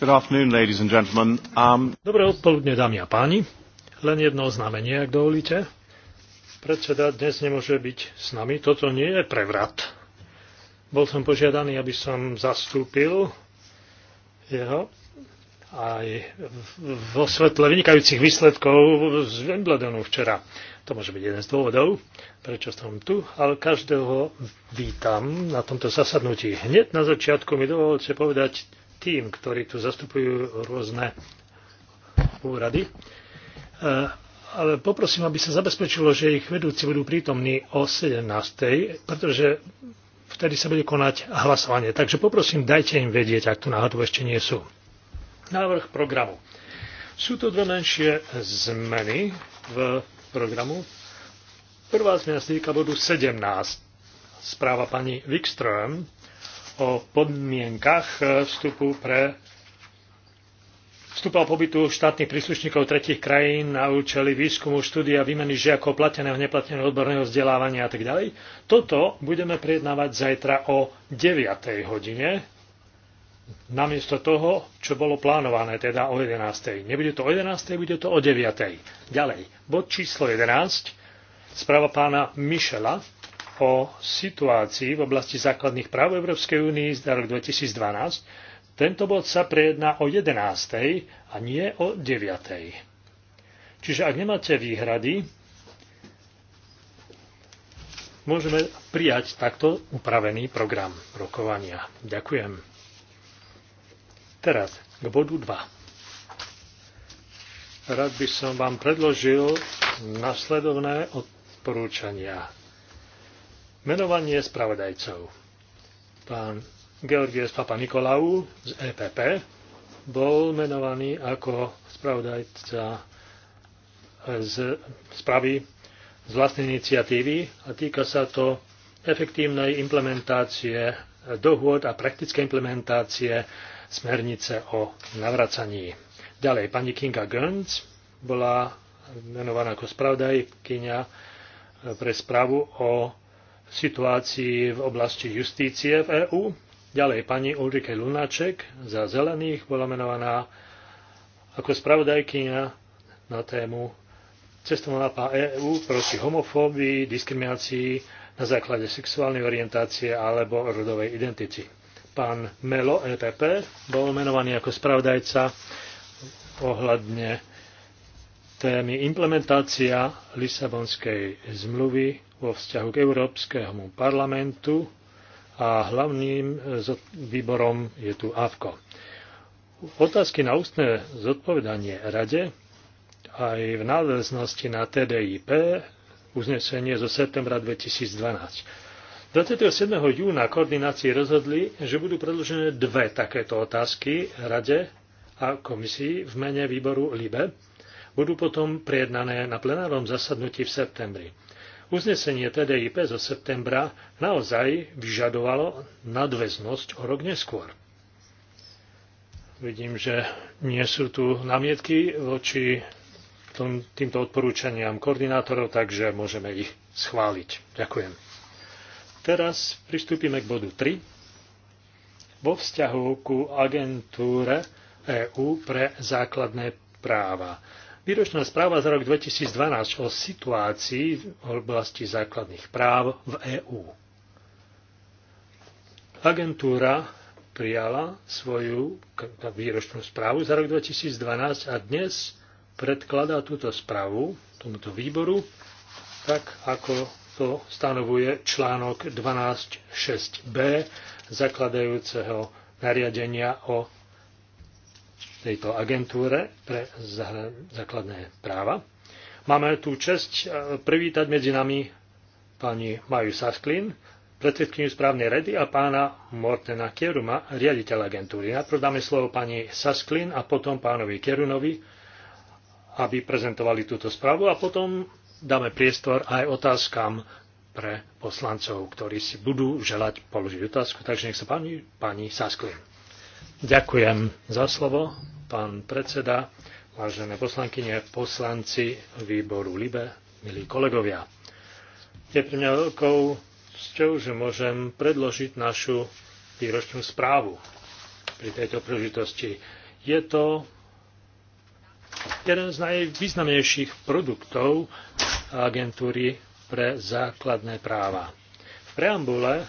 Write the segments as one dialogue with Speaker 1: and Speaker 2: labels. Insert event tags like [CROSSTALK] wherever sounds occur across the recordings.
Speaker 1: Um, Dobré odpoludne, dámy a páni. Len jedno oznámenie, ak dovolíte. Predseda dnes nemôže byť s nami. Toto nie je prevrat. Bol som požiadaný, aby som zastúpil jeho aj vo svetle vynikajúcich výsledkov z Wimbledonu včera. To môže byť jeden z dôvodov, prečo som tu, ale každého vítam na tomto zasadnutí. Hneď na začiatku mi dovolte povedať tým, ktorí tu zastupujú rôzne úrady. E, ale poprosím, aby sa zabezpečilo, že ich vedúci budú prítomní o 17.00, pretože vtedy sa bude konať hlasovanie. Takže poprosím, dajte im vedieť, ak tu náhodou ešte nie sú. Návrh programu. Sú to dve menšie zmeny v programu. Prvá zmena sa týka bodu 17. Správa pani Wikström o podmienkach e, vstupu pre a pobytu štátnych príslušníkov tretich krajín na účely výskumu, štúdia, výmeny žiakov, plateného, neplateného odborného vzdelávania a tak ďalej. Toto budeme prejednávať zajtra o 9. hodine, namiesto toho, čo bolo plánované, teda o 11. Nebude to o 11. bude to o 9. Ďalej, bod číslo 11, správa pána Mišela, o situácii v oblasti základných práv Európskej únie za rok 2012, tento bod sa prejedná o 11. a nie o 9. Čiže ak nemáte výhrady, môžeme prijať takto upravený program rokovania. Ďakujem. Teraz k bodu 2. Rád by som vám predložil nasledovné odporúčania Menovanie spravodajcov. Pán Georgios Papa Nikolau z EPP bol menovaný ako spravodajca z spravy z vlastnej iniciatívy a týka sa to efektívnej implementácie dohôd a praktické implementácie smernice o navracaní. Ďalej, pani Kinga Gönz bola menovaná ako spravodajkyňa pre správu o situácii v oblasti justície v EÚ. Ďalej pani Ulrike Lunáček za zelených bola menovaná ako spravodajkyňa na tému Cestovná mapa EÚ proti homofóbii, diskriminácii na základe sexuálnej orientácie alebo rodovej identity. Pán Melo EPP bol menovaný ako spravodajca ohľadne témy implementácia Lisabonskej zmluvy vo vzťahu k Európskemu parlamentu a hlavným e, výborom je tu AVKO. Otázky na ústne zodpovedanie Rade aj v nadväznosti na TDIP uznesenie zo septembra 2012. 27. júna koordinácii rozhodli, že budú predložené dve takéto otázky Rade a komisii v mene výboru LIBE budú potom prejednané na plenárnom zasadnutí v septembri. Uznesenie TDIP zo septembra naozaj vyžadovalo nadväznosť o rok neskôr. Vidím, že nie sú tu namietky voči týmto odporúčaniam koordinátorov, takže môžeme ich schváliť. Ďakujem. Teraz pristúpime k bodu 3 vo vzťahu ku agentúre EÚ pre základné práva. Výročná správa za rok 2012 o situácii v oblasti základných práv v EÚ. Agentúra prijala svoju výročnú správu za rok 2012 a dnes predkladá túto správu tomuto výboru tak, ako to stanovuje článok 12.6b zakladajúceho nariadenia o tejto agentúre pre základné práva. Máme tu čest e, privítať medzi nami pani Maju Sasklin, predsedkyniu správnej rady a pána Mortena Kieruma, riaditeľ agentúry. Najprv dáme slovo pani Sasklin a potom pánovi Kierunovi, aby prezentovali túto správu a potom dáme priestor aj otázkam pre poslancov, ktorí si budú želať položiť otázku. Takže nech sa páni, pani Sasklin. Ďakujem za slovo, pán predseda, vážené poslankyne, poslanci výboru LIBE, milí kolegovia. Je pre mňa veľkou cťou, že môžem predložiť našu výročnú správu pri tejto príležitosti. Je to jeden z najvýznamnejších produktov agentúry pre základné práva. V preambule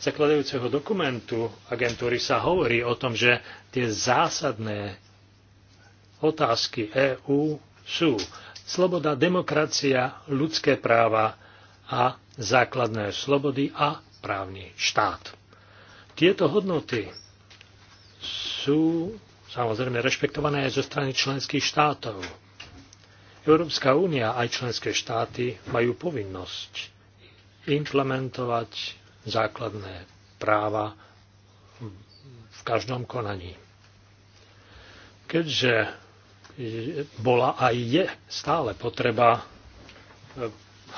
Speaker 1: zakladajúceho dokumentu agentúry sa hovorí o tom, že tie zásadné otázky EÚ sú sloboda, demokracia, ľudské práva a základné slobody a právny štát. Tieto hodnoty sú samozrejme rešpektované aj zo strany členských štátov. Európska únia aj členské štáty majú povinnosť implementovať základné práva v každom konaní. Keďže bola a je stále potreba e,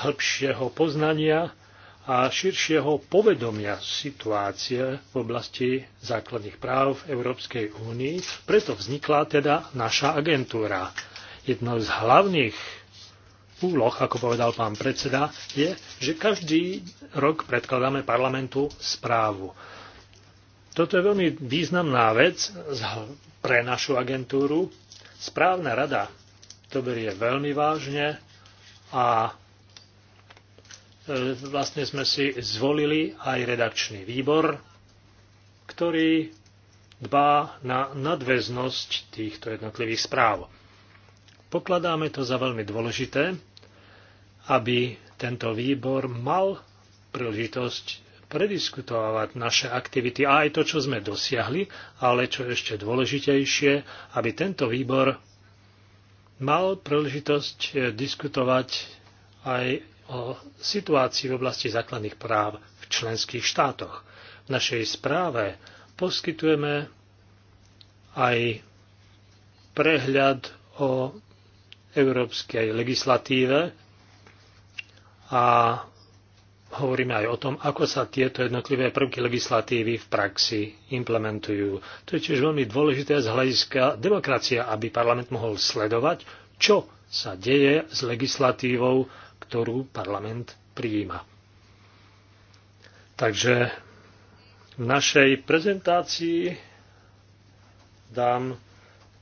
Speaker 1: hĺbšieho poznania a širšieho povedomia situácie v oblasti základných práv v Európskej únii. Preto vznikla teda naša agentúra. Jednou z hlavných úloh, ako povedal pán predseda, je, že každý rok predkladáme parlamentu správu. Toto je veľmi významná vec pre našu agentúru. Správna rada to berie veľmi vážne a e, vlastne sme si zvolili aj redakčný výbor, ktorý dbá na nadväznosť týchto jednotlivých správ. Pokladáme to za veľmi dôležité aby tento výbor mal príležitosť prediskutovať naše aktivity a aj to, čo sme dosiahli, ale čo ešte dôležitejšie, aby tento výbor mal príležitosť eh, diskutovať aj o situácii v oblasti základných práv v členských štátoch. V našej správe poskytujeme aj prehľad o európskej legislatíve a hovoríme aj o tom, ako sa tieto jednotlivé prvky legislatívy v praxi implementujú. To je tiež veľmi dôležité z hľadiska demokracia, aby parlament mohol sledovať, čo sa deje s legislatívou, ktorú parlament prijíma. Takže v našej prezentácii dám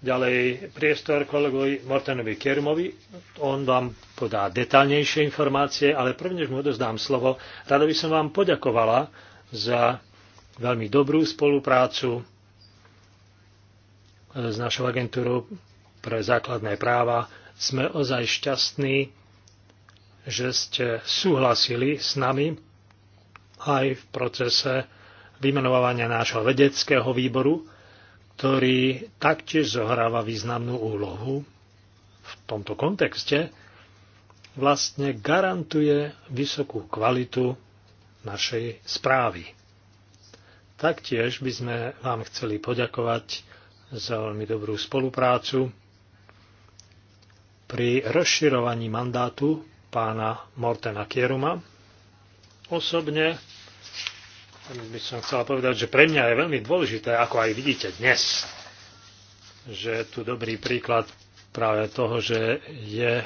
Speaker 1: ďalej priestor kolegovi Mortenovi Kermovi. On vám podá detálnejšie informácie, ale prvne, než mu odozdám slovo, rada by som vám poďakovala za veľmi dobrú spoluprácu e, s našou agentúrou pre základné práva. Sme ozaj šťastní, že ste súhlasili s nami aj v procese vymenovania nášho vedeckého výboru, ktorý taktiež zohráva významnú úlohu v tomto kontexte, vlastne garantuje vysokú kvalitu našej správy. Taktiež by sme vám chceli poďakovať za veľmi dobrú spoluprácu pri rozširovaní mandátu pána Mortena Kieruma. Osobne by som chcela povedať, že pre mňa je veľmi dôležité, ako aj vidíte dnes, že je tu dobrý príklad práve toho, že je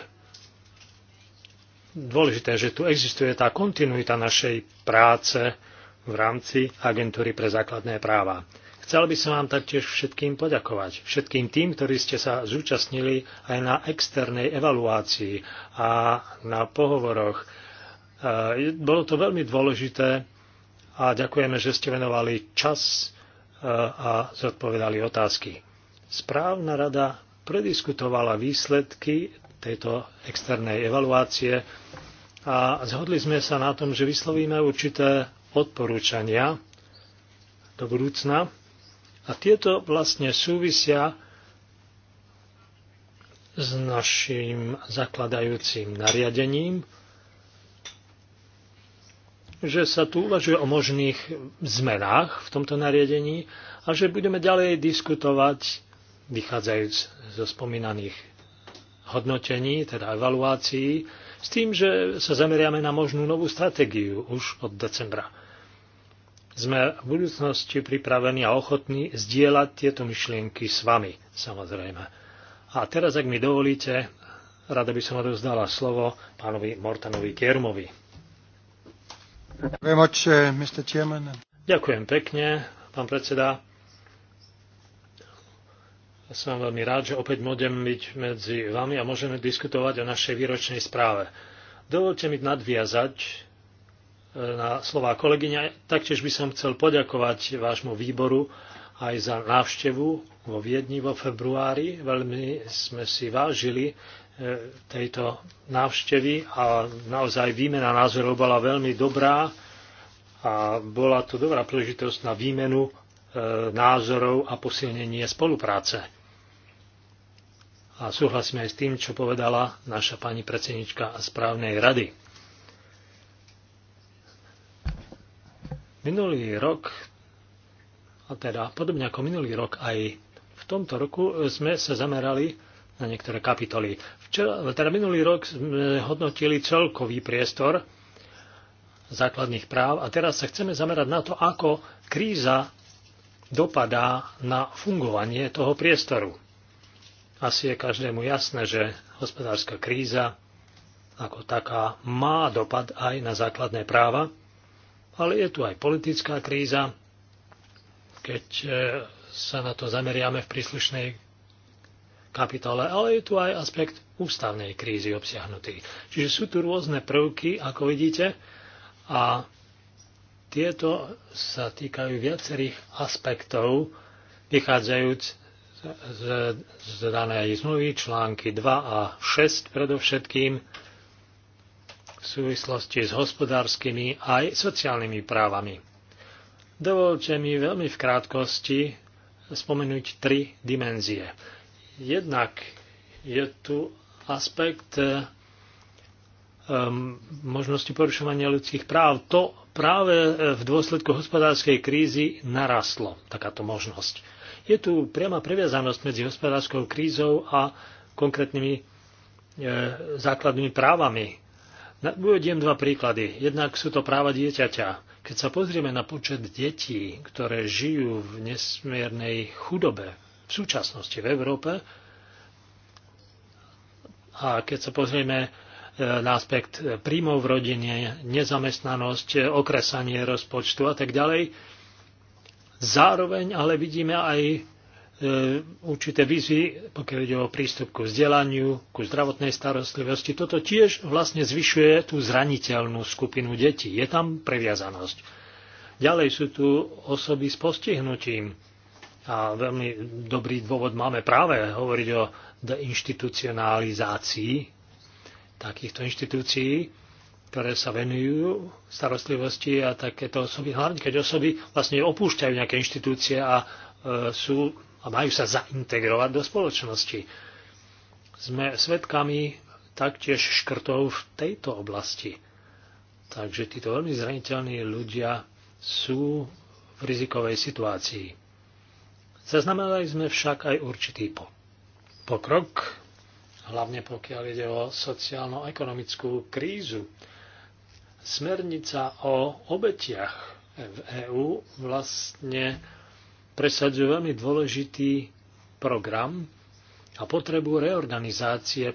Speaker 1: dôležité, že tu existuje tá kontinuita našej práce v rámci Agentúry pre základné práva. Chcel by som vám taktiež všetkým poďakovať. Všetkým tým, ktorí ste sa zúčastnili aj na externej evaluácii a na pohovoroch. E, bolo to veľmi dôležité, a ďakujeme, že ste venovali čas e, a zodpovedali otázky. Správna rada prediskutovala výsledky tejto externej evaluácie a zhodli sme sa na tom, že vyslovíme určité odporúčania do budúcna a tieto vlastne súvisia s našim zakladajúcim nariadením že sa tu uvažuje o možných zmenách v tomto nariadení a že budeme ďalej diskutovať, vychádzajúc zo spomínaných hodnotení, teda evaluácií, s tým, že sa zameriame na možnú novú stratégiu už od decembra. Sme v budúcnosti pripravení a ochotní zdieľať tieto myšlienky s vami, samozrejme. A teraz, ak mi dovolíte, rada by som odovzdala slovo pánovi Mortanovi Kiermovi.
Speaker 2: Uh,
Speaker 1: Ďakujem pekne, pán predseda. Ja som veľmi rád, že opäť môžem byť medzi vami a môžeme diskutovať o našej výročnej správe. Dovolte mi nadviazať e, na slová kolegyňa. Taktiež by som chcel poďakovať vášmu výboru aj za návštevu vo Viedni vo februári. Veľmi sme si vážili E, tejto návštevy a naozaj výmena názorov bola veľmi dobrá a bola to dobrá príležitosť na výmenu e, názorov a posilnenie spolupráce. A súhlasíme aj s tým, čo povedala naša pani predsednička správnej rady. Minulý rok, a teda podobne ako minulý rok, aj v tomto roku sme sa zamerali na niektoré kapitoly. Včera, teda minulý rok sme hodnotili celkový priestor základných práv a teraz sa chceme zamerať na to, ako kríza dopadá na fungovanie toho priestoru. Asi je každému jasné, že hospodárska kríza ako taká má dopad aj na základné práva, ale je tu aj politická kríza, keď eh, sa na to zameriame v príslušnej kapitole, ale je tu aj aspekt ústavnej krízy obsiahnutý. Čiže sú tu rôzne prvky, ako vidíte, a tieto sa týkajú viacerých aspektov, vychádzajúc z, z danej zmluvy články 2 a 6 predovšetkým v súvislosti s hospodárskymi aj sociálnymi právami. Dovolte mi veľmi v krátkosti spomenúť tri dimenzie. Jednak je tu aspekt eh, ehm, možnosti porušovania ľudských práv. To práve eh, v dôsledku hospodárskej krízy narastlo, takáto možnosť. Je tu priama previazanosť medzi hospodárskou krízou a konkrétnymi e, základnými právami. Uvediem dva príklady. Jednak sú to práva dieťaťa. Keď sa pozrieme na počet detí, ktoré žijú v nesmiernej chudobe v súčasnosti v Európe. A keď sa pozrieme e, na aspekt e, príjmov v rodine, nezamestnanosť, e, okresanie rozpočtu a tak ďalej, zároveň ale vidíme aj určité výzvy, pokiaľ ide o prístup ku vzdelaniu, ku zdravotnej starostlivosti. Toto tiež vlastne zvyšuje tú zraniteľnú skupinu detí. Je tam previazanosť. Ďalej sú tu osoby s postihnutím a veľmi dobrý dôvod máme práve hovoriť o deinstitucionalizácii takýchto inštitúcií, ktoré sa venujú starostlivosti a takéto osoby, hlavne keď osoby vlastne opúšťajú nejaké inštitúcie a e, sú a majú sa zaintegrovať do spoločnosti. Sme svedkami taktiež škrtov v tejto oblasti. Takže títo veľmi zraniteľní ľudia sú v rizikovej situácii. Zaznamenali sme však aj určitý po pokrok, hlavne pokiaľ ide o sociálno-ekonomickú krízu. Smernica o obetiach v EÚ vlastne presadzuje veľmi dôležitý program a potrebu reorganizácie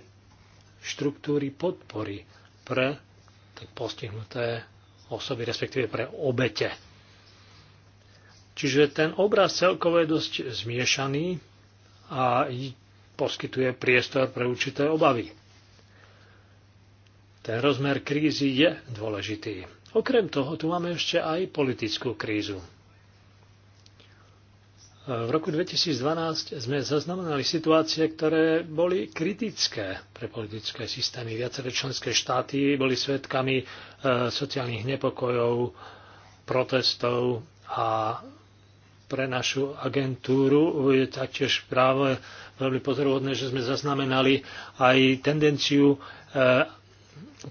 Speaker 1: štruktúry podpory pre postihnuté osoby, respektíve pre obete Čiže ten obraz celkovo je dosť zmiešaný a poskytuje priestor pre určité obavy. Ten rozmer krízy je dôležitý. Okrem toho tu máme ešte aj politickú krízu. V roku 2012 sme zaznamenali situácie, ktoré boli kritické pre politické systémy. Viaceré členské štáty boli svetkami eh, sociálnych nepokojov, protestov a pre našu agentúru je taktiež práve veľmi pozorovodné, že sme zaznamenali aj tendenciu eh,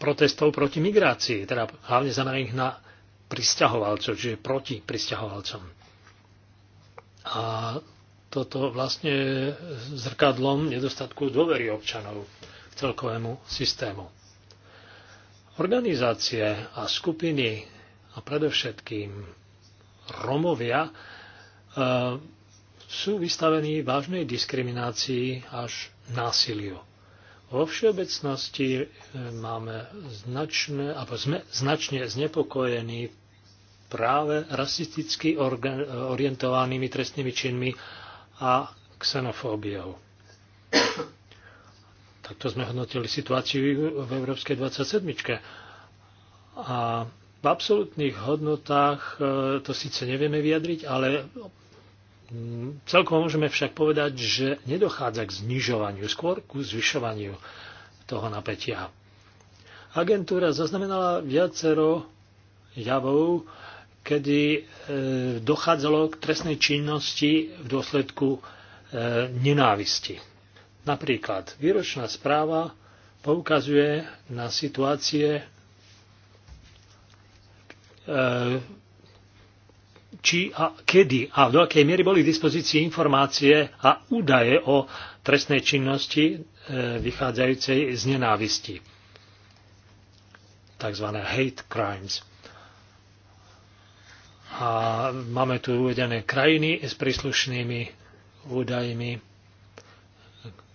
Speaker 1: protestov proti migrácii, teda hlavne zameraných na pristahovalcov, čiže proti pristahovalcom. A toto vlastne zrkadlom nedostatku dôvery občanov k celkovému systému. Organizácie a skupiny a predovšetkým Romovia Eh, sú vystavení vážnej diskriminácii až násiliu. Vo všeobecnosti eh, máme značné, alebo sme značne znepokojení práve rasisticky orientovanými trestnými činmi a xenofóbiou. Takto sme hodnotili situáciu v Európskej 27. A v absolútnych hodnotách eh, to síce nevieme vyjadriť, ale Celkom môžeme však povedať, že nedochádza k znižovaniu, skôr ku zvyšovaniu toho napätia. Agentúra zaznamenala viacero javov, kedy e, dochádzalo k trestnej činnosti v dôsledku e, nenávisti. Napríklad výročná správa poukazuje na situácie, e, či a kedy a do akej miery boli k dispozícii informácie a údaje o trestnej činnosti e, vychádzajúcej z nenávisti. Takzvané hate crimes. A máme tu uvedené krajiny s príslušnými údajmi,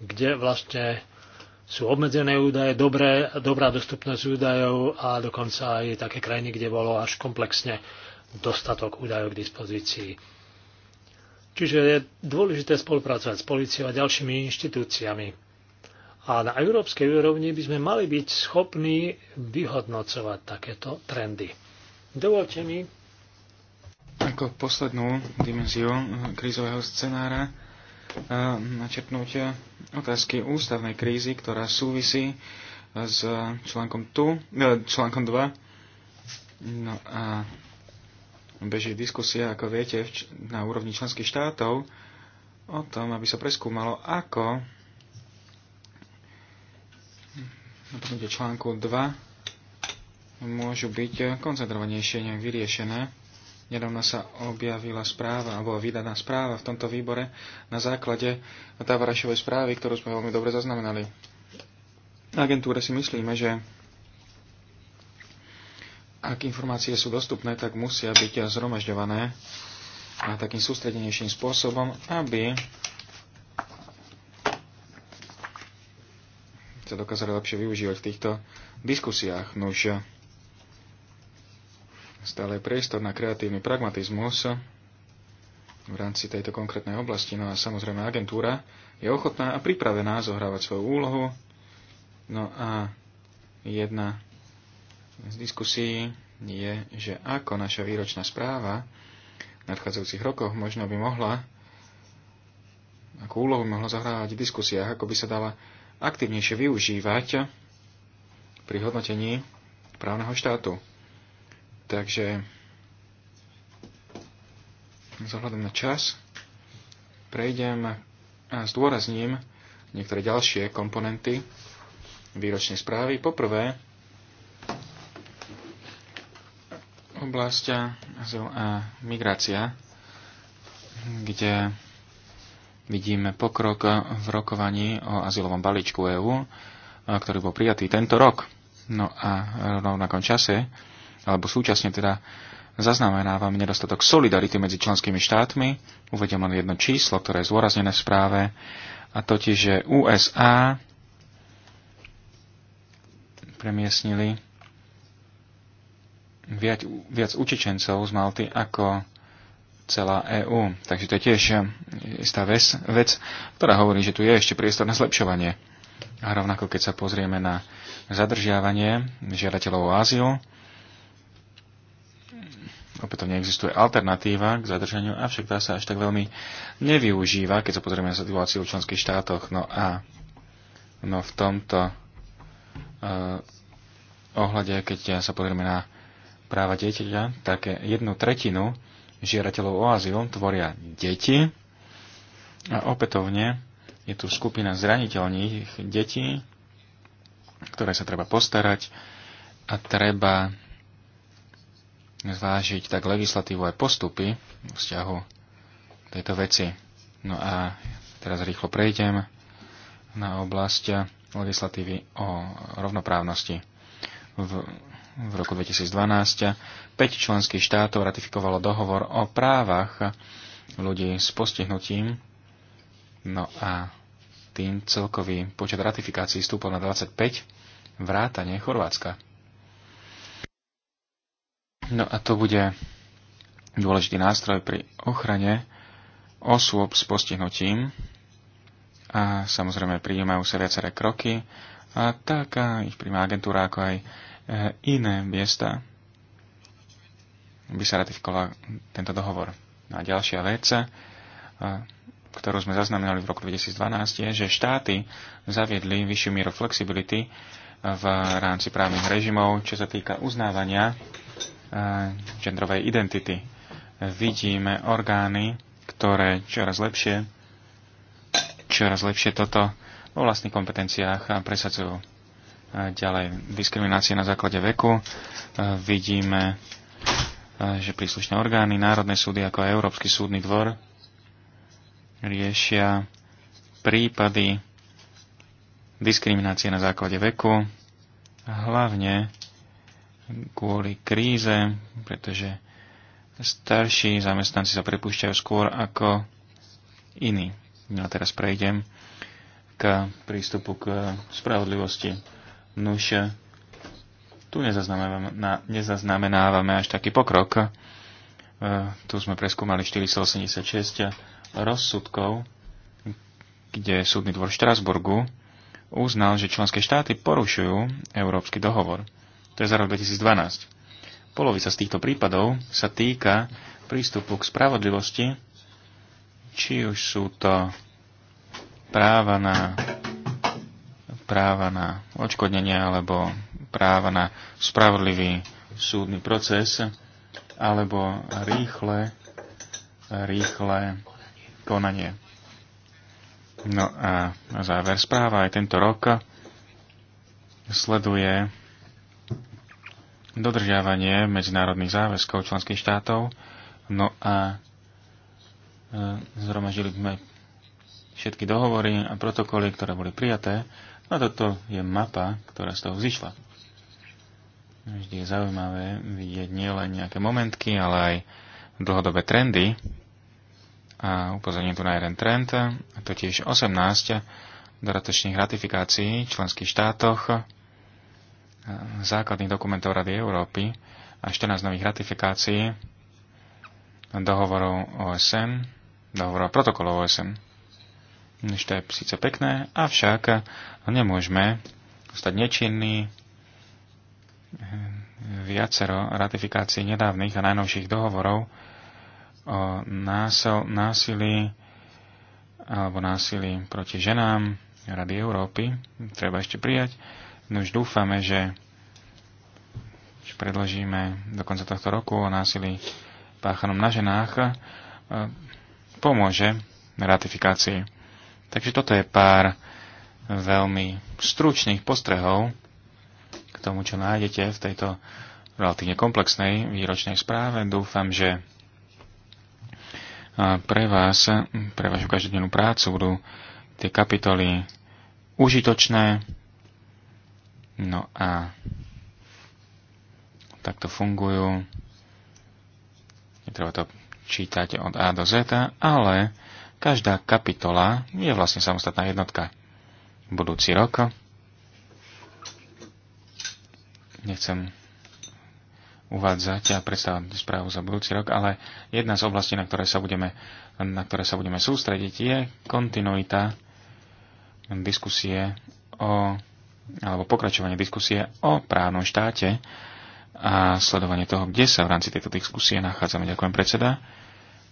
Speaker 1: kde vlastne sú obmedzené údaje, dobré, dobrá dostupnosť údajov a dokonca aj také krajiny, kde bolo až komplexne dostatok údajov k dispozícii. Čiže je dôležité spolupracovať s policiou a ďalšími inštitúciami. A na európskej úrovni by sme mali byť schopní vyhodnocovať takéto trendy. Dovolte mi ako poslednú
Speaker 3: dimenziu eh, krízového scenára eh, načrtnúť eh, otázky ústavnej krízy, ktorá súvisí s článkom, tu, článkom 2. No a beží diskusia, ako viete, na úrovni členských štátov o tom, aby sa preskúmalo, ako na článku 2 môžu byť koncentrovanejšie vyriešené. Nedávno sa objavila správa, alebo vydaná správa v tomto výbore na základe Tavarašovej správy, ktorú sme veľmi dobre zaznamenali. Agentúre si myslíme, že ak informácie sú dostupné, tak musia byť zhromažďované a takým sústredenejším spôsobom, aby sa dokázali lepšie využívať v týchto diskusiách. Nuž stále je priestor na kreatívny pragmatizmus v rámci tejto konkrétnej oblasti. No a samozrejme agentúra je ochotná a pripravená zohrávať svoju úlohu. No a jedna z diskusí je, že ako naša výročná správa v nadchádzajúcich rokoch možno by mohla, ako úlohu by mohla zahrávať v diskusiách, ako by sa dala aktívnejšie využívať pri hodnotení právneho štátu. Takže zohľadom na čas prejdem a zdôrazním niektoré ďalšie komponenty výročnej správy. Poprvé, oblasť azyl a migrácia, kde vidíme pokrok v rokovaní o azylovom balíčku EÚ, ktorý bol prijatý tento rok. No a v rovnakom čase, alebo súčasne teda zaznamenávam nedostatok solidarity medzi členskými štátmi. Uvediem len jedno číslo, ktoré je zôraznené v správe, a totiž, že USA premiesnili viac, viac utečencov z Malty ako celá EÚ. Takže to je tiež e, istá vec, vec, ktorá hovorí, že tu je ešte priestor na zlepšovanie. A rovnako keď sa pozrieme na zadržiavanie žiadateľov o azyl, to existuje alternatíva k zadržaniu, avšak tá sa až tak veľmi nevyužíva, keď sa pozrieme na situáciu v členských štátoch. No a no v tomto uh, ohľade, keď sa pozrieme na práva dieťaťa, tak jednu tretinu žiadateľov o azyl tvoria deti. A opätovne je tu skupina zraniteľných detí, ktoré sa treba postarať a treba zvážiť tak legislatívu aj postupy v vzťahu tejto veci. No a teraz rýchlo prejdem na oblasť legislatívy o rovnoprávnosti. V v roku 2012 5 členských štátov ratifikovalo dohovor o právach ľudí s postihnutím. No a tým celkový počet ratifikácií stúpol na 25 vrátane Chorvátska. No a to bude dôležitý nástroj pri ochrane osôb s postihnutím a samozrejme prijímajú sa viaceré kroky a tak a ich príjma agentúra ako aj Eh, iné miesta, by sa ratifikoval tento dohovor. No a ďalšia vec, eh, ktorú sme zaznamenali v roku 2012, je, že štáty zaviedli vyššiu mieru flexibility eh, v rámci právnych režimov, čo sa týka uznávania genderovej identity. Vidíme orgány, ktoré čoraz lepšie, čoraz lepšie toto vo vlastných kompetenciách presadzujú Ďalej, diskriminácie na základe veku. E, vidíme, e, že príslušné orgány, národné súdy ako aj Európsky súdny dvor riešia prípady diskriminácie na základe veku, hlavne kvôli kríze, pretože starší zamestnanci sa prepúšťajú skôr ako iní. No a teraz prejdem k prístupu k spravodlivosti Nuž, e, tu nezaznamenávame, nezaznamenávame až taký pokrok. E, tu sme preskúmali 486 rozsudkov, kde súdny dvor Štrasburgu uznal, že členské štáty porušujú Európsky dohovor. To je za rok 2012. Polovica z týchto prípadov sa týka prístupu k spravodlivosti, či už sú to práva na práva na odškodnenie alebo práva na spravodlivý súdny proces alebo rýchle, rýchle konanie. No a na záver správa aj tento rok sleduje dodržiavanie medzinárodných záväzkov členských štátov. No a e, zhromažili sme všetky dohovory a protokoly, ktoré boli prijaté No toto je mapa, ktorá z toho vzýšla. Vždy je zaujímavé vidieť nielen nejaké momentky, ale aj dlhodobé trendy. A upozorním tu na jeden trend, totiž 18 doratočných ratifikácií v členských štátoch základných dokumentov Rady Európy a 14 nových ratifikácií dohovorov OSN, dohovorov a protokolov OSN. To je síce pekné, avšak nemôžeme ostať nečinní. Viacero ratifikácií nedávnych a najnovších dohovorov o násil, násilí alebo násilí proti ženám Rady Európy treba ešte prijať. No už dúfame, že predložíme do konca tohto roku o násilí páchanom na ženách e, pomôže ratifikácii. Takže toto je pár veľmi stručných postrehov k tomu, čo nájdete v tejto relatívne komplexnej výročnej správe. Dúfam, že pre vás, pre vašu každodennú prácu budú tie kapitoly užitočné. No a takto fungujú. Netreba to čítať od A do Z, ale Každá kapitola je vlastne samostatná jednotka. Budúci rok nechcem uvádzať a predstavať správu za budúci rok, ale jedna z oblastí, na ktoré sa budeme, na ktoré sa budeme sústrediť, je kontinuita diskusie o, alebo pokračovanie diskusie o právnom štáte a sledovanie toho, kde sa v rámci tejto diskusie nachádzame. Ďakujem predseda.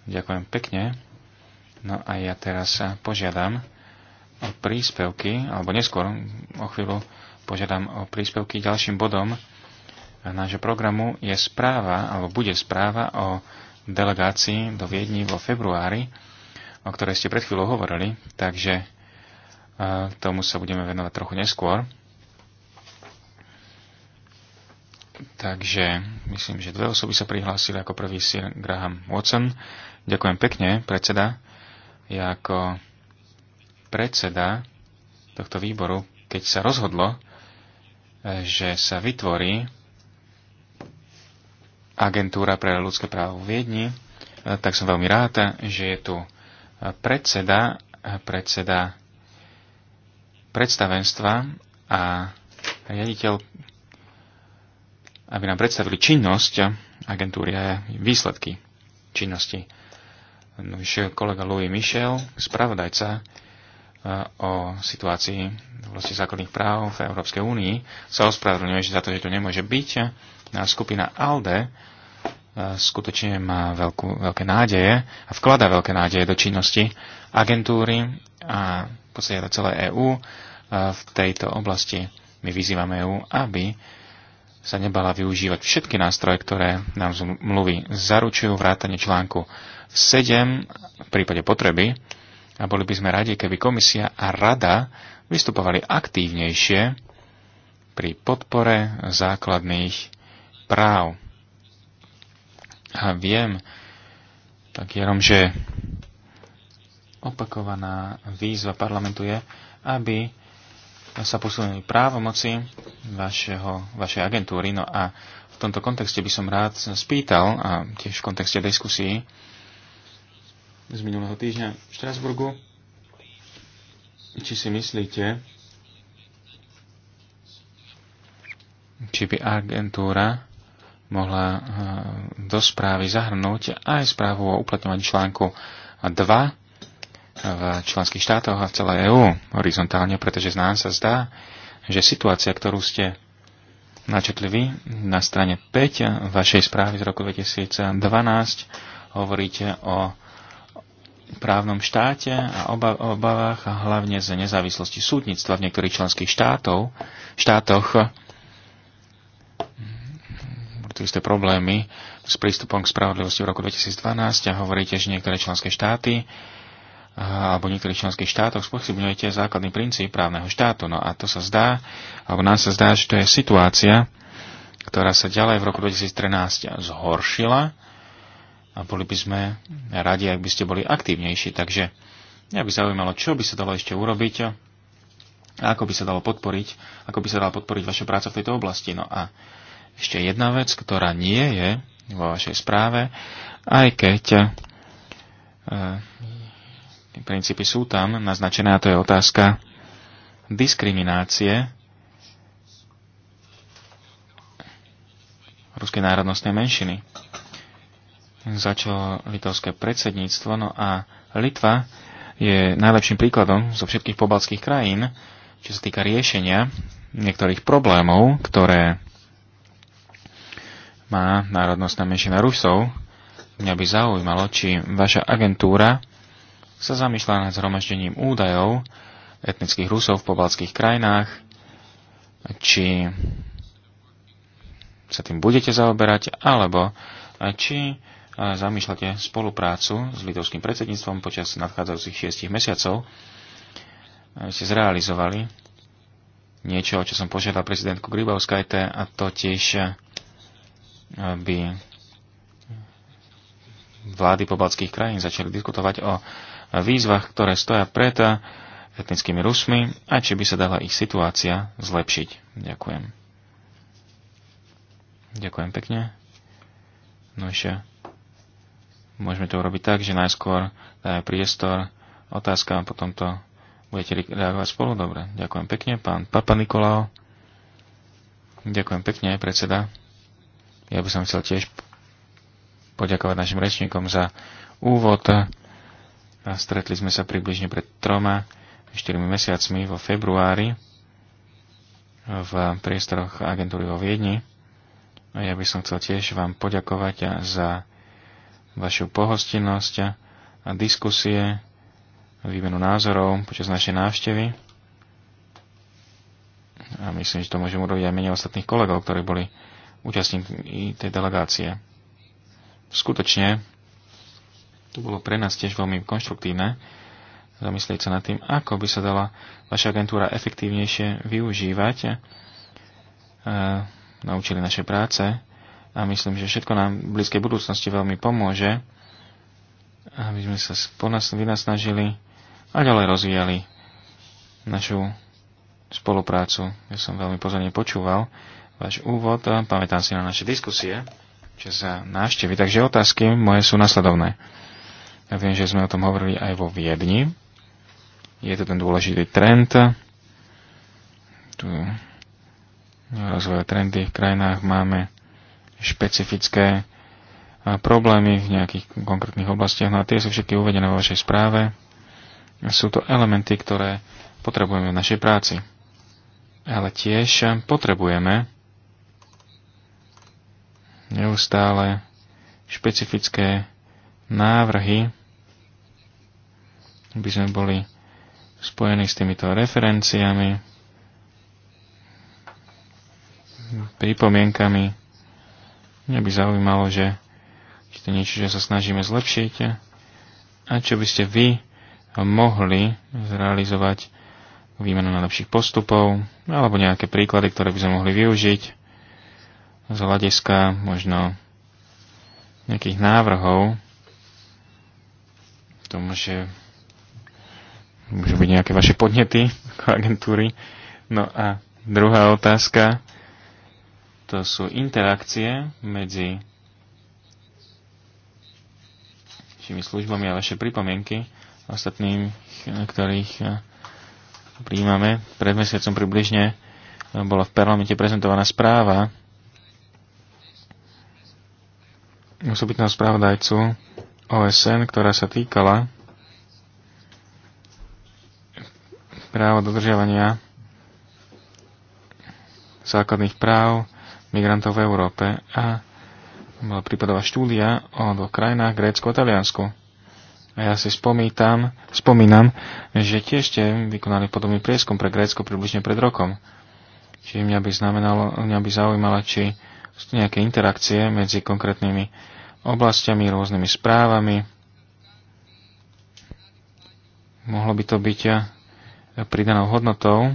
Speaker 3: Ďakujem pekne. No a ja teraz sa požiadam o príspevky, alebo neskôr o chvíľu požiadam o príspevky ďalším bodom nášho programu je správa, alebo bude správa o delegácii do Viedni vo februári, o ktorej ste pred chvíľou hovorili, takže e, tomu sa budeme venovať trochu neskôr. Takže myslím, že dve osoby sa prihlásili ako prvý Sir Graham Watson. Ďakujem pekne, predseda ja ako predseda tohto výboru, keď sa rozhodlo, e, že sa vytvorí agentúra pre ľudské právo v Viedni, e, tak som veľmi rád, že je tu predseda, predseda predstavenstva a riaditeľ, aby nám predstavili činnosť agentúry a výsledky činnosti kolega Louis Michel, spravodajca e, o situácii v oblasti základných práv v Európskej únii, sa ospravedlňuje za to, že to nemôže byť. A skupina ALDE e, skutočne má veľkú, veľké nádeje a vklada veľké nádeje do činnosti agentúry a v podstate do celé EÚ e, v tejto oblasti. My vyzývame EÚ, aby sa nebala využívať všetky nástroje, ktoré nám zmluvy zaručujú vrátane článku 7 v prípade potreby a boli by sme radi, keby komisia a rada vystupovali aktívnejšie pri podpore základných práv. A viem, tak jenom, že opakovaná výzva parlamentu je, aby sa posunuli právomoci vašeho, vašej agentúry. No a v tomto kontexte by som rád spýtal, a tiež v kontexte diskusii, z minulého týždňa v Štrasburgu. Či si myslíte, či by agentúra mohla eh, do správy zahrnúť aj správu o uplatňovaní článku 2 eh, v členských štátoch a v celej EÚ horizontálne, pretože z nám sa zdá, že situácia, ktorú ste načetli vy na strane 5 vašej správy z roku 2012, hovoríte o právnom štáte a obavách a hlavne z nezávislosti súdnictva v niektorých členských štátov, štátoch tu ste problémy s prístupom k spravodlivosti v roku 2012 a hovoríte, že niektoré členské štáty alebo niektorých členských štátoch spochybňujete základný princíp právneho štátu. No a to sa zdá, alebo nám sa zdá, že to je situácia, ktorá sa ďalej v roku 2013 zhoršila a boli by sme radi, ak by ste boli aktívnejší. Takže mňa by zaujímalo, čo by sa dalo ešte urobiť a ako by sa dalo podporiť, ako by sa dala podporiť vaša práca v tejto oblasti. No a ešte jedna vec, ktorá nie je vo vašej správe, aj keď e, princípy sú tam naznačené, a to je otázka diskriminácie ruskej národnostnej menšiny začalo litovské predsedníctvo, no a Litva je najlepším príkladom zo všetkých pobalských krajín, čo sa týka riešenia niektorých problémov, ktoré má národnostná menšina Rusov. Mňa by zaujímalo, či vaša agentúra sa zamýšľa nad zhromaždením údajov etnických Rusov v pobalských krajinách, či sa tým budete zaoberať, alebo či zamýšľate spoluprácu s litovským predsedníctvom počas nadchádzajúcich šiestich mesiacov, ste zrealizovali niečo, čo som požiadal prezidentku Grybauskajte, a totiž by vlády pobaltských krajín začali diskutovať o výzvach, ktoré stoja pred etnickými Rusmi a či by sa dala ich situácia zlepšiť. Ďakujem. Ďakujem pekne. No ešte Môžeme to urobiť tak, že najskôr dáme priestor otázka a potom to budete reagovať spolu. Dobre, ďakujem pekne, pán Papa Nikolao. Ďakujem pekne, predseda. Ja by som chcel tiež poďakovať našim rečníkom za úvod. A stretli sme sa približne pred troma, štyrmi mesiacmi vo februári v priestoroch agentúry vo Viedni. A ja by som chcel tiež vám poďakovať za vašu pohostinnosť a diskusie, výmenu názorov počas našej návštevy. A myslím, že to môžem urobiť aj menej ostatných kolegov, ktorí boli účastníkmi tej delegácie. Skutočne to bolo pre nás tiež veľmi konštruktívne zamyslieť sa nad tým, ako by sa dala vaša agentúra efektívnejšie využívať. E, naučili naše práce a myslím, že všetko nám v blízkej budúcnosti veľmi pomôže, aby sme sa vynasnažili a ďalej rozvíjali našu spoluprácu. Ja som veľmi pozorne počúval váš úvod a pamätám si na naše diskusie, čo sa návštevy. Takže otázky moje sú nasledovné. Ja viem, že sme o tom hovorili aj vo Viedni. Je to ten dôležitý trend. Tu rozvoje trendy v krajinách máme špecifické problémy v nejakých konkrétnych oblastiach. No a tie sú všetky uvedené vo vašej správe. Sú to elementy, ktoré potrebujeme v našej práci. Ale tiež potrebujeme neustále špecifické návrhy, aby sme boli spojení s týmito referenciami, pripomienkami, Mňa by zaujímalo, že či to niečo, čo sa snažíme zlepšiť a čo by ste vy mohli zrealizovať výmenu najlepších postupov alebo nejaké príklady, ktoré by sme mohli využiť z hľadiska možno nejakých návrhov to môže môžu byť nejaké vaše podnety [LAUGHS] ako agentúry. No a druhá otázka to sú interakcie medzi vašimi službami a vaše pripomienky ostatným, ktorých eh, príjmame. Pred mesiacom približne eh, bola v parlamente prezentovaná správa osobitného správodajcu OSN, ktorá sa týkala práva dodržiavania základných práv migrantov v Európe a bola prípadová štúdia o dvoch krajinách, Grécku a Taliansku. A ja si spomítam, spomínam, že tiež ste vykonali podobný prieskum pre Grécko približne pred rokom. Čiže mňa by, znamenalo, mňa by zaujímala, či sú nejaké interakcie medzi konkrétnymi oblastiami, rôznymi správami. Mohlo by to byť eh, pridanou hodnotou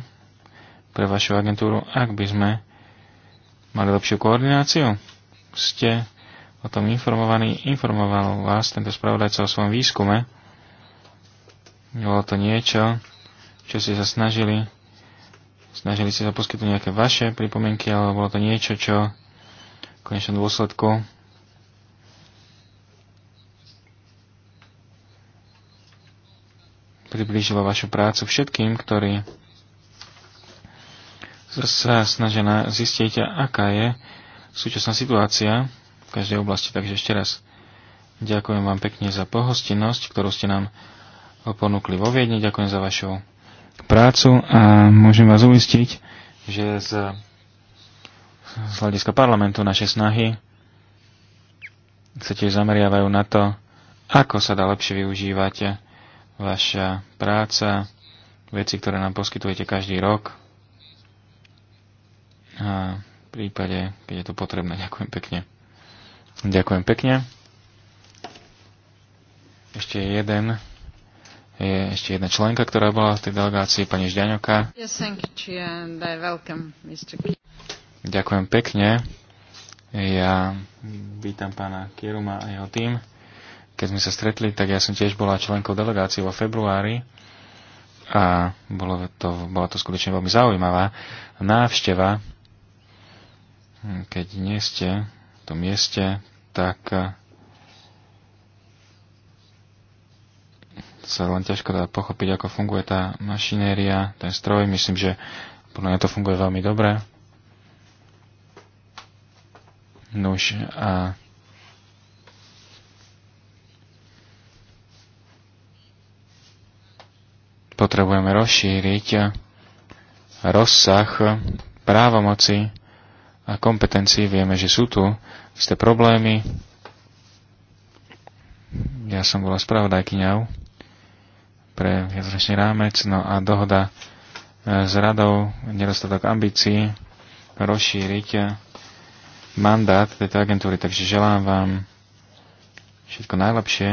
Speaker 3: pre vašu agentúru, ak by sme mali lepšiu koordináciu? Ste o tom informovaní? Informoval vás tento spravodajca o svojom výskume? Bolo to niečo, čo ste sa snažili? Snažili ste sa poskytnúť nejaké vaše pripomienky, ale bolo to niečo, čo v konečnom dôsledku priblížilo vašu prácu všetkým, ktorí sa snažená zistiť, aká je súčasná situácia v každej oblasti. Takže ešte raz ďakujem vám pekne za pohostinnosť, ktorú ste nám ponúkli vo Viedne. Ďakujem za vašu prácu a môžem vás uistiť, že z, z hľadiska parlamentu naše snahy sa tiež zameriavajú na to, ako sa dá lepšie využívať vaša práca, veci, ktoré nám poskytujete každý rok. A v prípade, keď je to potrebné, ďakujem pekne. Ďakujem pekne. Ešte jeden je ešte jedna členka, ktorá bola v tej delegácii, pani Žďaňoka. Yes, Ďakujem pekne. Ja vítam pána Kieruma a jeho tým. Keď sme sa stretli, tak ja som tiež bola členkou delegácie vo februári a bolo to, bola to skutočne veľmi zaujímavá návšteva keď nie ste v tom mieste, tak e, sa len ťažko dá pochopiť, ako funguje tá mašinéria, ten stroj. Myslím, že podľa mňa to funguje veľmi dobre. Nuž a potrebujeme rozšíriť rozsah právomoci a kompetencií. Vieme, že sú tu isté problémy. Ja som bola spravodajkyňou pre viacročný rámec, no a dohoda e, s radou, nedostatok ambícií rozšíriť mandát tejto agentúry, takže želám vám všetko najlepšie.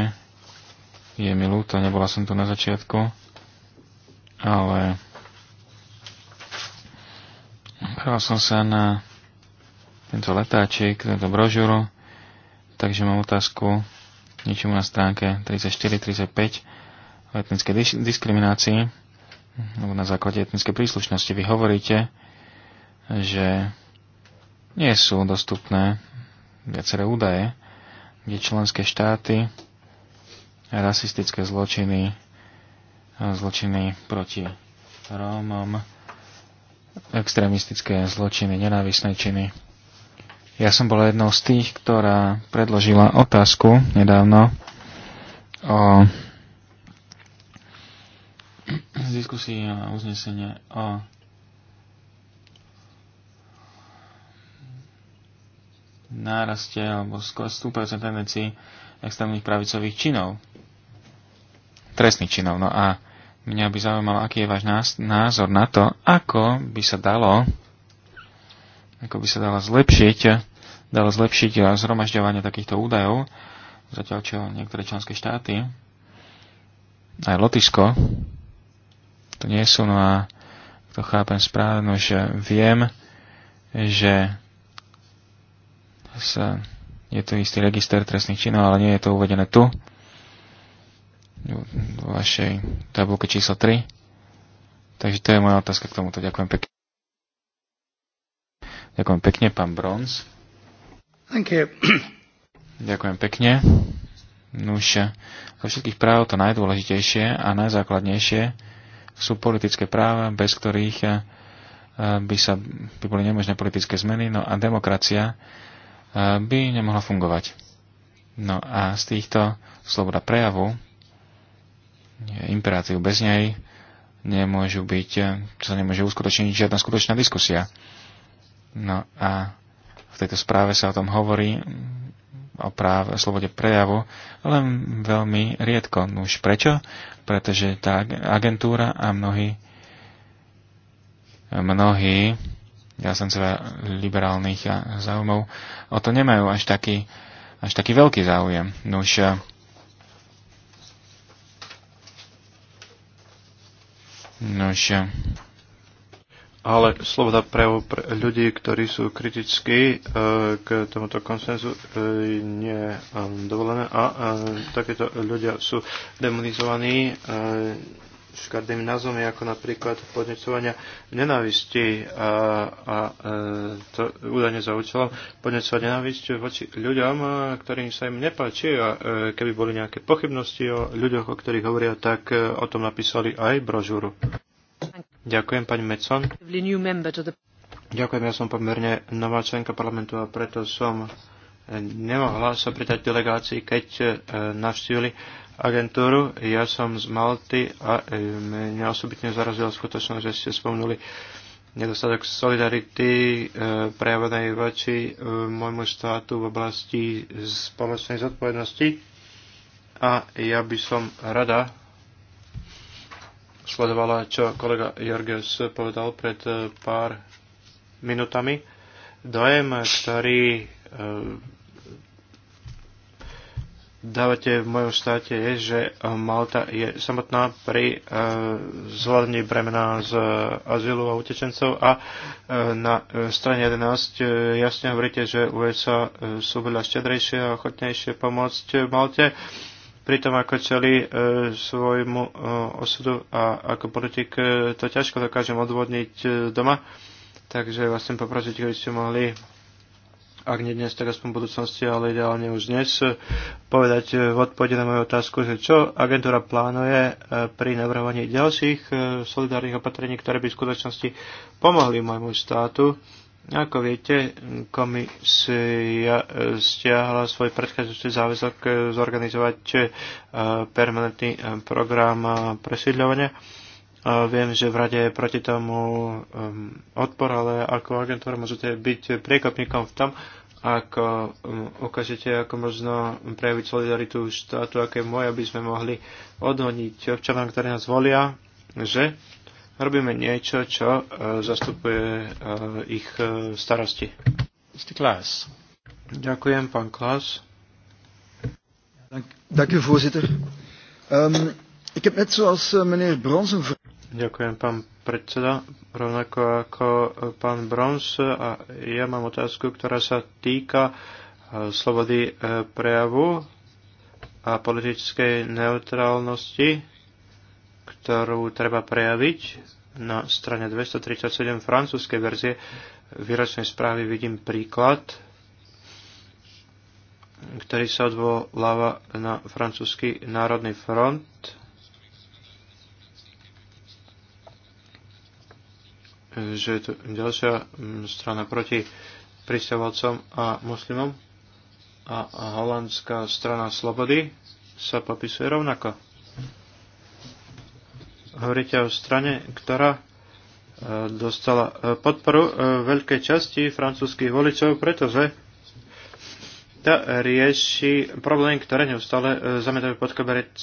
Speaker 3: Je mi ľúto, nebola som tu na začiatku, ale Prehral som sa na tento letáčik, tento brožuru. Takže mám otázku niečomu na stránke 34-35 o etnickej dis- diskriminácii alebo na základe etnickej príslušnosti. Vy hovoríte, že nie sú dostupné viaceré údaje, kde členské štáty rasistické zločiny, zločiny proti Rómom, extrémistické zločiny, nenávisné činy ja som bola jednou z tých, ktorá predložila otázku nedávno o z diskusí a uznesenie o náraste alebo stúpajúcej tendencii extrémnych pravicových činov, trestných činov. No a mňa by zaujímalo, aký je váš názor na to, ako by sa dalo ako by sa dala zlepšiť dalo zlepšiť zhromažďovanie takýchto údajov, zatiaľ čo niektoré členské štáty, aj Lotyšsko, to nie sú, no a to chápem správne, že viem, že sa, je tu istý register trestných činov, ale nie je to uvedené tu, v vašej tabulke číslo 3. Takže to je moja otázka k tomuto. Ďakujem pekne. Ďakujem pekne, pán Bronz. Thank you. [CLEARS THROAT] Ďakujem pekne. Nuž, zo všetkých práv to najdôležitejšie a najzákladnejšie sú politické práva, bez ktorých eh, by, sa, by boli nemožné politické zmeny, no a demokracia eh, by nemohla fungovať. No a z týchto sloboda prejavu, imperáciu bez nej, nemôžu byť, eh, sa nemôže uskutočniť žiadna skutočná diskusia. No a v tejto správe sa o tom hovorí, o práve, slobode prejavu, len veľmi riedko. No už prečo? Pretože tá agentúra a mnohí, mnohí jasencovia liberálnych záujmov o to nemajú až taký, až taký veľký záujem. Nuž, no eh, nuž, no eh,
Speaker 4: ale sloboda prejavu pre ľudí, ktorí sú kritickí e, k tomuto konsenzu e, nie je um, dovolené a e, takéto ľudia sú demonizovaní škardými názvami, ako napríklad podnecovania nenávisti a, a e, to údajne za účelom podnecovať nenávisť voči ľuďom, ktorým sa im nepáči a e, keby boli nejaké pochybnosti o ľuďoch, o ktorých hovoria, tak e, o tom napísali aj brožúru. Ďakujem, pani Metson. Ďakujem, ja som pomerne nová členka parlamentu a preto som eh, nemohla sa pridať delegácii, keď eh, navštívili agentúru. Ja som z Malty a eh, mňa osobitne zarazila skutočnosť, že ste spomenuli nedostatok solidarity prejavenej voči môjmu štátu v oblasti spoločnej zodpovednosti. A ja by som rada sledovala, čo kolega Jorges povedal pred eh, pár minutami. Dojem, ktorý eh, dávate v mojom štáte je, že eh, Malta je samotná pri e, zvládni bremena z azylu a utečencov a e, na e, strane 11 e, jasne hovoríte, že USA e, sú veľa štedrejšie a ochotnejšie pomôcť Malte. E, pritom ako čeli e, svojmu e, osudu a ako politik e, to ťažko dokážem odvodniť e, doma. Takže vás vlastne chcem poprosiť, keby ste mohli, ak nie dnes, tak aspoň v budúcnosti, ale ideálne už dnes, e, povedať e, v odpovede na moju otázku, že čo agentúra plánuje e, pri navrhovaní ďalších solidárnych opatrení, ktoré by v skutočnosti pomohli môjmu štátu ako viete, komisia stiahla svoj predchádzajúci záväzok zorganizovať e, permanentný e, program e, presídľovania. Viem, že v rade je proti tomu odpor, ale ako agentúra môžete byť priekopníkom v tom, ako ukážete, ako možno prejaviť solidaritu štátu, aké moje, môj, aby sme mohli odhodniť občanom, ktorí nás volia, že robíme niečo, čo uh, zastupuje uh, ich uh, starosti. Mr. Klaas. Ďakujem, pán Klaas. Dank u, voorzitter. Um, ik heb net zoals uh, meneer Brons een Ďakujem, pán predseda. Rovnako ako pán Brons, a ja mám otázku, ktorá sa týka slobody prejavu a politickej neutrálnosti ktorú treba prejaviť. Na strane 237 francúzskej verzie výročnej správy vidím príklad, ktorý sa odvoláva na francúzsky národný front. že je tu ďalšia mm, strana proti pristahovalcom a muslimom a holandská strana slobody sa popisuje rovnako hovoríte o strane, ktorá e, dostala e, podporu e, veľkej časti francúzských voličov, pretože tá rieši problém, ktoré neustále zametajú pod koberec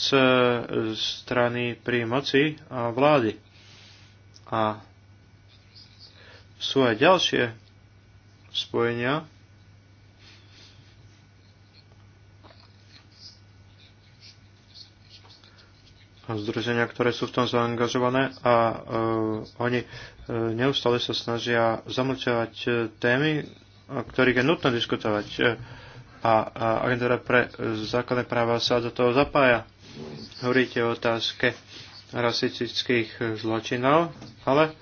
Speaker 4: strany pri moci a vlády. A sú aj ďalšie spojenia, združenia, ktoré sú v tom zaangažované a uh, oni uh, neustále sa snažia zamlčovať uh, témy, o ktorých je nutno diskutovať. Uh, a, a agentúra pre uh, základné práva sa do toho zapája. Hovoríte o otázke rasistických zločinov, ale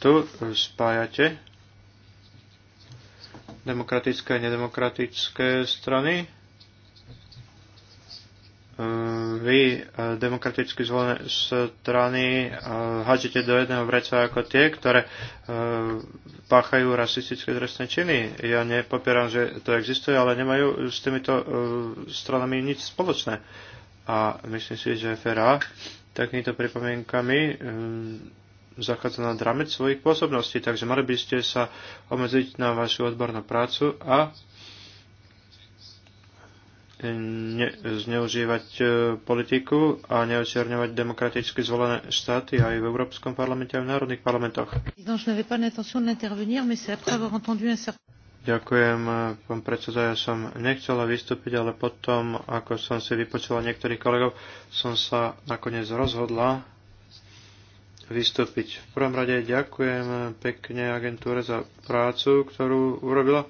Speaker 4: tu spájate demokratické a nedemokratické strany vy, eh, demokraticky zvolené strany, eh, hádžete do jedného vreca ako tie, ktoré eh, páchajú rasistické trestné činy. Ja nepopieram, že to existuje, ale nemajú s týmito stranami nič spoločné. A myslím si, že FRA takýmito pripomienkami zachádza na dramec svojich pôsobností, takže mali by ste sa obmedziť na vašu odbornú prácu a ne, zneužívať e, politiku a neočierňovať demokraticky zvolené štáty aj v Európskom parlamente, aj v národných parlamentoch. Ďakujem, e, pán predseda, ja som nechcela vystúpiť, ale potom, ako som si vypočula niektorých kolegov, som sa nakoniec rozhodla vystúpiť. V prvom rade ďakujem e, pekne agentúre za prácu, ktorú urobila.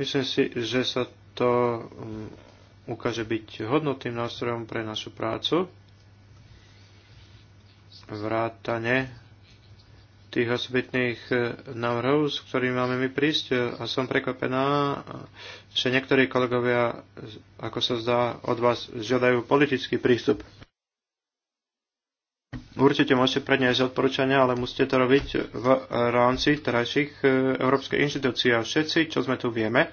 Speaker 4: Myslím si, že sa to ukáže byť hodnotným nástrojom pre našu prácu, vrátane tých osobitných eh, návrhov, s ktorými máme my prísť. A som prekvapená, že niektorí kolegovia, eh, ako sa zdá, od vás žiadajú politický prístup. Určite môžete predniesť odporúčania, ale musíte to robiť v rámci terajších eh, európskej inštitúcií. A všetci, čo sme tu vieme,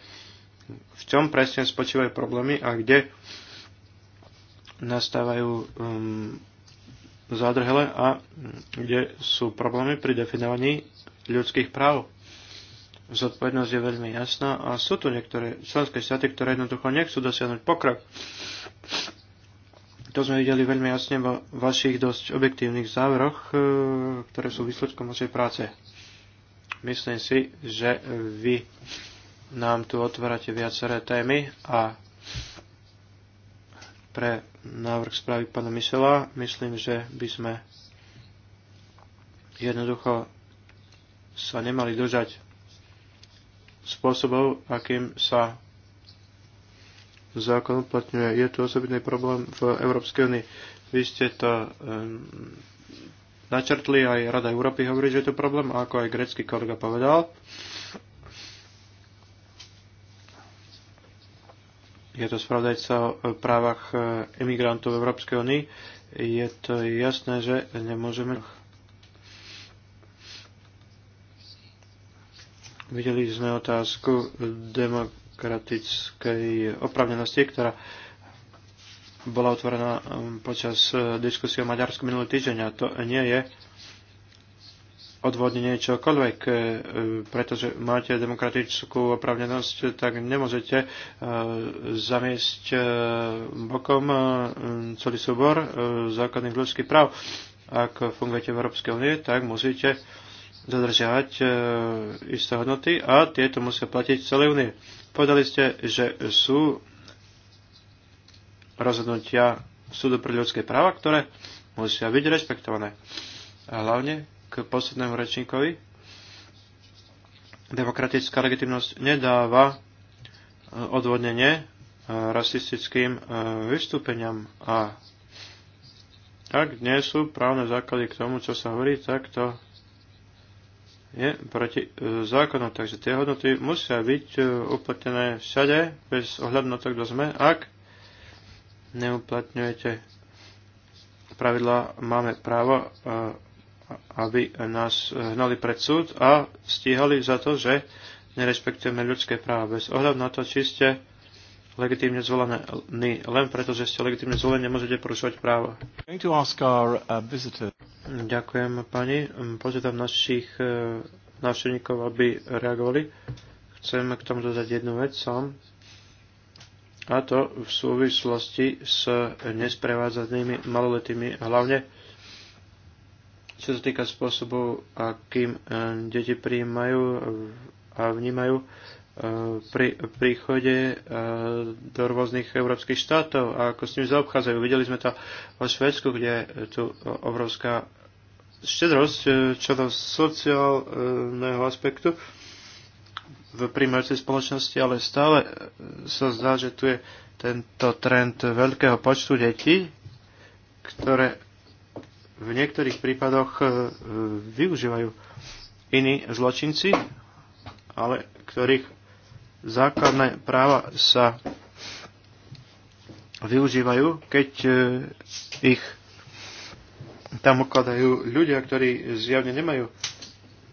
Speaker 4: v čom presne spočívajú problémy a kde nastávajú um, zádrhele a kde sú problémy pri definovaní ľudských práv. Zodpovednosť je veľmi jasná a sú tu niektoré členské štáty, ktoré jednoducho nechcú dosiahnuť pokrok. To sme videli veľmi jasne vo vašich dosť objektívnych záveroch, e, ktoré sú výsledkom vašej práce. Myslím si, že vy nám tu otvárate viaceré témy a pre návrh správy pána Mysela myslím, že by sme jednoducho sa nemali držať spôsobov, akým sa zákon uplatňuje. Je tu osobitný problém v Európskej únii. Vy ste to um, načrtli, aj Rada Európy hovorí, že je to problém, ako aj grecký kolega povedal. Je to spravodajca o právach emigrantov v Európskej únii. Je to jasné, že nemôžeme. Videli sme otázku demokratickej opravnenosti, ktorá bola otvorená e, počas e, diskusie o Maďarsku minulý týždeň a to nie je odvodnenie čokoľvek, e, pretože máte demokratickú opravnenosť, tak nemôžete e, zamiesť e, bokom celý súbor základných ľudských práv. Ak fungujete v Európskej únie, tak musíte zadržiavať isté hodnoty a tieto musia platiť v celej únie. Povedali ste, že sú rozhodnutia súdu pre ľudské práva, ktoré musia byť rešpektované. A hlavne k poslednému rečníkovi. Demokratická legitimnosť nedáva eh, odvodnenie eh, rasistickým eh, vystúpeniam a ak nie sú právne základy k tomu, čo sa hovorí, tak to je proti zákonu. Takže tie hodnoty musia byť uplatnené všade, bez ohľadu na to, kto sme. Ak neuplatňujete pravidla, máme právo aby nás hnali pred súd a stíhali za to, že nerespektujeme ľudské práva. Bez ohľadu na to, či ste legitímne zvolení, len preto, že ste legitímne zvolení, nemôžete porušovať práva. Uh, Ďakujem pani. Požiadam našich uh, návštevníkov, aby reagovali. Chcem k tomu dodať jednu vec sám. A to v súvislosti s nesprevádzanými maloletými, hlavne čo sa týka spôsobu, akým e, deti prijímajú e, a vnímajú e, pri príchode do rôznych európskych štátov a ako s nimi zaobchádzajú. Videli sme to vo Švedsku, kde je tu obrovská štedrosť čo do sociálneho aspektu v príjmajúcej spoločnosti, ale stále sa zdá, že tu je tento trend veľkého počtu detí, ktoré v niektorých prípadoch e, e, využívajú iní zločinci, ale ktorých základné práva sa využívajú, keď e, ich tam ukladajú ľudia, ktorí zjavne nemajú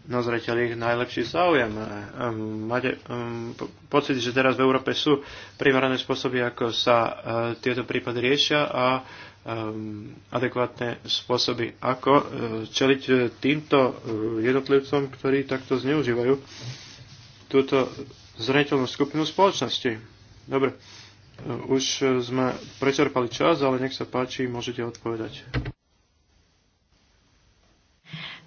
Speaker 4: na zreteli ich najlepší záujem. Máte pocit, že teraz v Európe sú primerané spôsoby, ako sa tieto prípady riešia a Ehm, adekvátne spôsoby, ako e, čeliť e, týmto e, jednotlivcom, ktorí takto zneužívajú túto zraniteľnú skupinu spoločnosti. Dobre, už sme prečerpali čas, ale nech sa páči, môžete odpovedať.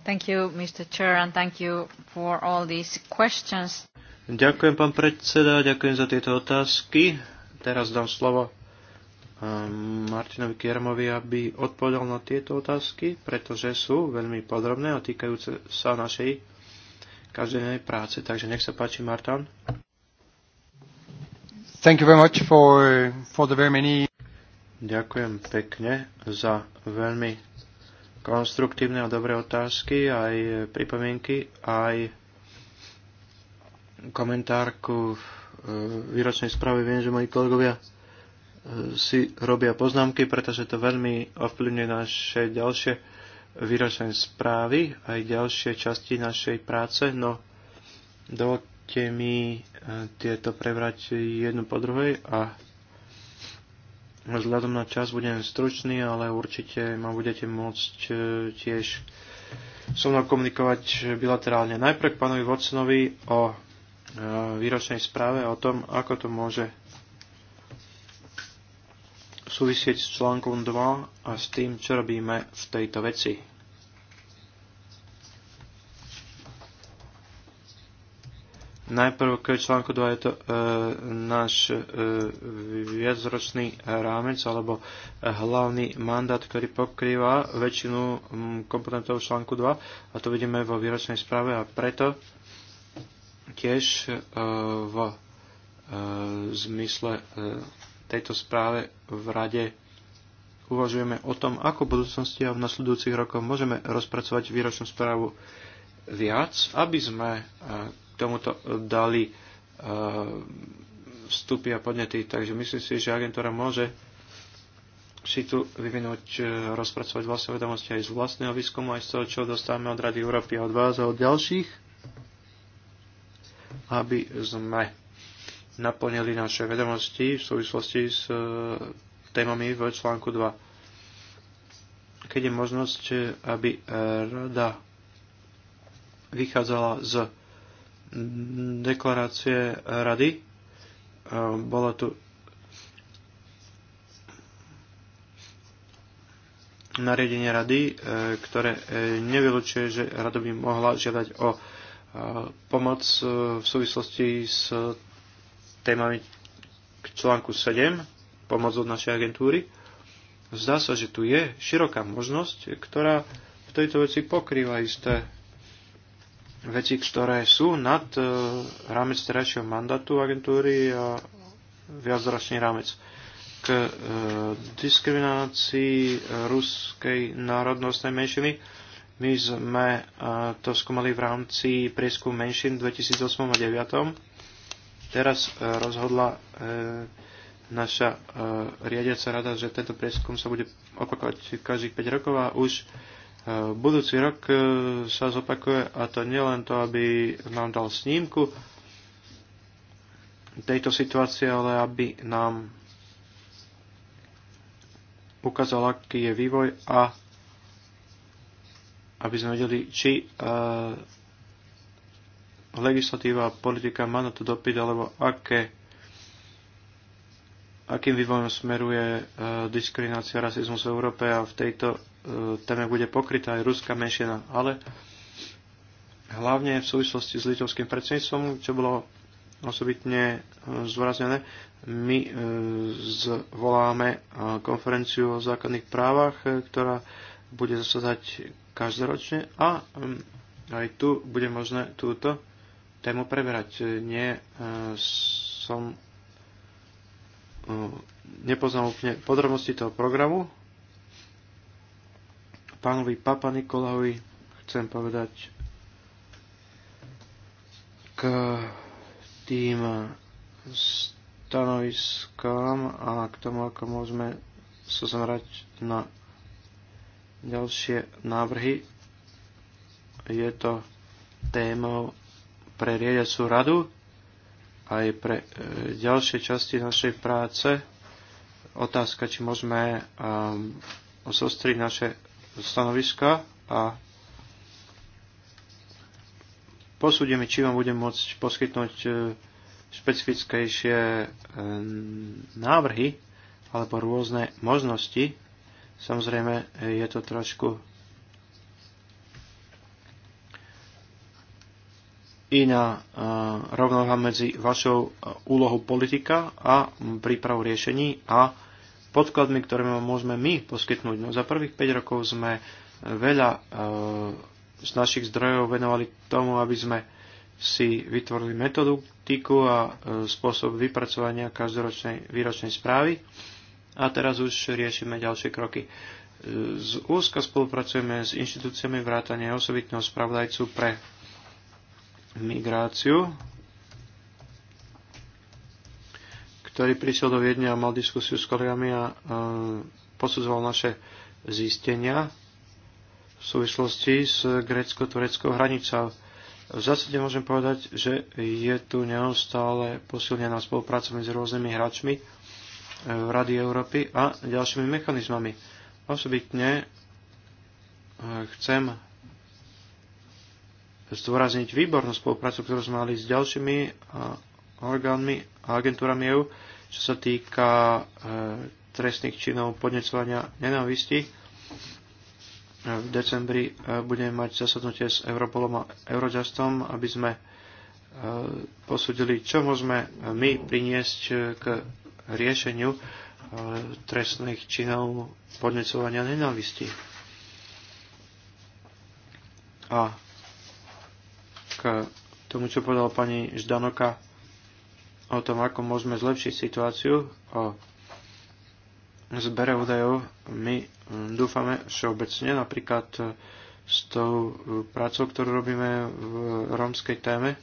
Speaker 2: Thank you, Mr. Chair, and thank you for all these questions.
Speaker 4: Ďakujem, pán predseda, ďakujem za tieto otázky. Teraz dám slovo Ehm, Martinovi Kiermovi, aby odpovedal na tieto otázky, pretože sú veľmi podrobné a týkajúce sa našej každodennej práce. Takže nech sa páči, Martin. Thank you very much for, for the very many... Ďakujem pekne za veľmi konstruktívne a dobré otázky, aj pripomienky, aj komentárku v e, výročnej správe. Viem, že moji kolegovia si robia poznámky, pretože to veľmi ovplyvňuje naše ďalšie výročné správy, aj ďalšie časti našej práce, no dovolte mi e, tieto prebrať jednu po druhej a vzhľadom na čas budem stručný, ale určite ma budete môcť e, tiež so mnou komunikovať bilaterálne. Najprv k pánovi Watsonovi o e, výročnej správe, o tom, ako to môže súvisieť s článkom 2 a s tým, čo robíme v tejto veci. Najprv k článku 2 je to e, náš e, viacročný rámec alebo hlavný mandát, ktorý pokrýva väčšinu m, komponentov článku 2 a to vidíme vo výročnej správe a preto tiež e, v e, zmysle e, tejto správe v rade uvažujeme o tom, ako v budúcnosti a v nasledujúcich rokoch môžeme rozpracovať výročnú správu viac, aby sme e, k tomuto dali e, vstupy a podnety. Takže myslím si, že agentúra môže si tu vyvinúť, e, rozpracovať vlastné vedomosti aj z vlastného výskumu, aj z toho, čo dostávame od Rady Európy a od vás a od ďalších, aby sme naplnili naše vedomosti v súvislosti s e, témami v článku 2. Keď je možnosť, e, aby e, rada vychádzala z deklarácie rady, bola tu nariadenie rady, ktoré nevylučuje, že rada by mohla žiadať o pomoc v súvislosti s témami k článku 7, pomoc od našej agentúry. Zdá sa, že tu je široká možnosť, ktorá v tejto veci pokrýva isté veci, ktoré sú nad e, rámec terajšieho mandátu agentúry a viacročný rámec k e, diskriminácii ruskej národnostnej menšiny. My sme e, to skúmali v rámci prieskum menšin 2008 a 2009 Teraz e, rozhodla e, naša e, riadiaca rada, že tento prieskum sa bude opakovať každých 5 rokov a už budúci rok sa zopakuje a to nielen to, aby nám dal snímku tejto situácie, ale aby nám ukázal, aký je vývoj a aby sme vedeli, či legislatíva a politika má na to dopyt, alebo aké, akým vývojom smeruje e, diskriminácia rasizmus v Európe a v tejto e, téme bude pokrytá aj ruská menšina. Ale hlavne v súvislosti s litovským predsedníctvom, čo bolo osobitne e, zdôraznené, my zvoláme konferenciu o základných právach, ktorá bude zasadať každoročne a aj tu bude možné túto tému preberať. E, nie e, som e, nepoznal úplne podrobnosti toho programu. Pánovi Papa Nikolaovi chcem povedať k tým stanoviskám a k tomu, ako môžeme sa zamerať na ďalšie návrhy. Je to témou pre riadiacu radu, aj pre e, ďalšie časti našej práce. Otázka, či môžeme e, zostriť naše stanoviska a posúdime, či vám budem môcť poskytnúť e, špecifickejšie e, návrhy alebo rôzne možnosti. Samozrejme, je to trošku iná e, rovnováha medzi vašou e, úlohou politika a prípravou riešení a podkladmi, ktoré môžeme my poskytnúť. No, za prvých 5 rokov sme e, veľa z našich zdrojov venovali tomu, aby sme si vytvorili týku a spôsob vypracovania každoročnej výročnej správy a teraz už riešime ďalšie kroky. Z úzka spolupracujeme s inštitúciami vrátania osobitného spravodajcu pre migráciu, ktorý prišiel do Viedne a mal diskusiu s kolegami a posudzoval naše zistenia v súvislosti s grecko-tureckou hranicou. V zásade môžem povedať, že je tu neustále posilnená spolupráca medzi rôznymi hráčmi v e, Rady Európy a ďalšími mechanizmami. Osobitne e, chcem zdôrazniť výbornú spoluprácu, ktorú sme mali s ďalšími eh, orgánmi a agentúrami EU, čo sa týka eh, trestných činov podnecovania nenávisti. Eh, v decembri budeme mať zasadnutie s Europolom a Eurojustom, aby sme posúdili, čo môžeme my priniesť k riešeniu trestných činov podnecovania nenávisti. A k tomu, čo povedala pani Ždanoka o tom, ako môžeme zlepšiť situáciu o zbere údajov. My mm, dúfame všeobecne, napríklad e, s tou e, prácou, ktorú robíme v rómskej téme,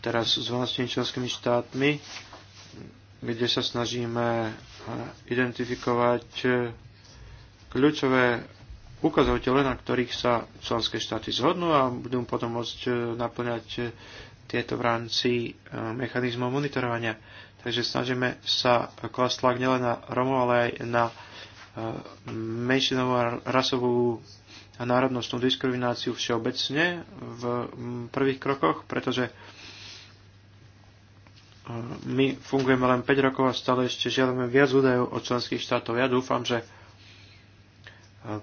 Speaker 4: teraz s 12 členskými štátmi, kde sa snažíme e, identifikovať kľúčové ukazovatele, na ktorých sa členské štáty zhodnú a budú potom môcť e, naplňať e, tieto v rámci e, mechanizmov monitorovania. Takže snažíme sa klasť tlak nielen na Romov, ale aj na menšinovú a rasovú a národnostnú diskrimináciu všeobecne v prvých krokoch, pretože my fungujeme len 5 rokov a stále ešte žiadame viac údajov od členských štátov. Ja dúfam, že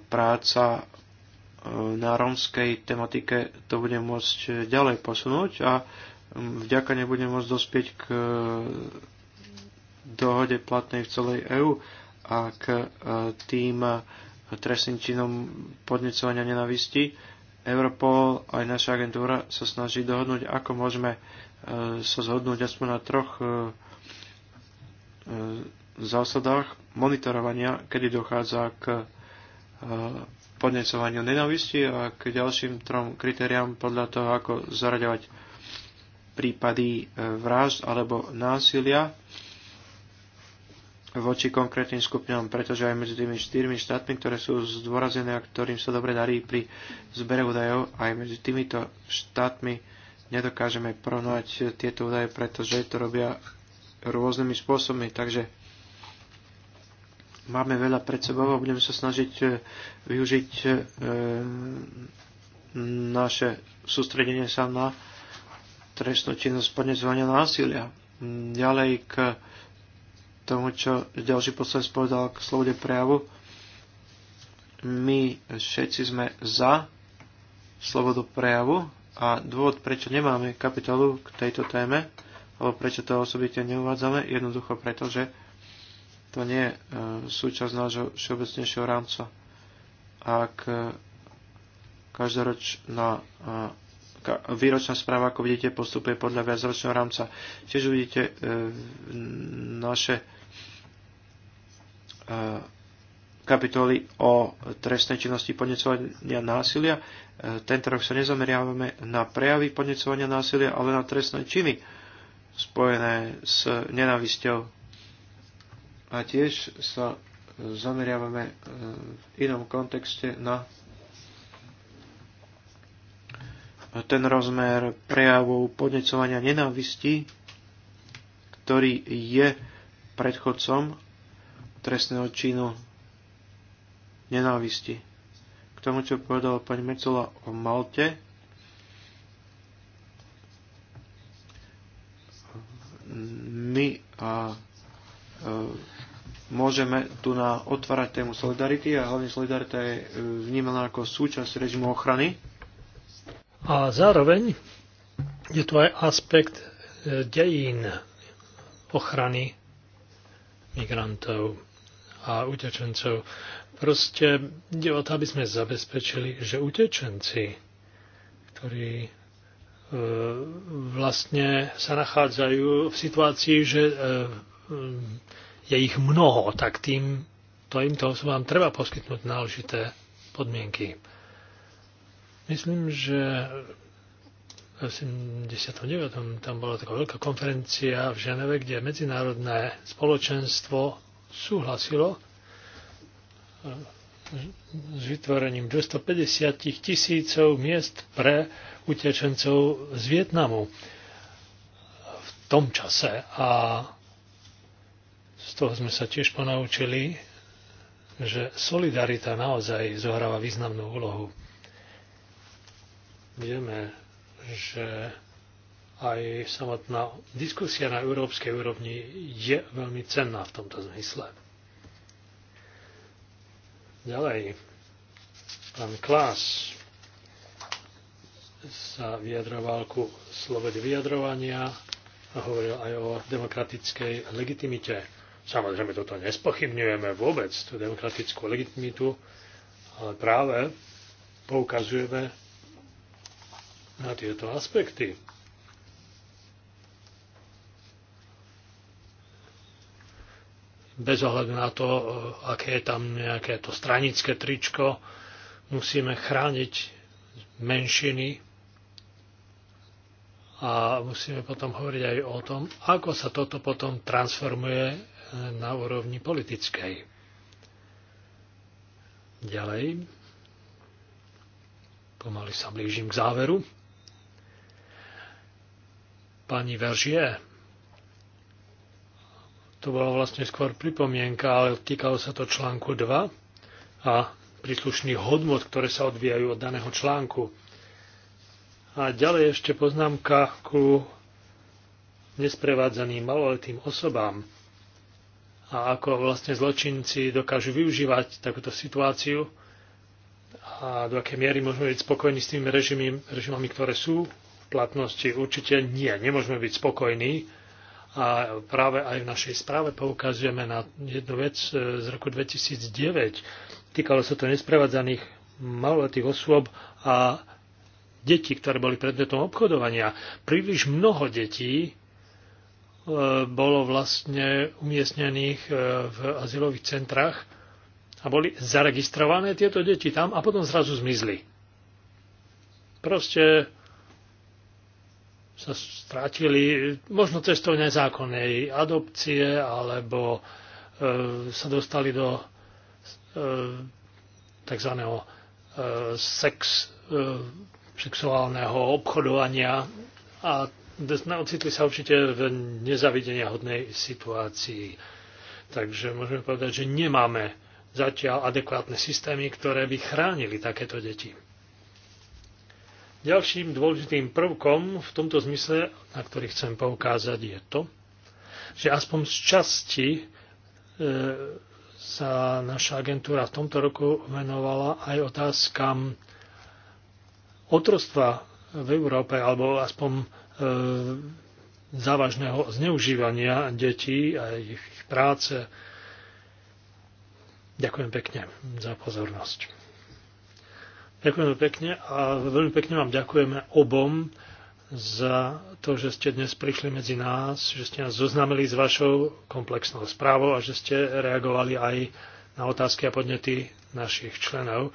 Speaker 4: práca e, na romskej tematike to bude môcť e, ďalej posunúť a vďaka nebude môcť dospieť k e, dohode platnej v celej EÚ a k tým trestným činom podnecovania nenavisti. Europol aj naša agentúra sa snaží dohodnúť, ako môžeme sa zhodnúť aspoň na troch zásadách monitorovania, kedy dochádza k Eh, podnecovaniu nenávisti a k ďalším trom kritériám podľa toho, ako zaraďovať prípady eh, vražd alebo násilia voči konkrétnym skupinám, pretože aj medzi tými štyrmi štátmi, ktoré sú zdôrazené a ktorým sa dobre darí pri zbere údajov, aj medzi týmito štátmi nedokážeme porovnať tieto údaje, pretože to robia rôznymi spôsobmi. Takže Máme veľa pred sebou a budeme sa snažiť e, využiť e, naše sústredenie sa na trestnú činnosť podnezovania násilia. Ďalej k tomu, čo ďalší poslanec povedal k slobode prejavu. My všetci sme za slobodu prejavu a dôvod, prečo nemáme kapitolu k tejto téme, alebo prečo to osobite neuvádzame, jednoducho preto, že to nie je súčasť nášho všeobecnejšieho rámca. Ak e, každoročná no, e, výročná správa, ako vidíte, postupuje podľa viacročného rámca. Tiež uvidíte e, naše kapitoly o trestnej činnosti podnecovania násilia. Tento rok sa nezameriavame na prejavy podnecovania násilia, ale na trestné činy spojené s nenávisťou a tiež sa zameriavame e, v inom kontexte na ten rozmer prejavov podnecovania nenávisti, ktorý je predchodcom trestného činu nenávisti. K tomu, čo povedala pani Mecola o Malte, my a e, môžeme tu na otvárať tému solidarity a hlavne solidarita je e, vnímaná ako súčasť režimu ochrany.
Speaker 1: A zároveň je tu aj aspekt e, dejín ochrany migrantov a utečencov. Proste ide o to, aby sme zabezpečili, že utečenci, ktorí e, vlastne sa nachádzajú v situácii, že je ich mnoho, tak tým to to osobám treba poskytnúť náležité podmienky. Myslím, že v 89. tam bola taká veľká konferencia v Ženeve, kde medzinárodné spoločenstvo súhlasilo e, s vytvorením 250 tisícov miest pre utečencov z Vietnamu v tom čase. A toho sme sa tiež ponaučili, že solidarita naozaj zohráva významnú úlohu. Vieme, že aj samotná diskusia na európskej úrovni je veľmi cenná v tomto zmysle. Ďalej, pán Klás sa vyjadroval ku slobode vyjadrovania a hovoril aj o demokratickej legitimite Samozrejme, toto nespochybňujeme vôbec, tú demokratickú legitimitu, ale práve poukazujeme na tieto aspekty. Bez ohľadu na to, aké je tam nejaké to stranické tričko, musíme chrániť menšiny a musíme potom hovoriť aj o tom, ako sa toto potom transformuje eh, na úrovni politickej. Ďalej, pomaly sa blížim k záveru. Pani Veržie, to bola vlastne skôr pripomienka, ale týkalo sa to článku 2 a príslušných hodnot, ktoré sa odvíjajú od daného článku. A ďalej ešte poznámka ku nesprevádzaným maloletým osobám a ako vlastne zločinci dokážu využívať takúto situáciu a do akej miery môžeme byť spokojní s tými režimy, režimami, ktoré sú v platnosti. Určite nie, nemôžeme byť spokojní a práve aj v našej správe poukazujeme na jednu vec e, z roku 2009. Týkalo sa to nesprevádzaných maloletých osôb a deti, ktoré boli predmetom obchodovania. Príliš mnoho detí e, bolo vlastne umiestnených e, v azylových centrách a boli zaregistrované tieto deti tam a potom zrazu zmizli. Proste sa strátili možno cestou nezákonnej adopcie alebo e, sa dostali do e, tzv. E, sex e, sexuálneho obchodovania a ocitli sa určite v nezavidenia hodnej situácii. Takže môžeme povedať, že nemáme zatiaľ adekvátne systémy, ktoré by chránili takéto deti. Ďalším dôležitým prvkom v tomto zmysle, na ktorý chcem poukázať, je to, že aspoň z časti e, sa naša agentúra v tomto roku venovala aj otázkam otrostva v Európe, alebo aspoň e, závažného zneužívania detí a ich práce. Ďakujem pekne za pozornosť. Ďakujeme pekne a veľmi pekne vám ďakujeme obom za to, že ste dnes prišli medzi nás, že ste nás zoznámili s vašou komplexnou správou a že ste reagovali aj na otázky a podnety našich členov.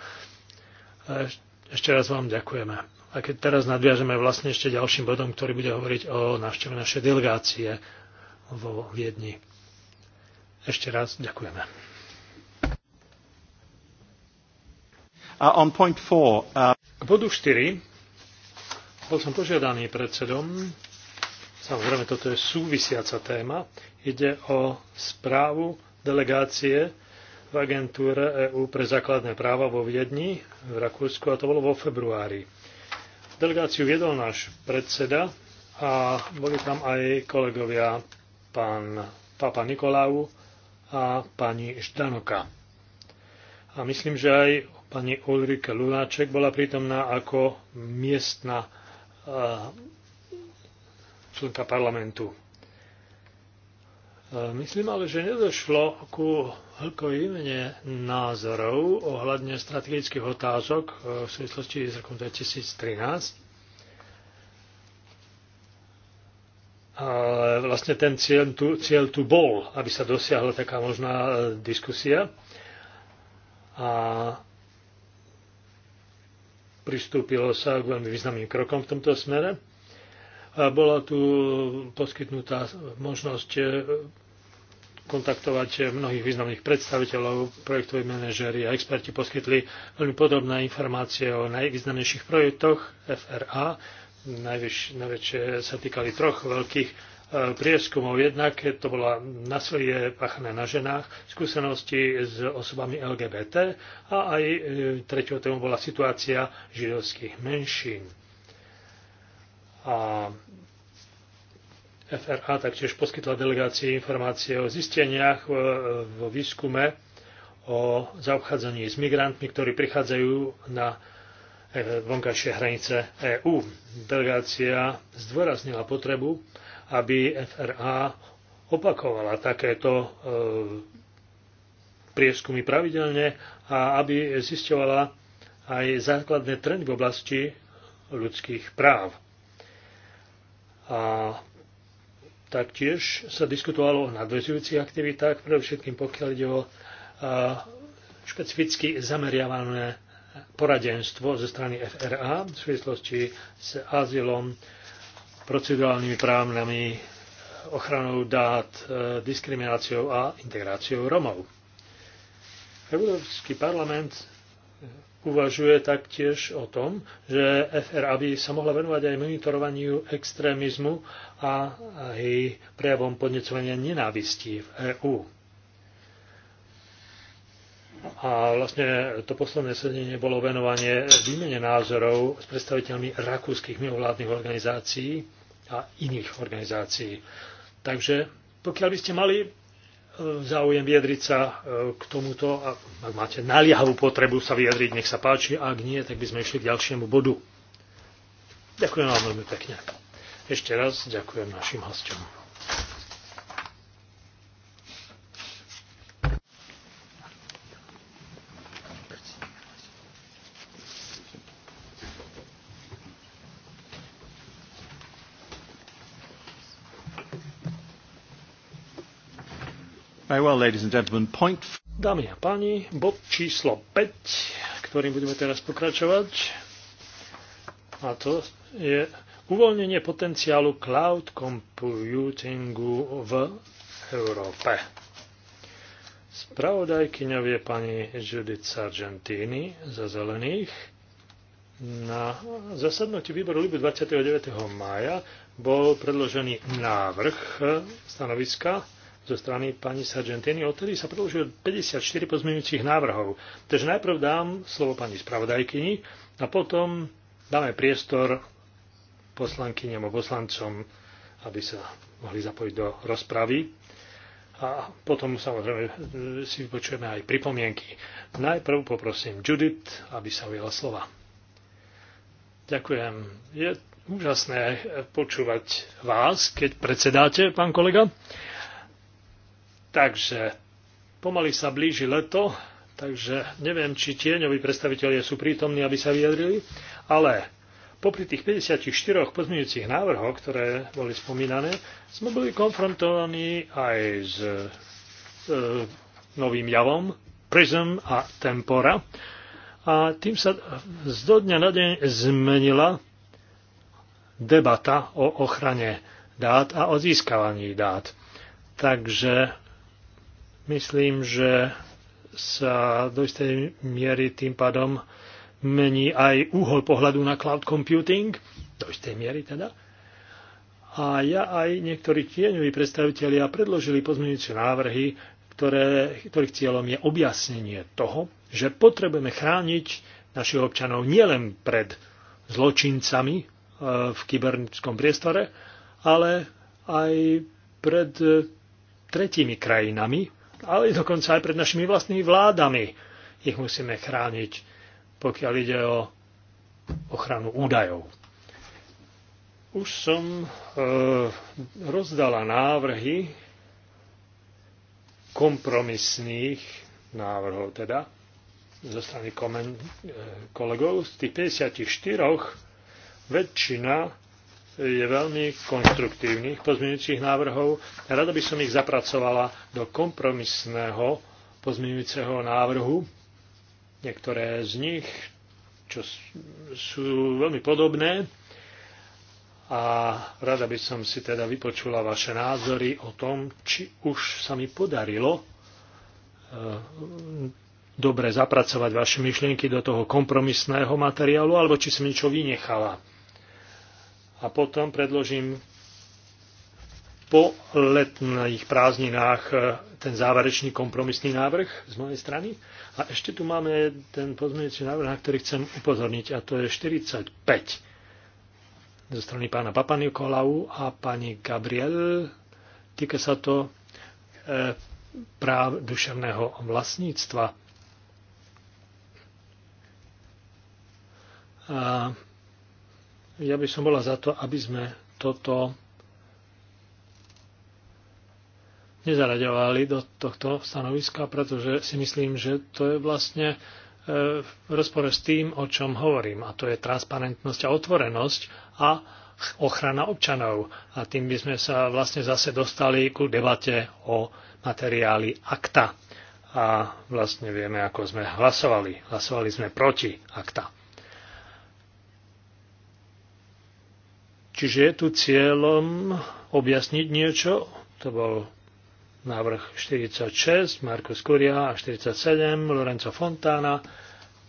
Speaker 1: E, ešte raz vám ďakujeme. A keď teraz nadviažeme vlastne ešte ďalším bodom, ktorý bude hovoriť o návšteve našej delegácie vo Viedni. Ešte raz ďakujeme. Uh, on point four, uh... K bodu 4 bol som požiadaný predsedom. Samozrejme, toto je súvisiaca téma. Ide o správu delegácie v agentúre EÚ pre základné práva vo Viedni v Rakúsku a to bolo vo februári. Delegáciu viedol náš predseda a boli tam aj kolegovia pán Papa Nikolau a pani Štanoka. A myslím, že aj pani Ulrike Lunáček bola prítomná ako miestna eh, členka parlamentu E, myslím ale, že nedošlo ku hĺkovýmene názorov ohľadne strategických otázok e, v súvislosti s rokom 2013. A vlastne ten cieľ tu, cieľ tu bol, aby sa dosiahla taká možná e, diskusia. A pristúpilo sa k veľmi významným krokom v tomto smere bola tu poskytnutá možnosť e, kontaktovať mnohých významných predstaviteľov, projektoví manažéri a experti poskytli veľmi podobné informácie o najvýznamnejších projektoch FRA. najväčšie sa týkali troch veľkých e, prieskumov. Jednak to bola nasilie pachné na ženách, skúsenosti s osobami LGBT a aj e, treťou tému bola situácia židovských menšín a FRA taktiež poskytla delegácii informácie o zisteniach e, vo výskume o zaobchádzaní s migrantmi, ktorí prichádzajú na e, vonkajšie hranice EÚ. Delegácia zdôraznila potrebu, aby FRA opakovala takéto e, prieskumy pravidelne a aby zisťovala aj základné trendy v oblasti ľudských práv a taktiež sa diskutovalo o nadvezujúcich aktivitách, predovšetkým pokiaľ ide o špecificky zameriavané poradenstvo ze strany FRA v súvislosti s azylom, procedurálnymi právnami, ochranou dát, e, diskrimináciou a integráciou Romov. Európsky parlament uvažuje taktiež o tom, že FRA by sa mohla venovať aj monitorovaniu extrémizmu a aj prejavom podnecovania nenávistí v EÚ. A vlastne to posledné sedenie bolo venovanie výmene názorov s predstaviteľmi rakúskych mimovládnych organizácií a iných organizácií. Takže pokiaľ by ste mali záujem vyjadriť sa e, k tomuto ak máte naliehavú potrebu sa vyjadriť, nech sa páči, ak nie, tak by sme išli k ďalšiemu bodu. Ďakujem vám veľmi pekne. Ešte raz ďakujem našim hostom. Dámy a páni, bod číslo 5, ktorým budeme teraz pokračovať, a to je uvoľnenie potenciálu cloud computingu v Európe. Spravodajkyňov je pani Judith Sargentini za zelených. Na zasadnutí výboru Libu 29. mája bol predložený návrh stanoviska zo strany pani Sargentini, odtedy sa predložilo 54 pozmeňujúcich návrhov. Takže najprv dám slovo pani spravodajkyni a potom dáme priestor poslankyňam a poslancom, aby sa mohli zapojiť do rozpravy. A potom samozrejme si vypočujeme aj pripomienky. Najprv poprosím Judith, aby sa ujela slova. Ďakujem. Je úžasné počúvať vás, keď predsedáte, pán kolega. Takže pomaly sa blíži leto, takže neviem, či tieňoví predstavitelia sú prítomní, aby sa vyjadrili, ale popri tých 54 pozmeňujúcich návrhov, ktoré boli spomínané, sme boli konfrontovaní aj s e, novým javom prism a tempora a tým sa z do dňa na deň zmenila debata o ochrane dát a o získavaní dát. Takže Myslím, že sa do istej miery tým pádom mení aj úhol pohľadu na cloud computing, do istej miery teda. A ja aj niektorí tieňoví predstavitelia predložili pozmeňujúce návrhy, ktoré, ktorých cieľom je objasnenie toho, že potrebujeme chrániť našich občanov nielen pred zločincami e, v kybernickom priestore, ale aj pred tretími krajinami, ale dokonca aj pred našimi vlastnými vládami ich musíme chrániť, pokiaľ ide o ochranu údajov. Už som e, rozdala návrhy kompromisných návrhov teda zo strany komen, e, kolegov. Z tých 54 väčšina je veľmi konštruktívnych pozmeňujúcich návrhov. Rada by som ich zapracovala do kompromisného pozmeňujúceho návrhu. Niektoré z nich čo sú veľmi podobné a rada by som si teda vypočula vaše názory o tom, či už sa mi podarilo eh, dobre zapracovať vaše myšlienky do toho kompromisného materiálu, alebo či som niečo vynechala a potom predložím po letných prázdninách e, ten záverečný kompromisný návrh z mojej strany. A ešte tu máme ten pozmeňujúci návrh, na ktorý chcem upozorniť, a to je 45 zo strany pána Papa Nikolau a pani Gabriel. Týka sa to e, práv duševného vlastníctva. A ja by som bola za to, aby sme toto nezaraďovali do tohto stanoviska, pretože si myslím, že to je vlastne e, v rozpore s tým, o čom hovorím, a to je transparentnosť a otvorenosť a ochrana občanov. A tým by sme sa vlastne zase dostali ku debate o materiáli akta. A vlastne vieme, ako sme hlasovali. Hlasovali sme proti akta. Čiže je tu cieľom objasniť niečo. To bol návrh 46, Marko Skuria a 47, Lorenzo Fontana.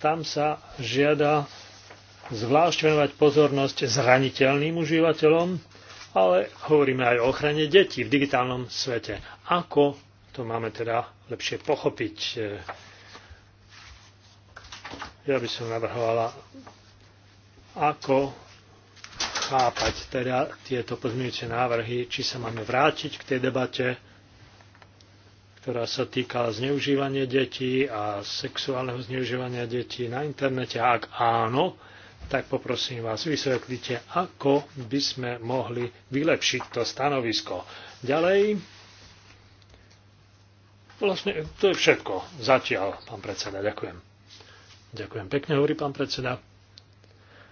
Speaker 1: Tam sa žiada zvlášť venovať pozornosť zraniteľným užívateľom, ale hovoríme aj o ochrane detí v digitálnom svete. Ako to máme teda lepšie pochopiť? Ja by som navrhovala, ako chápať teda tieto pozmeňujúce návrhy, či sa máme vrátiť k tej debate, ktorá sa týkala zneužívania detí a sexuálneho zneužívania detí na internete. Ak áno, tak poprosím vás, vysvetlite, ako by sme mohli vylepšiť to stanovisko. Ďalej, vlastne to je všetko zatiaľ, pán predseda, ďakujem. Ďakujem pekne, hovorí pán predseda.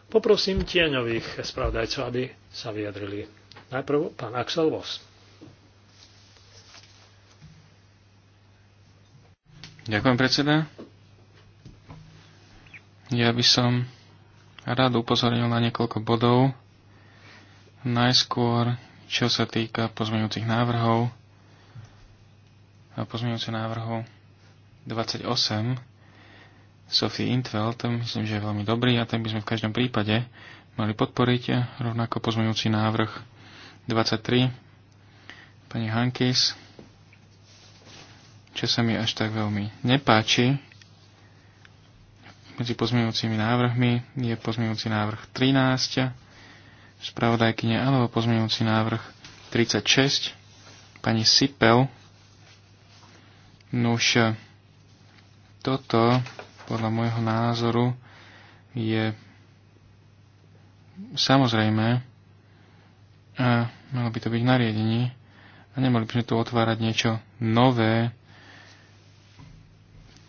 Speaker 1: Poprosím tieňových spravodajcov, aby sa vyjadrili. Najprv pán Axel Vos.
Speaker 3: Ďakujem, predseda. Ja by som rád upozornil na niekoľko bodov. Najskôr, čo sa týka pozmeňujúcich návrhov. A pozmeňujúce návrhu 28 Sophie to myslím, že je veľmi dobrý a ten by sme v každom prípade mali podporiť. Eh, rovnako pozmeňujúci návrh 23 pani Hankis, čo sa mi až tak veľmi nepáči. Medzi pozmeňujúcimi návrhmi je pozmeňujúci návrh 13 spravodajkyne alebo pozmeňujúci návrh 36 pani Sipel. Nuž, toto podľa môjho názoru je samozrejme a malo by to byť nariadení a nemali by sme tu otvárať niečo nové.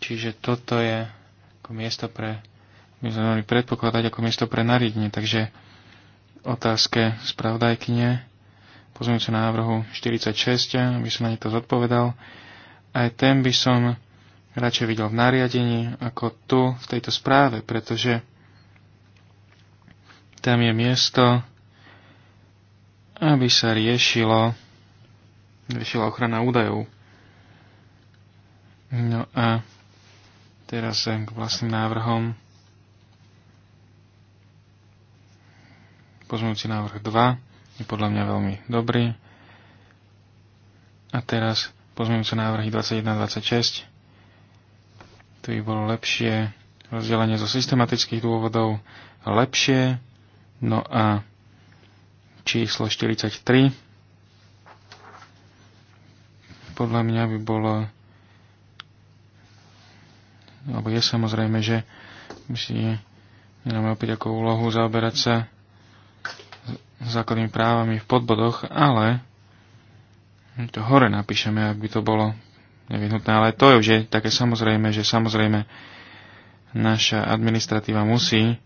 Speaker 3: Čiže toto je ako miesto pre, my sme mali predpokladať ako miesto pre nariadenie, takže otázke spravodajkyne pozmeňujúce návrhu 46, aby som na ne to zodpovedal. Aj ten by som radšej videl v nariadení ako tu, v tejto správe, pretože tam je miesto, aby sa riešilo, riešila ochrana údajov. No a teraz k vlastným návrhom. Pozmúci návrh 2 je podľa mňa veľmi dobrý. A teraz pozmúci návrhy 21 26 tu by bolo lepšie rozdelenie zo systematických dôvodov, lepšie. No a číslo 43 podľa mňa by bolo alebo je samozrejme, že musí nemáme opäť ako úlohu zaoberať sa základnými právami v podbodoch, ale to hore napíšeme, ak by to bolo nevyhnutné, ale to je už také samozrejme, že samozrejme naša administratíva musí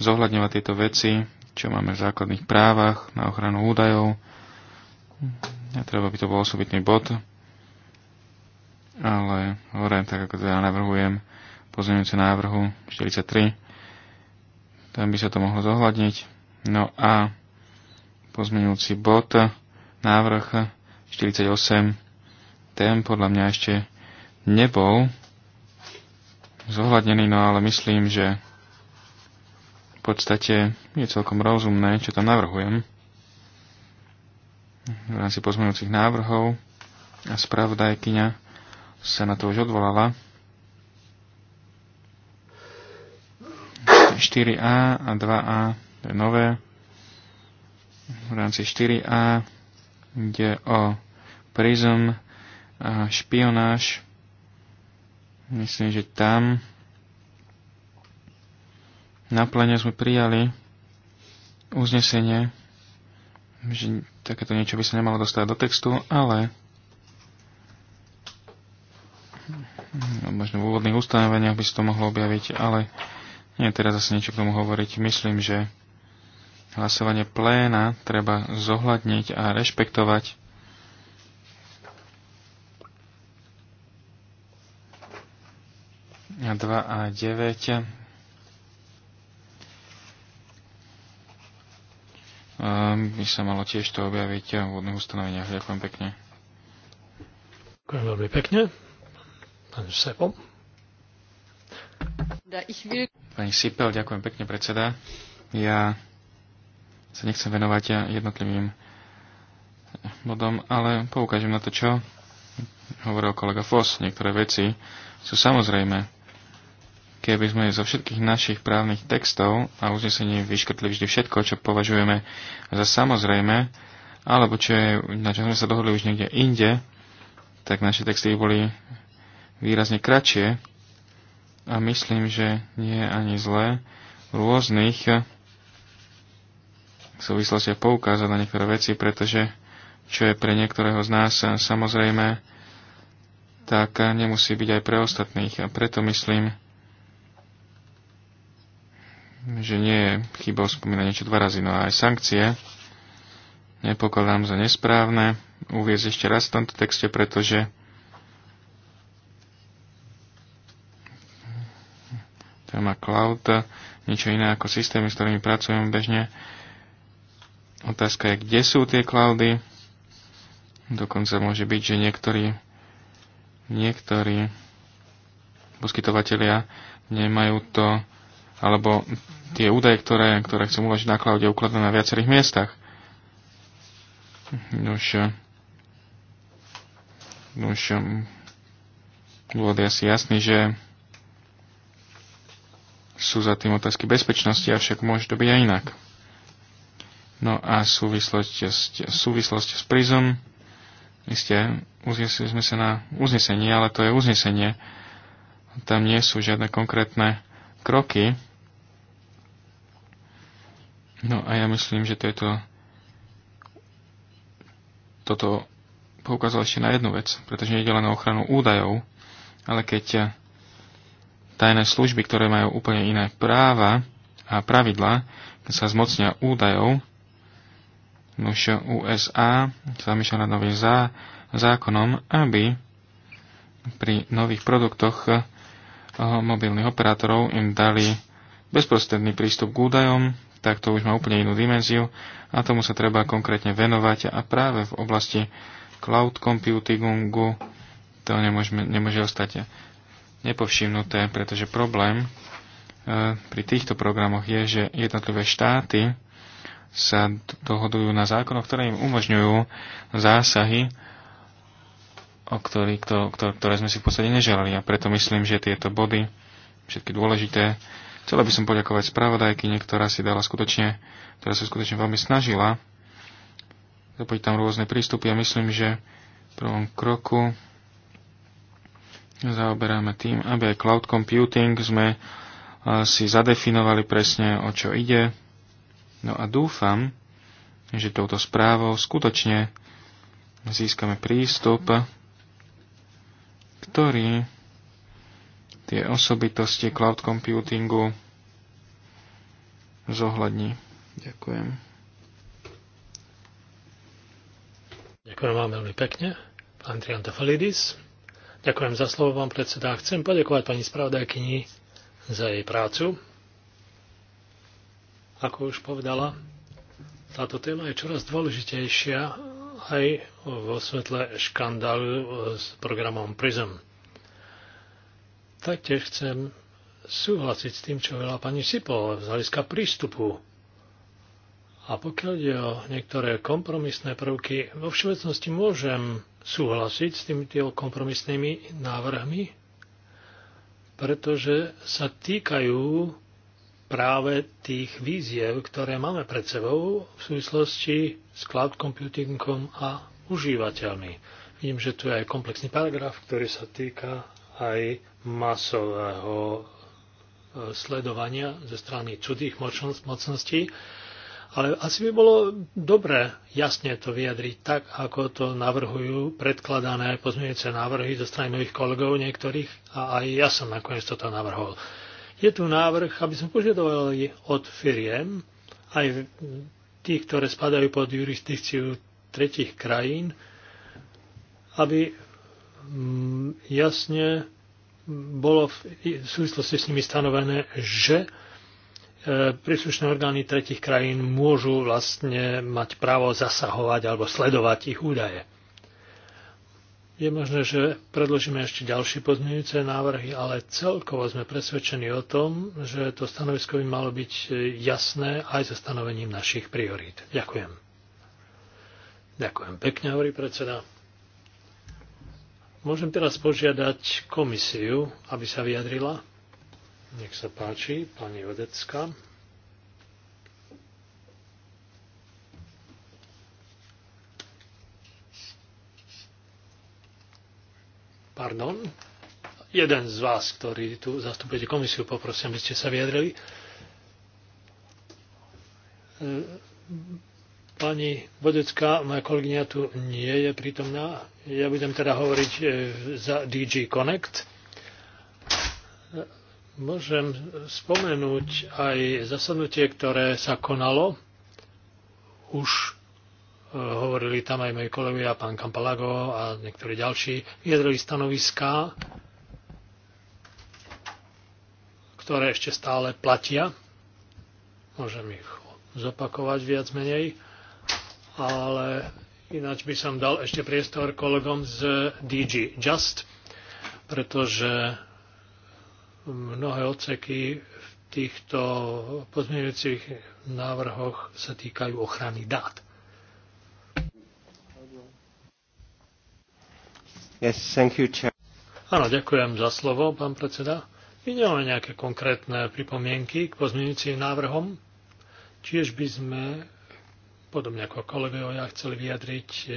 Speaker 3: zohľadňovať tieto veci, čo máme v základných právach na ochranu údajov. A treba by to bol osobitný bod. Ale hovorím tak, ako teda navrhujem pozmeňujúce návrhu 43. Tam by sa to mohlo zohľadniť. No a pozmeňujúci bod návrh 48 tém podľa mňa ešte nebol zohľadnený, no ale myslím, že v podstate je celkom rozumné, čo tam navrhujem v rámci pozmeňujúcich návrhov a spravodajkyňa sa na to už odvolala. 4a a 2a to je nové. V rámci 4a ide o prism a špionáž. Myslím, že tam na plene sme prijali uznesenie, že takéto niečo by sa nemalo dostať do textu, ale možno v úvodných ustanoveniach by sa to mohlo objaviť, ale nie teraz zase niečo k tomu hovoriť. Myslím, že hlasovanie pléna treba zohľadniť a rešpektovať 2 a 9. Ehm, by sa malo tiež to objaviť v vodných ustanoveniach. Ďakujem pekne.
Speaker 1: Ďakujem veľmi pekne. Pán Sepo.
Speaker 3: Pani Sipel, ďakujem pekne, predseda. Ja sa nechcem venovať jednotlivým bodom, ale poukážem na to, čo hovoril kolega Foss. Niektoré veci sú samozrejme keby sme zo všetkých našich právnych textov a uznesení vyškrtli vždy všetko, čo považujeme za samozrejme, alebo čo je, na čo sme sa dohodli už niekde inde, tak naše texty boli výrazne kratšie a myslím, že nie je ani zlé v rôznych súvislostiach poukázať na niektoré veci, pretože čo je pre niektorého z nás samozrejme, tak nemusí byť aj pre ostatných. A preto myslím, že nie je chybou spomínať niečo dva razy, no aj sankcie nepokladám za nesprávne uviezť ešte raz v tomto texte, pretože téma cloud, niečo iné ako systémy, s ktorými pracujeme bežne. Otázka je, kde sú tie cloudy. Dokonca môže byť, že niektorí, niektorí poskytovateľia nemajú to alebo tie údaje, ktoré, ktoré chcem uložiť na cloude, ukladám na viacerých miestach. Nož, nož, dôvod je asi jasný, že sú za tým otázky bezpečnosti, avšak môže to byť aj inak. No a súvislosť, súvislosť s prizom, isté, uznesili sme sa na uznesenie, ale to je uznesenie. Tam nie sú žiadne konkrétne kroky, No a ja myslím, že to je to, toto poukázal ešte na jednu vec, pretože nejde len o ochranu údajov, ale keď eh, tajné služby, ktoré majú úplne iné práva a pravidlá, keď sa zmocnia údajov, Nuž USA myšľa nad novým zá, zákonom, aby pri nových produktoch eh, mobilných operátorov im dali bezprostredný prístup k údajom, tak to už má úplne inú dimenziu a tomu sa treba konkrétne venovať a práve v oblasti cloud computingu to nemôžeme, nemôže ostať nepovšimnuté, pretože problém e, pri týchto programoch je, že jednotlivé štáty sa dohodujú na zákonoch, ktoré im umožňujú zásahy, o ktorý, ktoré sme si v podstate neželali. A preto myslím, že tieto body, všetky dôležité, Chcela by som poďakovať spravodajky, ktorá si dala skutočne, ktorá sa skutočne veľmi snažila zapojiť tam rôzne prístupy a myslím, že v prvom kroku zaoberáme tým, aby aj cloud computing sme eh, si zadefinovali presne, o čo ide. No a dúfam, že touto správou skutočne získame prístup, ktorý tie osobitosti cloud computingu zohľadní. Ďakujem.
Speaker 1: Ďakujem vám veľmi pekne, pán Triantafalidis. Ďakujem za slovo, pán predseda. Chcem poďakovať pani spravodajkyni za jej prácu. Ako už povedala, táto téma je čoraz dôležitejšia aj vo svetle škandálu s programom PRISM. Taktiež chcem súhlasiť s tým, čo veľa pani Sipo z hľadiska prístupu. A pokiaľ ide o niektoré kompromisné prvky, vo všeobecnosti môžem súhlasiť s tými kompromisnými návrhmi, pretože sa týkajú práve tých víziev, ktoré máme pred sebou v súvislosti s cloud computingom a užívateľmi. Vidím, že tu je aj komplexný paragraf, ktorý sa týka aj masového e, sledovania ze strany cudých mocností, ale asi by bolo dobre jasne to vyjadriť tak, ako to navrhujú predkladané pozmeňujúce návrhy zo strany mojich kolegov niektorých a aj ja som nakoniec toto navrhol. Je tu návrh, aby sme požiadovali od firiem, aj tých, ktoré spadajú pod jurisdikciu tretich krajín, aby mm, jasne bolo v súvislosti s nimi stanovené, že e, príslušné orgány tretich krajín môžu vlastne mať právo zasahovať alebo sledovať ich údaje. Je možné, že predložíme ešte ďalšie pozmeňujúce návrhy, ale celkovo sme presvedčení o tom, že to stanovisko by malo byť jasné aj so stanovením našich priorít. Ďakujem. Ďakujem pekne, hovorí predseda. Môžem teraz požiadať komisiu, aby sa vyjadrila. Nech sa páči, pani Vedecká. Pardon. Jeden z vás, ktorý tu zastupujete komisiu, poprosím, aby ste sa vyjadrili. Pani Vodecká, moja kolegyňa tu nie je prítomná. Ja budem teda hovoriť e, za DG Connect. Môžem spomenúť aj zasadnutie, ktoré sa konalo. Už e, hovorili tam aj moji kolegovia, pán Kampalago a niektorí ďalší. Vyjadrili stanoviská, ktoré ešte stále platia. Môžem ich zopakovať viac menej ale ináč by som dal ešte priestor kolegom z DG Just, pretože mnohé odseky v týchto pozmeňujúcich návrhoch sa týkajú ochrany dát.
Speaker 4: Yes, thank you, chair.
Speaker 1: Áno, ďakujem za slovo, pán predseda. Ide nejaké konkrétne pripomienky k pozmeňujúcim návrhom. Tiež by sme podobne ako kolegovia, chceli vyjadriť e,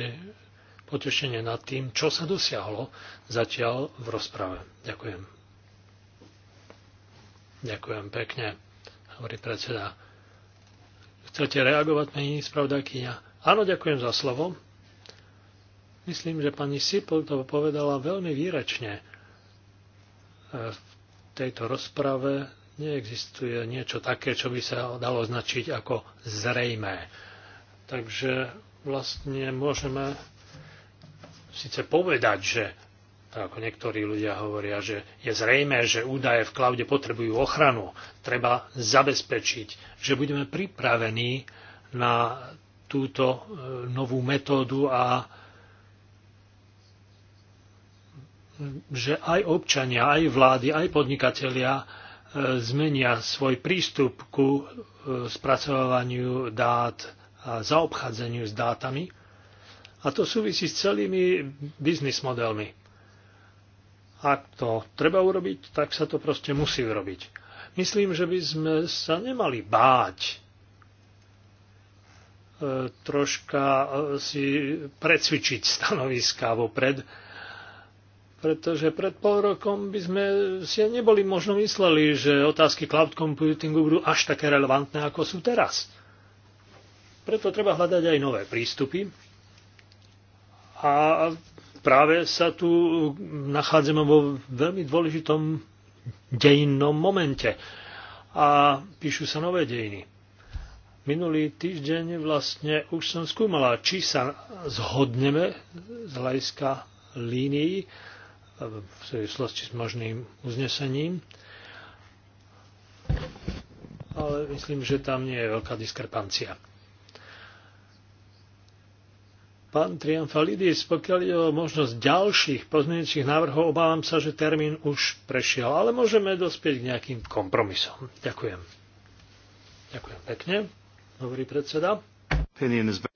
Speaker 1: potešenie nad tým, čo sa dosiahlo zatiaľ v rozprave. Ďakujem. Ďakujem pekne,
Speaker 4: hovorí predseda.
Speaker 1: Chcete reagovať, pani spravodajkyňa? Áno, ďakujem za slovo. Myslím, že pani Sipl to povedala veľmi výrečne. E, v tejto rozprave neexistuje niečo také, čo by sa dalo označiť ako zrejmé Takže vlastne môžeme síce povedať, že ako niektorí ľudia hovoria, že je zrejme, že údaje v klaude potrebujú ochranu. Treba zabezpečiť, že budeme pripravení na túto e, novú metódu a že aj občania, aj vlády, aj podnikatelia e, zmenia svoj prístup ku e, spracovávaniu dát a zaobchádzaniu s dátami. A to súvisí s celými biznis modelmi. Ak to treba urobiť, tak sa to proste musí urobiť. Myslím, že by sme sa nemali báť e, troška e, si precvičiť stanoviská vopred, pretože pred pol rokom by sme si neboli možno mysleli, že otázky cloud computingu budú až také relevantné, ako sú teraz. Preto treba hľadať aj nové prístupy. A práve sa tu nachádzame vo veľmi dôležitom dejinnom momente. A píšu sa nové dejiny. Minulý týždeň vlastne už som skúmala, či sa zhodneme z hľadiska línií v súvislosti s možným uznesením. Ale myslím, že tam nie je veľká diskrepancia. Pán Triamfalidis, pokiaľ ide o možnosť ďalších pozmeňujúcich návrhov, obávam sa, že termín už prešiel, ale môžeme dospieť k nejakým kompromisom. Ďakujem. Ďakujem pekne, hovorí predseda.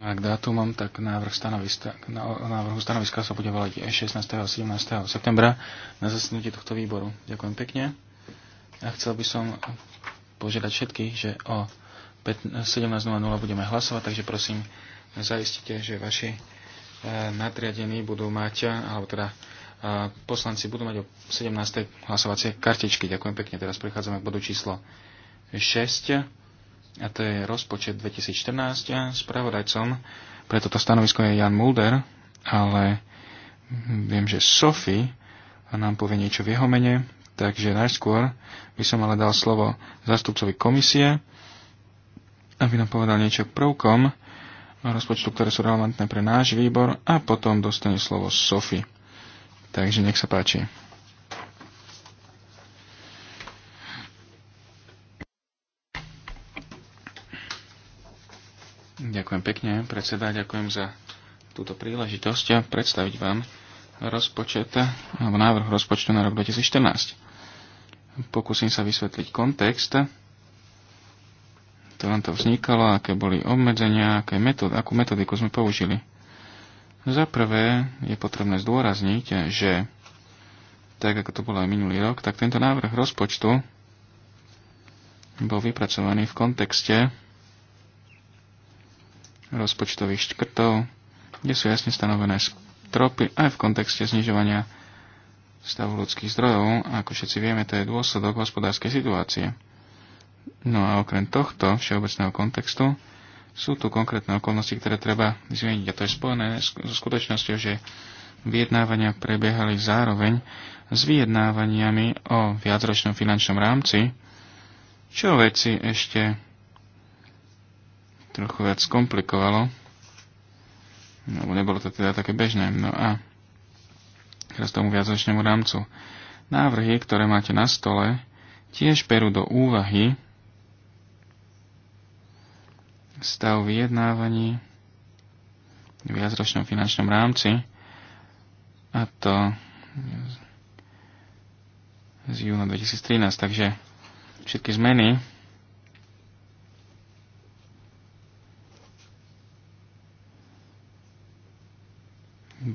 Speaker 3: Ak mám, tak návrh stanoviska, návrhu stanoviska sa bude volať 16. E, a 17. septembra na zasadnutie tohto výboru. Ďakujem pekne. A chcel by som požiadať všetkých, že o 17.00 budeme hlasovať, takže prosím, zaistíte, že vaši e, nadriadení budú mať, e, alebo teda e, poslanci budú mať o 17. hlasovacie kartičky. Ďakujem pekne. Teraz prechádzame k bodu číslo 6 a to je rozpočet 2014. Spravodajcom pre toto stanovisko je Jan Mulder, ale viem, že Sophie nám povie niečo v jeho mene, takže najskôr by som ale dal slovo zastupcovi komisie, aby nám povedal niečo k prvkom rozpočtu, ktoré sú relevantné pre náš výbor a potom dostane slovo Sofy. Takže nech sa páči. Ďakujem pekne, predseda, ďakujem za túto príležitosť a predstaviť vám rozpočet, alebo návrh rozpočtu na rok 2014. Pokúsim sa vysvetliť kontext to nám to vznikalo, aké boli obmedzenia, aké metód, akú metodiku sme použili. Za prvé je potrebné zdôrazniť, že tak ako to bolo aj minulý rok, tak tento návrh rozpočtu bol vypracovaný v kontexte rozpočtových škrtov, kde sú jasne stanovené stropy aj v kontexte znižovania stavu ľudských zdrojov. A ako všetci vieme, to je dôsledok hospodárskej situácie. No a okrem tohto všeobecného kontextu sú tu konkrétne okolnosti, ktoré treba zmeniť. A to je spojené so skutočnosťou, že vyjednávania prebiehali zároveň s vyjednávaniami o viacročnom finančnom rámci, čo veci ešte trochu viac komplikovalo. Lebo no, nebolo to teda také bežné. No a teraz tomu viacročnému rámcu. Návrhy, ktoré máte na stole, tiež perú do úvahy stav vyjednávaní v viacročnom finančnom rámci a to z júna 2013. Takže všetky zmeny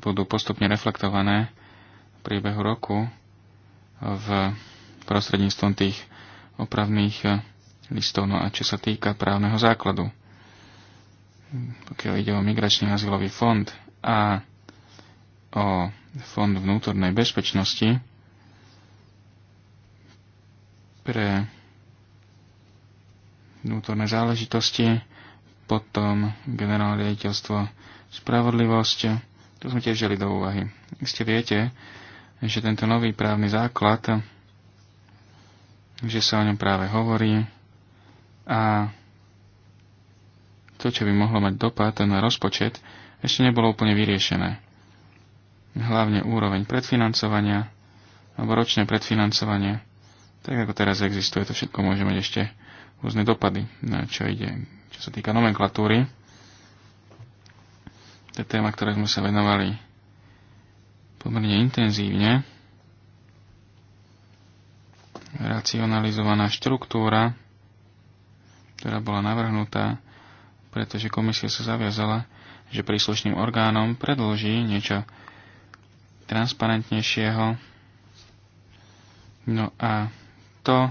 Speaker 3: budú postupne reflektované v priebehu roku v prostredníctvom tých opravných listov. No a čo sa týka právneho základu pokiaľ ide o migračný azylový fond a o fond vnútornej bezpečnosti pre vnútorné záležitosti, potom generálne riaditeľstvo spravodlivosť. To sme tiež žili do úvahy. Ste viete, že tento nový právny základ, že sa o ňom práve hovorí a to, čo by mohlo mať dopad na rozpočet, ešte nebolo úplne vyriešené. Hlavne úroveň predfinancovania alebo ročné predfinancovanie. Tak ako teraz existuje, to všetko môže mať ešte rôzne dopady, na čo ide, čo sa týka nomenklatúry. To je téma, ktoré sme sa venovali pomerne intenzívne. Racionalizovaná štruktúra, ktorá bola navrhnutá pretože komisia sa zaviazala, že príslušným orgánom predloží niečo transparentnejšieho. No a to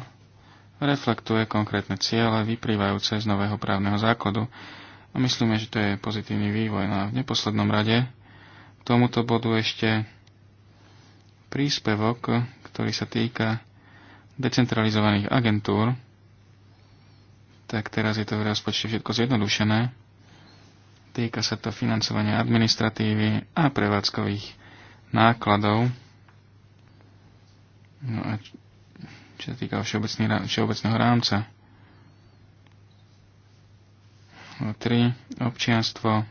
Speaker 3: reflektuje konkrétne ciele vyprývajúce z nového právneho základu a myslíme, že to je pozitívny vývoj. No a v neposlednom rade k tomuto bodu ešte príspevok, ktorý sa týka decentralizovaných agentúr, tak teraz je to v rozpočte všetko zjednodušené. Týka sa to financovania administratívy a prevádzkových nákladov. No a čo sa týka všeobecného rámca. 3. Občianstvo.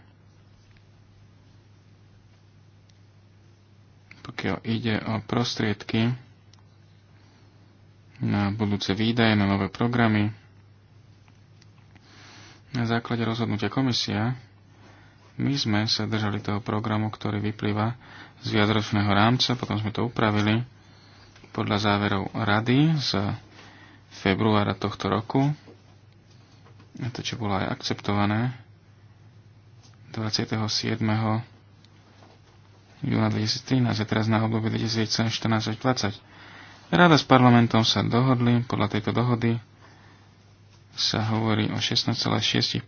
Speaker 3: Pokiaľ ide o prostriedky na budúce výdaje, na nové programy, na základe rozhodnutia komisia my sme sa držali toho programu, ktorý vyplýva z viacročného rámca, potom sme to upravili podľa záverov rady z februára tohto roku. A to, čo bolo aj akceptované 27. júna 2013 a teraz na obdobie 2014 2020. Rada s parlamentom sa dohodli podľa tejto dohody sa hovorí o 16,6%,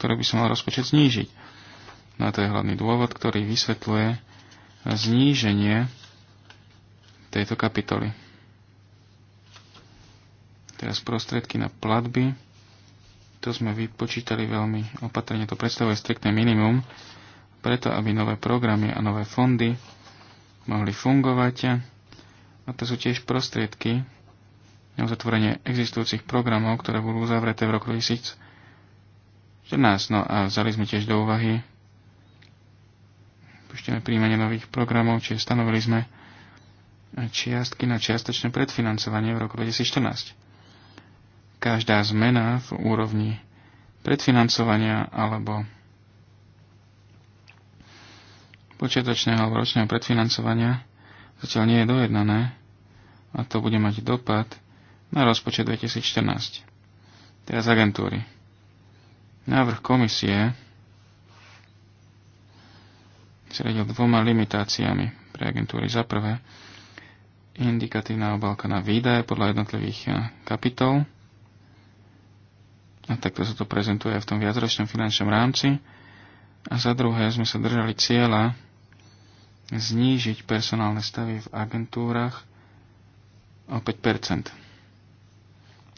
Speaker 3: ktoré by sa mal rozpočet znížiť. No a to je hlavný dôvod, ktorý vysvetľuje zníženie tejto kapitoly. Teraz prostriedky na platby. To sme vypočítali veľmi opatrne. To predstavuje striktné minimum, preto aby nové programy a nové fondy mohli fungovať. A to sú tiež prostriedky, na existujúcich programov, ktoré budú uzavreté v roku 2014. No a vzali sme tiež do úvahy púšťame príjmanie nových programov, čiže stanovili sme čiastky na čiastočné predfinancovanie v roku 2014. Každá zmena v úrovni predfinancovania alebo počiatočného alebo ročného predfinancovania zatiaľ nie je dojednané a to bude mať dopad na rozpočet 2014. Teraz agentúry. Návrh komisie sa radil dvoma limitáciami pre agentúry. Za prvé, indikatívna obálka na výdaje podľa jednotlivých eh, kapitol. A takto sa to prezentuje v tom viacročnom finančnom rámci. A za druhé sme sa držali cieľa znížiť personálne stavy v agentúrach o 5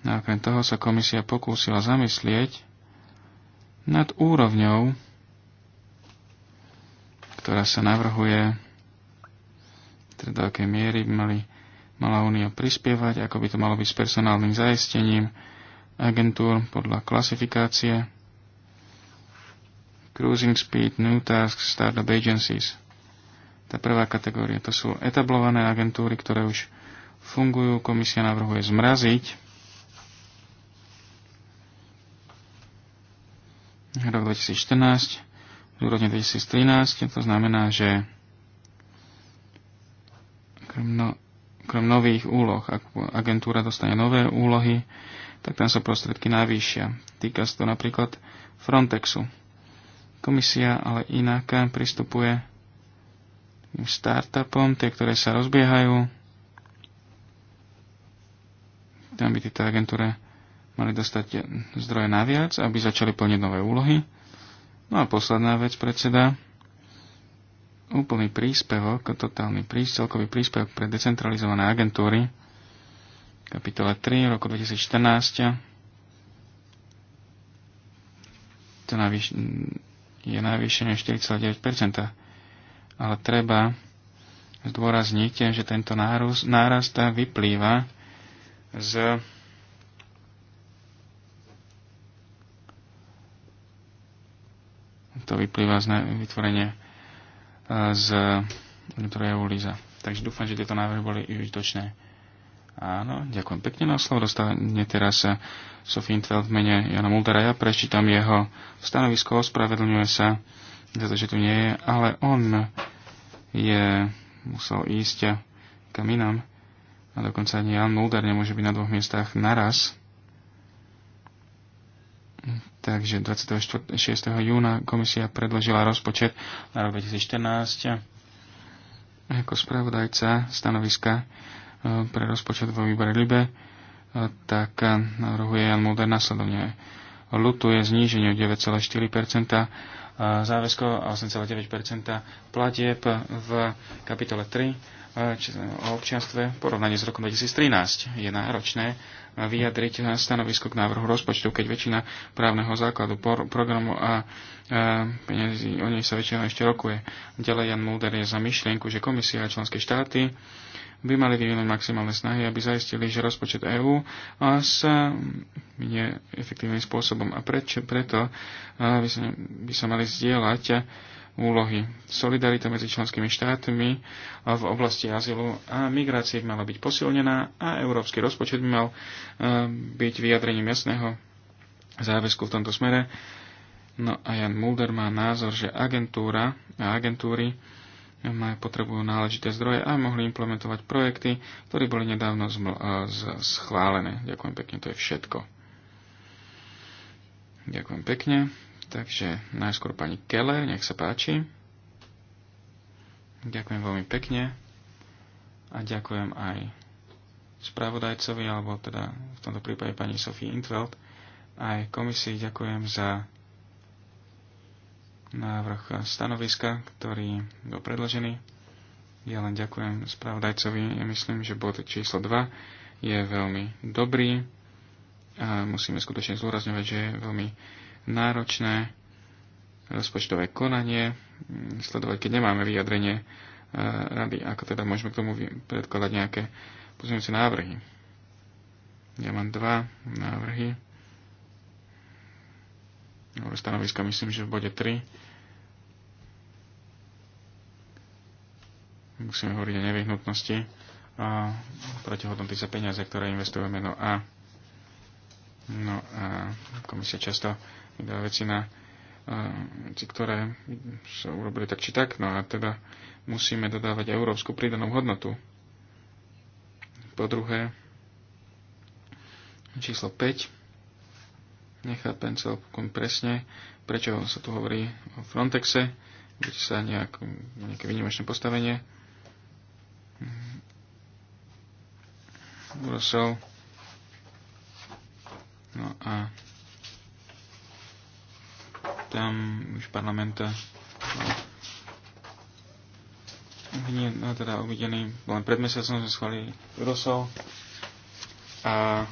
Speaker 3: a okrem toho sa komisia pokúsila zamyslieť nad úrovňou, ktorá sa navrhuje, teda do akej miery by mali, mala Únia prispievať, ako by to malo byť s personálnym zaistením agentúr podľa klasifikácie Cruising Speed, New Tasks, Startup Agencies. Tá prvá kategória, to sú etablované agentúry, ktoré už fungujú. Komisia navrhuje zmraziť rok 2014 z úrovne 2013. To znamená, že krem, no, krem nových úloh, ak agentúra dostane nové úlohy, tak tam sa prostriedky navýšia. Týka sa to napríklad Frontexu. Komisia ale inak pristupuje k startupom, tie, ktoré sa rozbiehajú. Tam by tieto agentúre mali dostať zdroje naviac, aby začali plniť nové úlohy. No a posledná vec, predseda, úplný príspevok, totálny príspevok, celkový príspevok pre decentralizované agentúry, kapitole 3 roku 2014, to navýš- je navýšenie 4,9%. Ale treba zdôrazniť, že tento nárast vyplýva z To vyplýva z vytvorenia e, z vnútornej EULIZA. Takže dúfam, že tieto návrhy boli užitočné. Áno, ďakujem pekne na no slovo. Dostane teraz e, Sofie Intveld v mene Jana Muldera. Ja prečítam jeho stanovisko, ospravedlňuje sa za to, že tu nie je, ale on je musel ísť e, kam inám. A dokonca ani Jan Mulder nemôže byť na dvoch miestach naraz. Takže 26. júna komisia predložila rozpočet na rok 2014 ako spravodajca stanoviska e, pre rozpočet vo výbore Libe, e, tak e, navrhuje Jan Mulder nasledovne. Lutuje o 9,4% záväzkov a 8,9% platieb v kapitole 3 o občianstve v porovnaní s rokom 2013. Je náročné vyjadriť stanovisko k návrhu rozpočtu, keď väčšina právneho základu programu a peniazy o nej sa väčšina ešte rokuje. Ďalej Jan Mulder je za myšlienku, že komisia a členské štáty by mali vyvinúť maximálne snahy, aby zaistili, že rozpočet EÚ sa minie efektívnym spôsobom. A preč, preto by sa, by sa mali zdieľať úlohy. Solidarita medzi členskými štátmi v oblasti azylu a migrácie by mala byť posilnená a európsky rozpočet by mal eh, byť vyjadrením jasného záväzku v tomto smere. No a Jan Mulder má názor, že agentúra a agentúry potrebujú náležité zdroje a mohli implementovať projekty, ktoré boli nedávno eh, schválené. Ďakujem pekne, to je všetko. Ďakujem pekne. Takže najskôr pani Keller, nech sa páči. Ďakujem veľmi pekne a ďakujem aj spravodajcovi, alebo teda v tomto prípade pani Sofie Intveld, aj komisii ďakujem za návrh stanoviska, ktorý bol predložený. Ja len ďakujem spravodajcovi. Ja myslím, že bod číslo 2 je veľmi dobrý. A musíme skutočne zdôrazňovať, že je veľmi náročné rozpočtové konanie mm, sledovať, keď nemáme vyjadrenie e, rady, ako teda môžeme k tomu predkladať nejaké pozmeňujúce návrhy. Ja mám dva návrhy. Dobre, stanoviska myslím, že v bode 3. Musíme hovoriť o nevyhnutnosti a protihodnoty za peniaze, ktoré investujeme. No a, no a komisia často teda väčšina, eh, veci, ktoré sa urobili tak či tak, no a teda musíme dodávať európsku pridanú hodnotu. Po druhé, číslo 5, nechápem celkom presne, prečo sa tu hovorí o Frontexe, bude sa nejak, nejaké výnimočné postavenie. Brusel. No a tam už parlamenta. No, nie, no teda uvidený, len pred mesiacom sme schválili Rusov a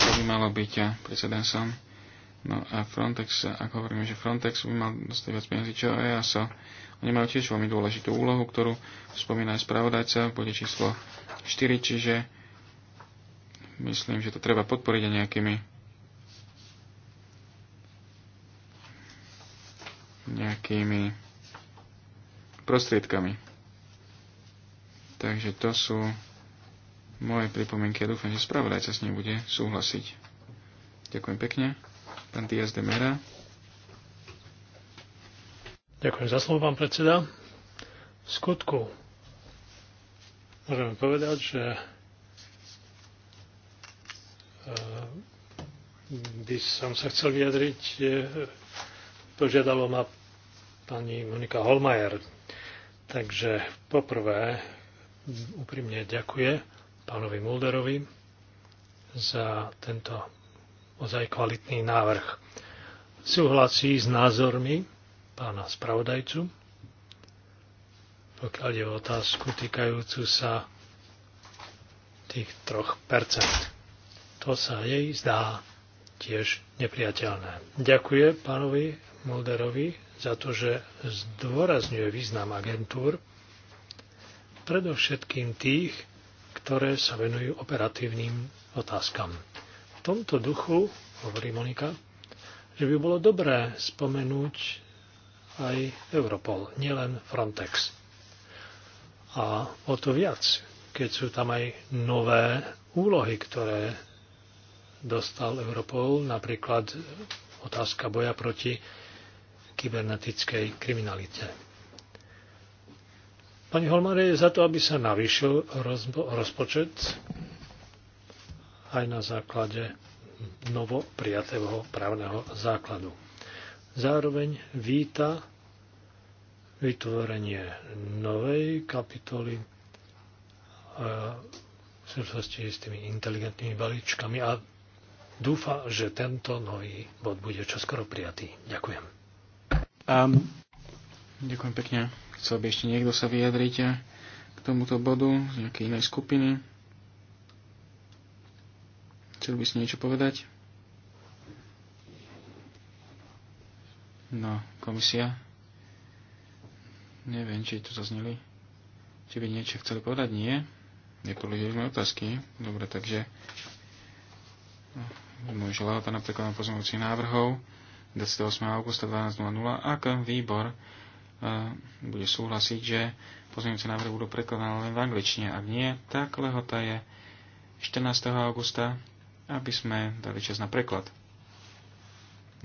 Speaker 3: to by malo byť precedensom. No a Frontex, ako hovoríme, že Frontex by mal dostať viac peniazy, čo EASO, oni majú tiež veľmi dôležitú úlohu, ktorú spomína aj spravodajca v bode číslo 4, čiže myslím, že to treba podporiť aj nejakými nejakými prostriedkami. Takže to sú moje pripomienky a dúfam, že spravodajca s ním bude súhlasiť. Ďakujem pekne. Pán Diaz de Mera.
Speaker 1: Ďakujem za slovo, pán predseda. V skutku môžeme povedať, že e, by som sa chcel vyjadriť, e, požiadalo ma pani Monika Holmajer. Takže poprvé úprimne ďakuje pánovi Mulderovi za tento ozaj kvalitný návrh. Súhlasí s názormi pána spravodajcu, pokiaľ je otázku týkajúcu sa tých 3%. To sa jej zdá tiež nepriateľné. Ďakujem pánovi Mulderovi za to, že zdôrazňuje význam agentúr, predovšetkým tých, ktoré sa venujú operatívnym otázkam. V tomto duchu, hovorí Monika, že by bolo dobré spomenúť aj Europol, nielen Frontex. A o to viac, keď sú tam aj nové úlohy, ktoré dostal Europol, napríklad otázka boja proti kybernetickej kriminalite. Pani Holmare je za to, aby sa navýšil rozpočet aj na základe novo prijatého právneho základu. Zároveň víta vytvorenie novej kapitoly v súvislosti s tými inteligentnými balíčkami a dúfa, že tento nový bod bude čoskoro prijatý. Ďakujem.
Speaker 2: Um,
Speaker 3: Ďakujem pekne. Chcel by ešte niekto sa vyjadriť k tomuto bodu z nejakej inej skupiny. Chcel by si niečo povedať? No, komisia. Neviem, či tu zazneli. Či by niečo chceli povedať? Nie. Nepoložili sme otázky. Dobre, takže... No, môj želá napríklad na pozornosti návrhov. 28. augusta 12.00, ak výbor e, bude súhlasiť, že pozmeňujúce návrhy budú prekladané len v angličtine. Ak nie, tak lehota je 14. augusta, aby sme dali čas na preklad.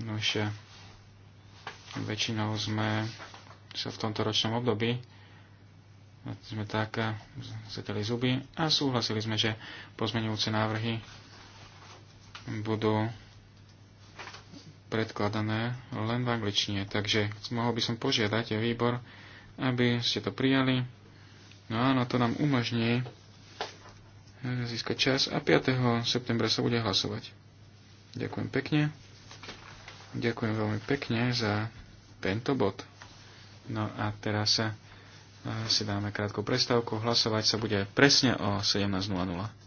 Speaker 3: No ešte väčšinou sme sa v tomto ročnom období sme tak e, zeteli zuby a súhlasili sme, že pozmeňujúce návrhy budú predkladané len v angličtine. Takže mohol by som požiadať výbor, aby ste to prijali. No áno, to nám umožní eh, získať čas a 5. septembra sa bude hlasovať. Ďakujem pekne. Ďakujem veľmi pekne za tento bod. No a teraz sa eh, si dáme krátku prestávku. Hlasovať sa bude presne o 17.00.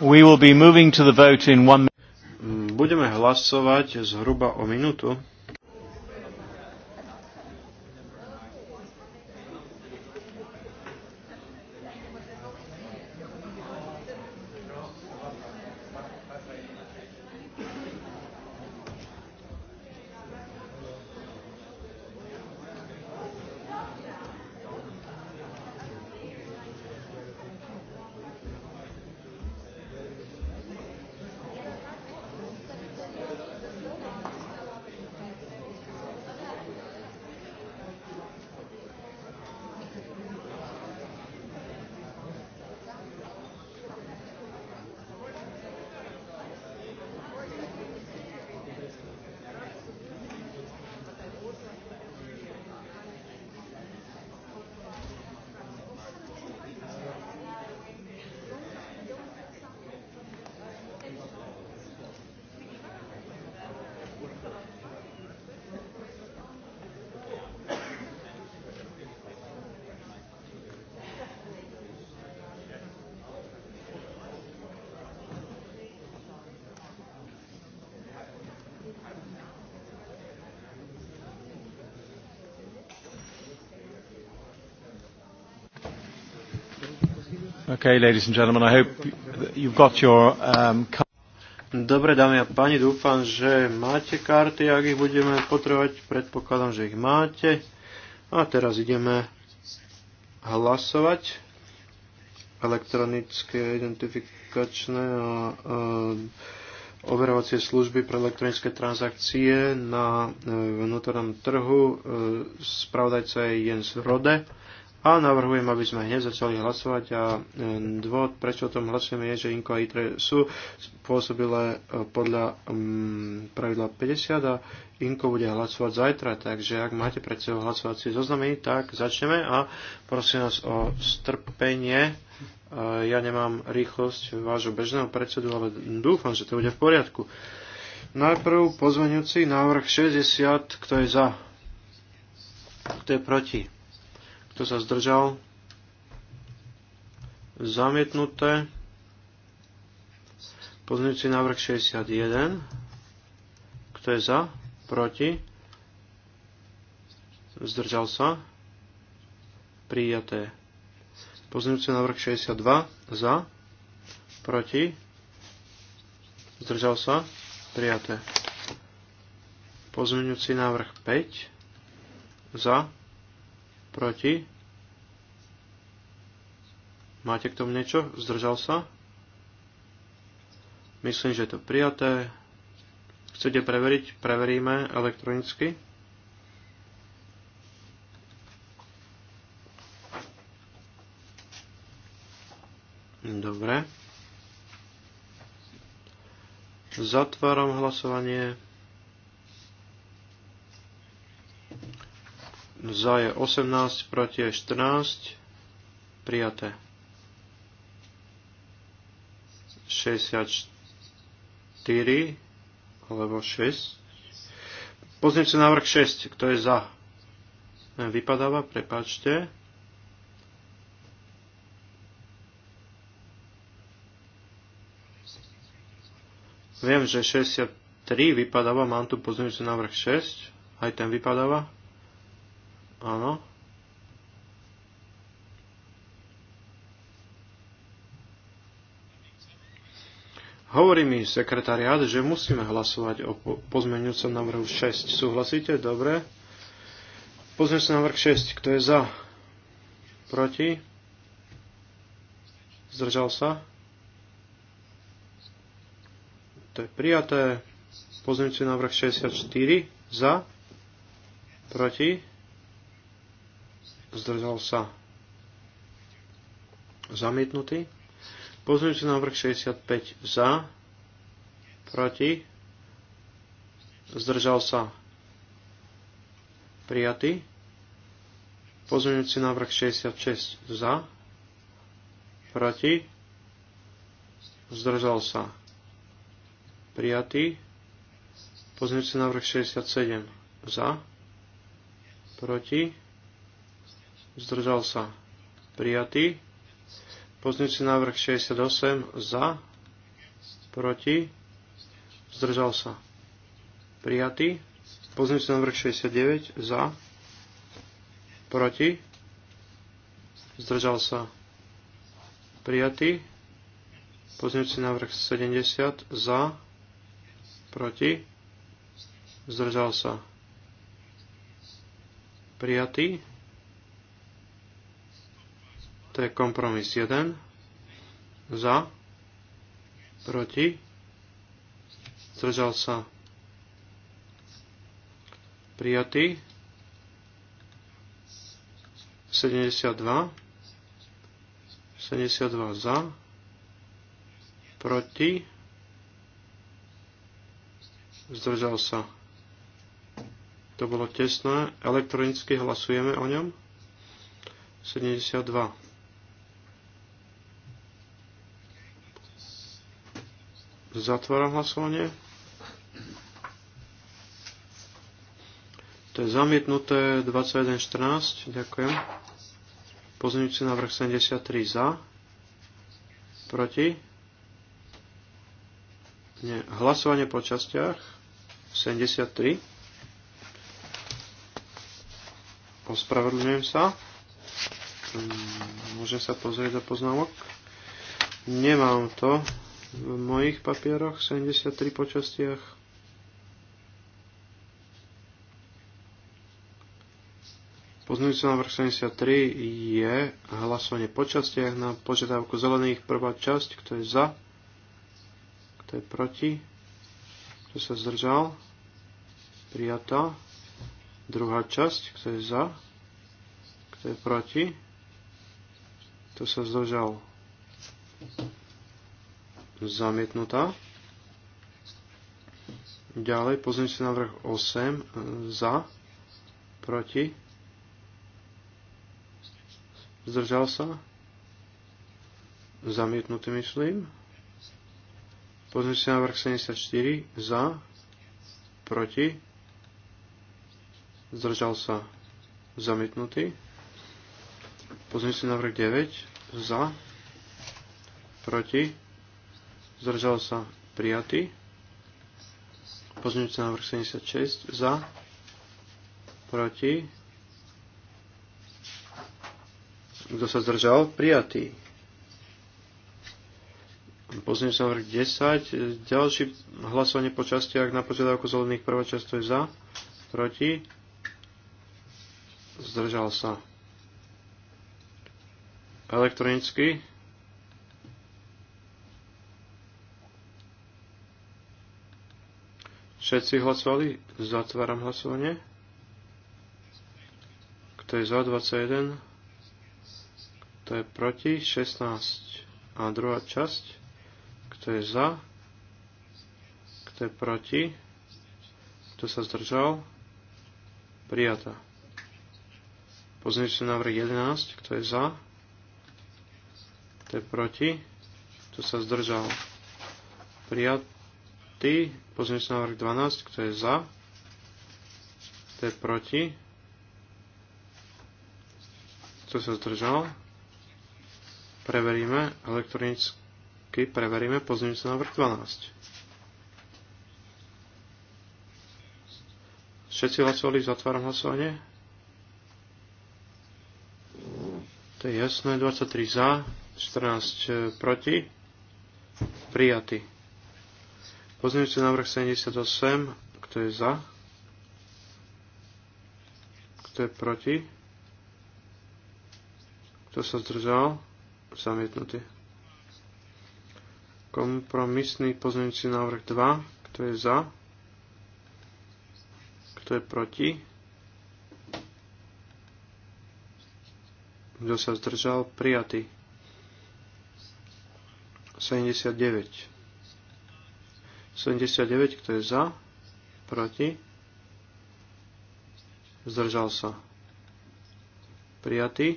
Speaker 4: We will be moving to the vote in one mm, Budeme hlasovať zhruba o minútu. Okay, ladies and gentlemen, I hope you've got your um, Dobre dámy a páni, dúfam, že máte karty, ak ich budeme potrebovať, predpokladám, že ich máte. A teraz ideme hlasovať elektronické identifikačné a, a overovacie služby pre elektronické transakcie na e, vnútornom trhu. E, spravodajca je Jens Rode. A navrhujem, aby sme hneď začali hlasovať a e, dôvod, prečo o tom hlasujeme, je, že Inko a ITRE sú spôsobile podľa um, pravidla 50 a Inko bude hlasovať zajtra, takže ak máte pred sebou hlasovacie zoznamy, tak začneme a prosím vás o strpenie. E, ja nemám rýchlosť vášho bežného predsedu, ale dúfam, že to bude v poriadku. Najprv pozvaniuci návrh 60, kto je za? Kto je proti? Kto sa zdržal? Zamietnuté. Pozmeňujúci návrh 61. Kto je za? Proti? Zdržal sa? Prijaté. Pozmeňujúci návrh 62. Za? Proti? Zdržal sa? Prijaté. Pozmeňujúci návrh 5. Za? Proti? Máte k tomu niečo? Zdržal sa? Myslím, že je to prijaté. Chcete preveriť? Preveríme elektronicky. Dobre. Zatváram hlasovanie. Za je 18, proti je 14. Prijaté. 64 alebo 6. sa návrh 6, kto je za. Vypadáva, prepáčte. Viem, že 63 vypadáva, mám tu sa návrh 6, aj ten vypadáva. Áno. Hovorí mi sekretariát, že musíme hlasovať o pozmeňujúcom návrhu 6. Súhlasíte? Dobre. Pozmeňujúci návrh 6. Kto je za? Proti? Zdržal sa? To je prijaté. Pozmeňujúci návrh 64. Za? Proti? zdržal sa zamietnutý. Pozrieme vrch 65 za, proti, zdržal sa prijatý. Pozmeňujúci návrh 66 za, proti, zdržal sa prijatý. Pozmeňujúci návrh 67 za, proti, zdržal sa prijatý. Pozňujúci návrh 68 za, proti, zdržal sa prijatý. Pozňujúci návrh 69 za, proti, zdržal sa prijatý. Pozňujúci návrh 70 za, proti, zdržal sa prijatý. To je kompromis 1. Za. Proti. Zdržal sa. Prijatý. 72. 72 za. Proti. Zdržal sa. To bolo tesné. Elektronicky hlasujeme o ňom. 72. Zatváram hlasovanie. To je zamietnuté 21.14. Ďakujem. Pozmeňujúci návrh 73 za. Proti. Nie. Hlasovanie po častiach 73. Ospravedlňujem sa. Mm, môžem sa pozrieť do poznámok. Nemám to v mojich papieroch, 73 počastiach. častiach. Pozmeňujúci návrh 73 je hlasovanie po častiach na požiadavku zelených. Prvá časť, kto je za, kto je proti, kto sa zdržal, prijatá. Druhá časť, kto je za, kto je proti, kto sa zdržal zamietnutá. Ďalej na vrch 8 za, proti, zdržal sa, zamietnutý myslím. na vrch 74 za, proti, zdržal sa, zamietnutý. na vrch 9 za, proti, zdržal sa prijatý. Pozmeňujúci návrh 76 za, proti, kto sa zdržal, prijatý. Pozmeňujúci návrh 10, ďalší hlasovanie po častiach na požiadavku zelených prvá časť to je za, proti, zdržal sa. Elektronicky Všetci hlasovali? Zatváram hlasovanie. Kto je za 21? Kto je proti? 16. A druhá časť? Kto je za? Kto je proti? Kto sa zdržal? Prijatá. Pozrieme návrh 11. Kto je za? Kto je proti? Kto sa zdržal? Prijatá ty, pozrieš na návrh 12, kto je za, kto je proti, kto sa zdržal. Preveríme, elektronicky preveríme pozrieš sa návrh 12. Všetci hlasovali, zatváram hlasovanie. To je jasné, 23 za, 14 eh, proti, prijatý. Pozmeňujúci návrh 78. Kto je za? Kto je proti? Kto sa zdržal? Zamietnutý. Kompromisný pozmeňujúci návrh 2. Kto je za? Kto je proti? Kto sa zdržal? Prijatý. 79. 79, kto je za, proti, zdržal sa. Prijatý.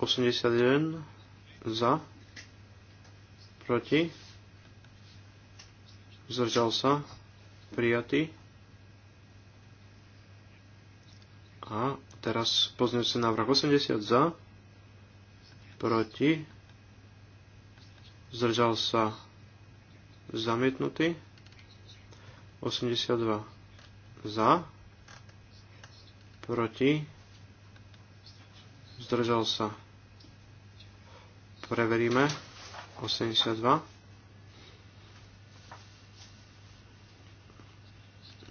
Speaker 4: 81 za, proti, zdržal sa, prijatý. A teraz pozrieme návrh 80 za, proti, zdržal sa, zamietnutý. 82 za, proti, zdržal sa. Preveríme. 82.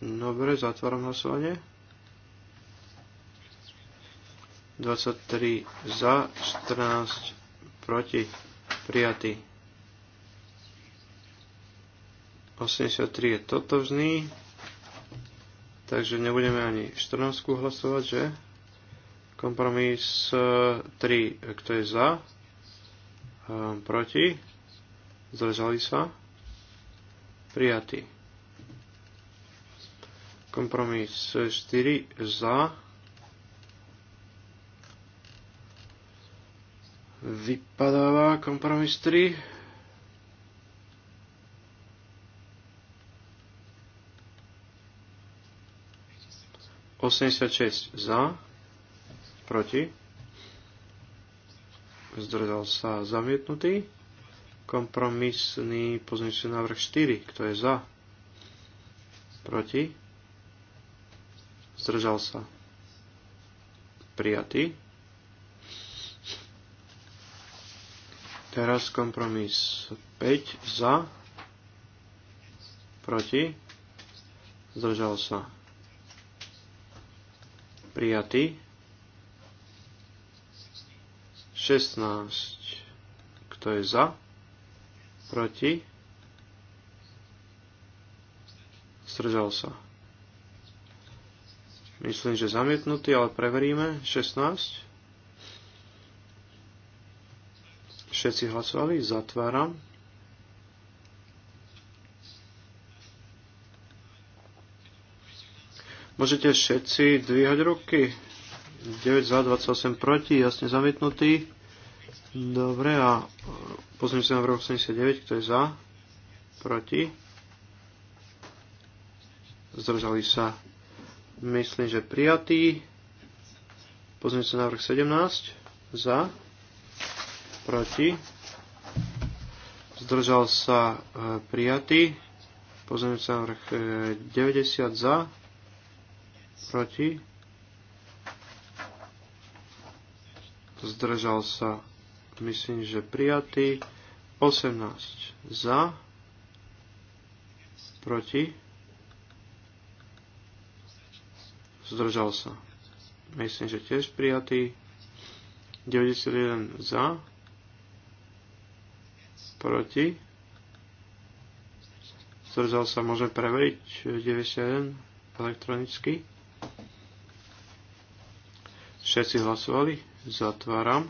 Speaker 4: Dobre, zatváram hlasovanie. 23 za, 14 proti, prijatý. 83 je totožný, takže nebudeme ani 14 hlasovať, že? Kompromis 3, e, kto je za? E, proti? Zdržali sa? Prijatý. Kompromis 4 e, za. Vypadáva kompromis 3. 86 za, proti, zdržal sa zamietnutý, kompromisný pozornosť návrh 4, kto je za, proti, zdržal sa prijatý. Teraz kompromis 5 za, proti, zdržal sa prijatý. 16. Kto je za? Proti? Zdržal sa. Myslím, že zamietnutý, ale preveríme. 16. Všetci hlasovali. Zatváram. Môžete všetci dvíhať ruky. 9 za, 28 proti, jasne zamietnutý. Dobre, a e, pozrieme sa na vrch 89, kto je za, proti. Zdržali sa. Myslím, že e, prijatý. Pozrieme sa na vrch 17, e, za, proti. Zdržal sa prijatý. Pozrieme sa na vrch 90 za, proti, zdržal sa, myslím, že prijatý, 18 za, proti, zdržal sa, myslím, že tiež prijatý, 91 za, proti, zdržal sa, môžem preveriť, 91 elektronicky. Všetci hlasovali? Zatváram.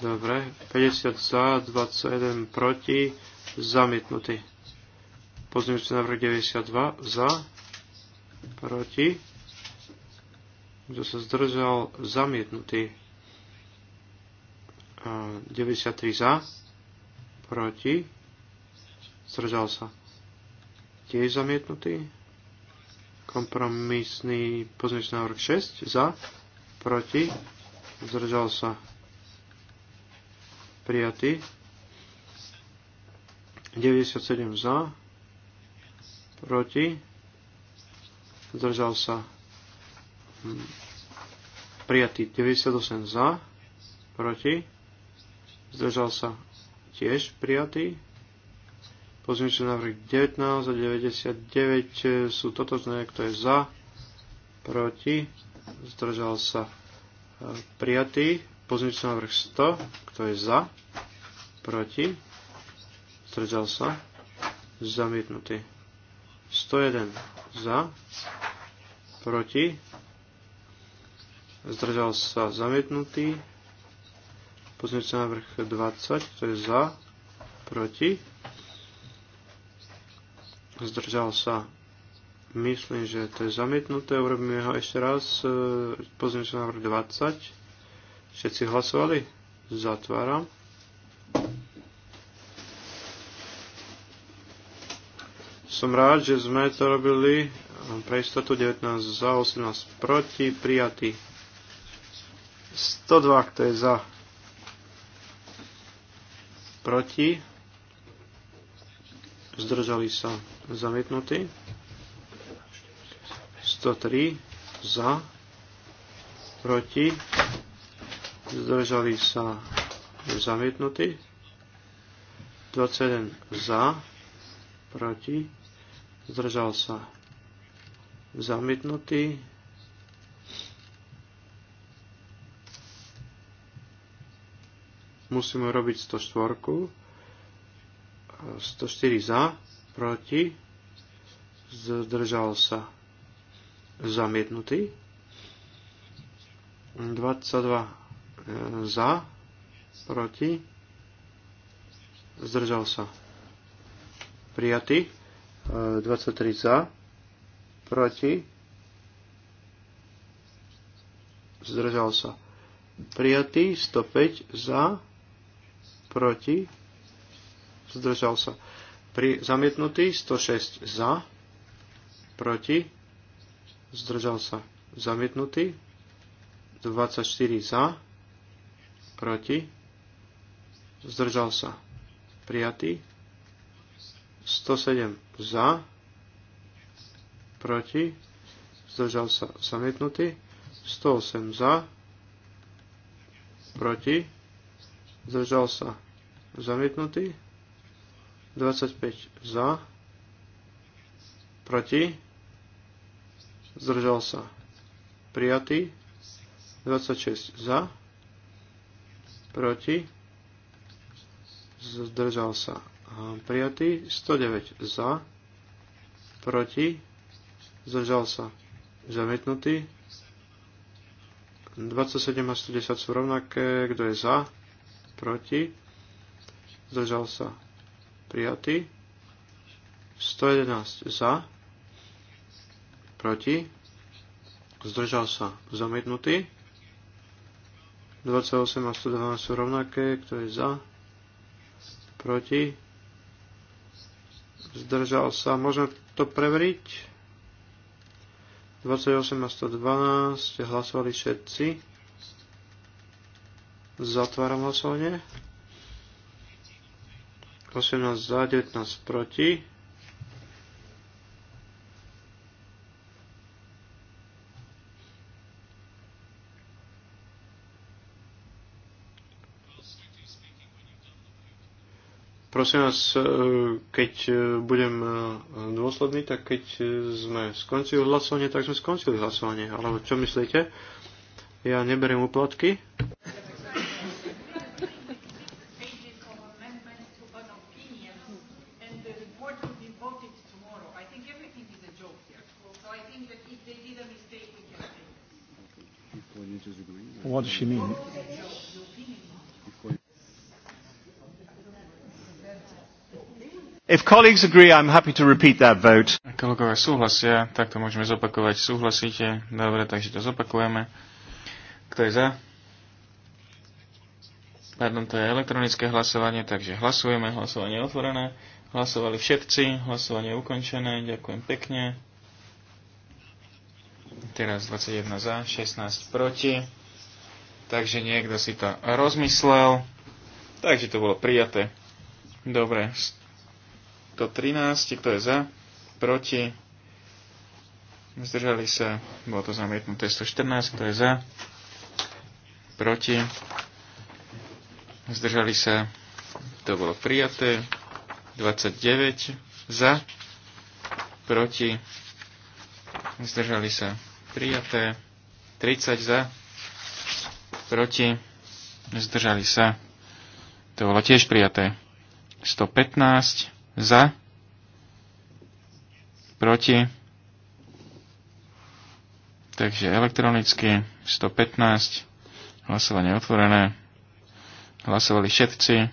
Speaker 4: Dobre, 50 za, 21 proti, zamietnutý. Pozmeňujúci návrh 92 za, proti. Kto sa zdržal, zamietnutý. 93 za, proti, zdržal sa tiež zamietnutý. Kompromisný pozmeňujúci návrh 6 za, proti, zdržal sa prijatý. 97 za, proti, zdržal sa hm. prijatý. 98 za, proti, zdržal sa tiež prijatý. Pozmeňujúci návrh 19 a 99 e, sú toto znamená, kto je za, proti, zdržal sa e, prijatý. Pozmeňujúci návrh 100, kto je za, proti, zdržal sa, zamietnutý. 101 za, proti, zdržal sa, zamietnutý. Pozmeňujúci návrh 20, kto je za, proti, zdržal sa. Myslím, že to je zamietnuté, urobíme ho ešte raz. E, pozriem sa návrh 20. Všetci hlasovali? Zatváram. Som rád, že sme to robili pre istotu 19 za 18 proti, prijatý 102, kto je za proti, zdržali sa zamietnutý. 103 za, proti, zdržali sa zamietnutý. 21 za, proti, zdržal sa zamietnutý. Musíme robiť 104. 104 za, proti, zdržal sa, zamietnutý. 22 e, za, proti, zdržal sa, prijatý. 23 e, za, proti, zdržal sa, prijatý. 105 za, proti, zdržal sa pri zamietnutý 106 za, proti, zdržal sa zamietnutý, 24 za, proti, zdržal sa prijatý, 107 za, proti, zdržal sa zamietnutý, 108 za, proti, zdržal sa zamietnutý, 25 za, proti, zdržal sa, prijatý, 26 za, proti, zdržal sa, prijatý, 109 za, proti, zdržal sa, zamietnutý, 27 a 110 sú rovnaké, kto je za, proti, zdržal sa, prijatý. 111 za, proti, zdržal sa, zamietnutý. 28 a 112 sú rovnaké, kto je za, proti, zdržal sa, môžeme to preveriť. 28 a 112 hlasovali všetci. Zatváram hlasovanie. 18 za, 19 proti. Prosím vás, e, keď e, budem e, dôsledný, tak keď sme skončili hlasovanie, tak sme skončili hlasovanie. Alebo čo myslíte? Ja neberiem úplatky. does she If colleagues agree, I'm happy to repeat that vote.
Speaker 3: kolegovia súhlasia, tak to môžeme zopakovať. Súhlasíte? Dobre, takže to zopakujeme. Kto je za? Pardon, to je elektronické hlasovanie, takže hlasujeme. Hlasovanie je otvorené. Hlasovali všetci. Hlasovanie je ukončené. Ďakujem pekne. Teraz 21 za, 16 proti. Takže niekto si to rozmyslel. Takže to bolo prijaté. Dobre. 113, kto je za? Proti? Zdržali sa. Bolo to zamietnuté 114, kto je za? Proti? Zdržali sa. To bolo prijaté. 29 za. Proti? Zdržali sa. Prijaté. 30 za proti, zdržali sa. To bolo tiež prijaté. 115 za, proti, takže elektronicky 115, hlasovanie otvorené, hlasovali všetci,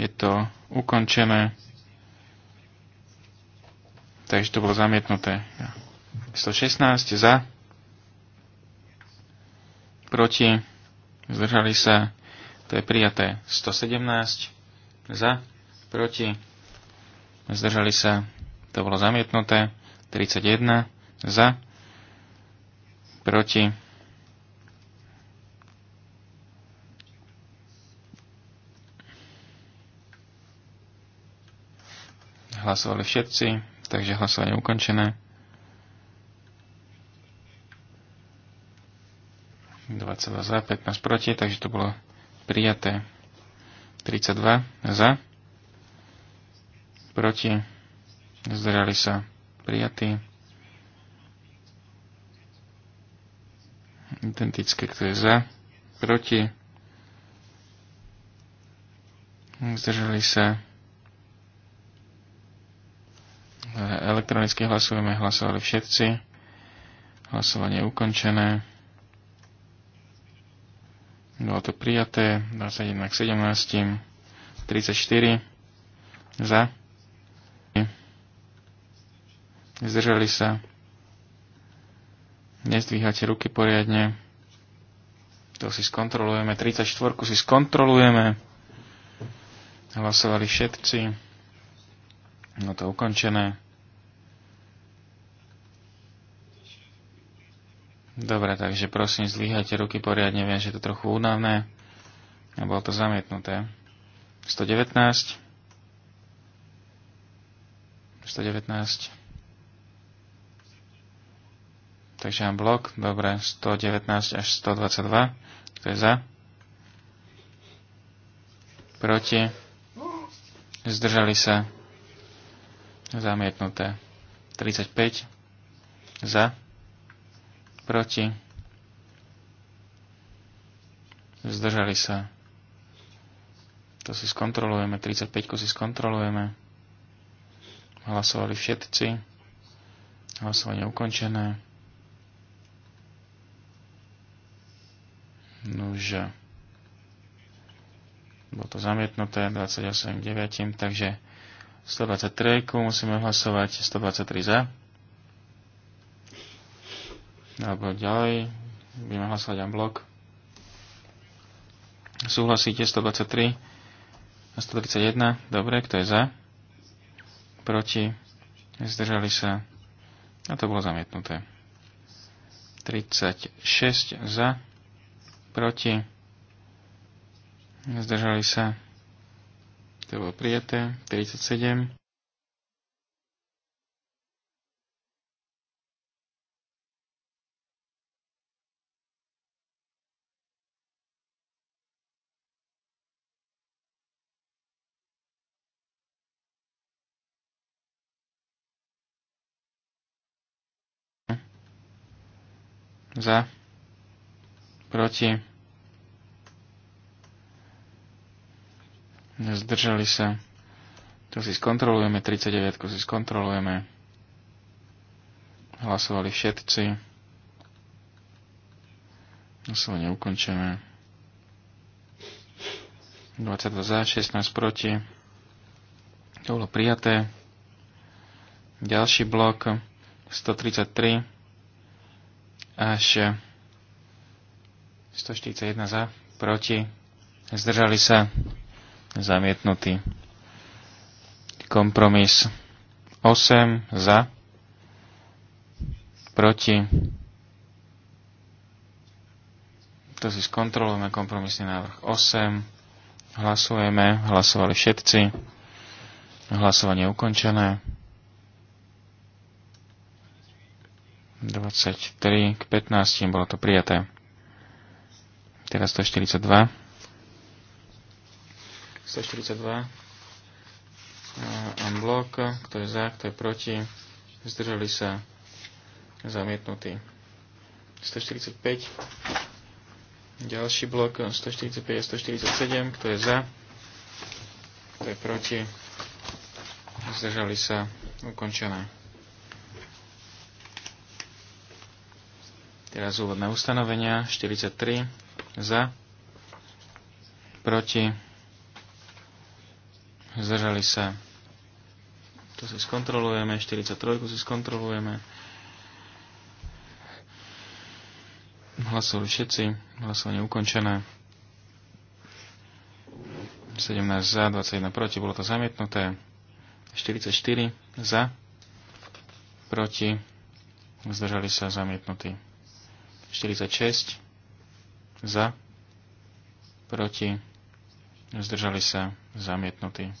Speaker 3: je to ukončené, takže to bolo zamietnuté. 116 za, proti, zdržali sa, to je prijaté 117 za, proti, zdržali sa, to bolo zamietnuté 31 za, proti, hlasovali všetci, takže hlasovanie ukončené. 22 za, 15 proti, takže to bolo prijaté. 32 za, proti, zdržali sa prijatí. Identické, kto je za, proti, zdržali sa elektronicky hlasujeme, hlasovali všetci. Hlasovanie je ukončené. Bolo to prijaté 21 k 17, 34 za. Zdržali sa. Nezdvíhate ruky poriadne. To si skontrolujeme. 34 si skontrolujeme. Hlasovali všetci. No to ukončené. Dobre, takže prosím, zlyhajte ruky poriadne, viem, že je to trochu únavné. A bolo to zamietnuté. 119. 119. Takže mám blok, dobre, 119 až 122. To je za. Proti. Zdržali sa. Zamietnuté. 35. Za proti, zdržali sa. To si skontrolujeme, 35 si skontrolujeme. Hlasovali všetci. Hlasovanie ukončené. Nože. Bolo to zamietnuté 28 9, takže 123 musíme hlasovať, 123 za alebo ďalej, budeme hlasovať en blok. Súhlasíte 123 a 131, dobre, kto je za? Proti, zdržali sa a to bolo zamietnuté. 36 za, proti, zdržali sa, to bolo prijaté, 37 za, proti, zdržali sa. To si skontrolujeme, 39 si skontrolujeme. Hlasovali všetci. Hlasovanie ukončené. 22 za, 16 proti. To bolo prijaté. Ďalší blok 133 až 141 za, proti, zdržali sa, zamietnutý. Kompromis 8 za, proti, to si skontrolujeme, kompromisný návrh 8, hlasujeme, hlasovali všetci, hlasovanie ukončené. 23 k 15, bolo to prijaté. Teraz 142. 142. Unblock, kto je za, kto je proti. Zdržali sa zamietnutí. 145. Ďalší blok 145 a 147, kto je za, kto je proti. Zdržali sa ukončené. Teraz úvodné ustanovenia 43 za, proti, zdržali sa. To si skontrolujeme, 43 si skontrolujeme. Hlasovali všetci, hlasovanie ukončené. 17 za, 21 proti, bolo to zamietnuté. 44 za, proti, zdržali sa zamietnutí. 46 za, proti, zdržali sa zamietnutí.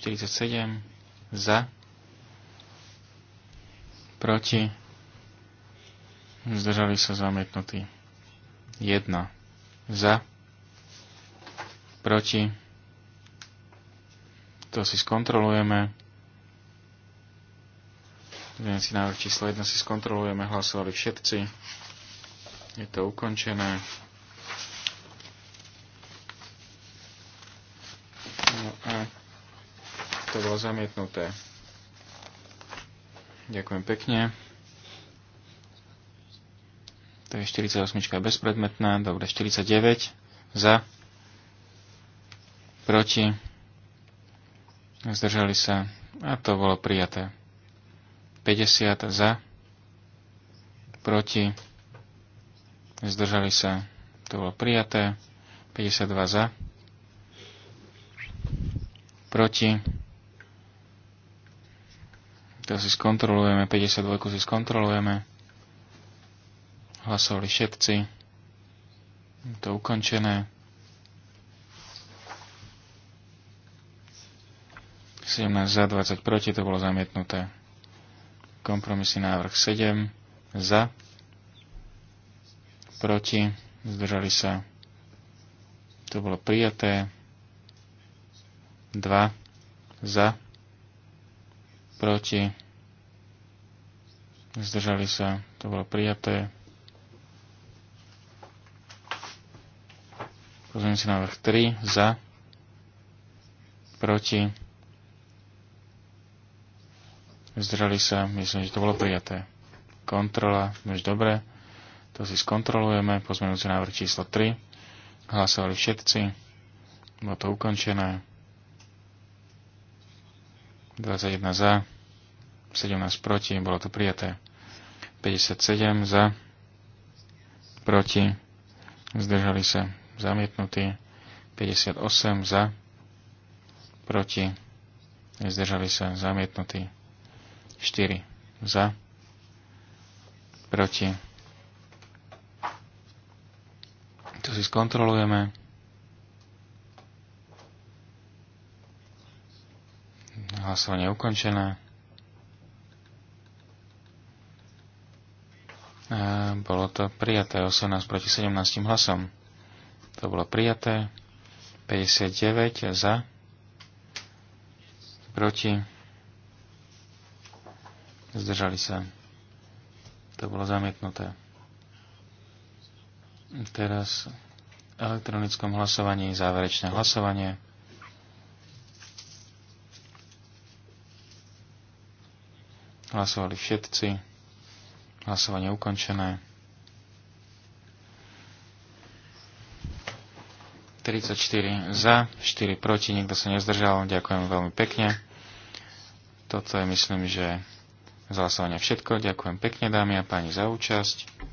Speaker 3: 47 za, proti, zdržali sa zamietnutí. 1 za, proti, to si skontrolujeme. Pozrieme si návrh číslo 1, si skontrolujeme, hlasovali všetci. Je to ukončené. No a to bolo zamietnuté. Ďakujem pekne. To je 48 bezpredmetná. Dobre, 49 za. Proti. Zdržali sa. A to bolo prijaté. 50 za. Proti zdržali sa, to bolo prijaté, 52 za, proti, to si skontrolujeme, 52 si skontrolujeme, hlasovali všetci, Je to ukončené, 17 za, 20 proti, to bolo zamietnuté. Kompromisný návrh 7 za, proti, zdržali sa, to bolo prijaté, 2 za, proti, zdržali sa, to bolo prijaté. si návrh 3 za, proti, zdržali sa, myslím, že to bolo prijaté. Kontrola, no už dobre. To si skontrolujeme. Pozmenujúci návrh číslo 3. Hlasovali všetci. Bolo to ukončené. 21 za, 17 proti, bolo to prijaté. 57 za, proti, zdržali sa zamietnutí. 58 za, proti, zdržali sa zamietnutí. 4 za, proti, To si skontrolujeme. Hlasovanie je ukončené. E, bolo to prijaté 18 proti 17 hlasom. To bolo prijaté 59 za proti zdržali sa. To bolo zamietnuté. Teraz v elektronickom hlasovaní záverečné hlasovanie. Hlasovali všetci. Hlasovanie ukončené. 34 za, 4 proti, nikto sa nezdržal. Ďakujem veľmi pekne. Toto je, myslím, že z hlasovania všetko. Ďakujem pekne, dámy a páni, za účasť.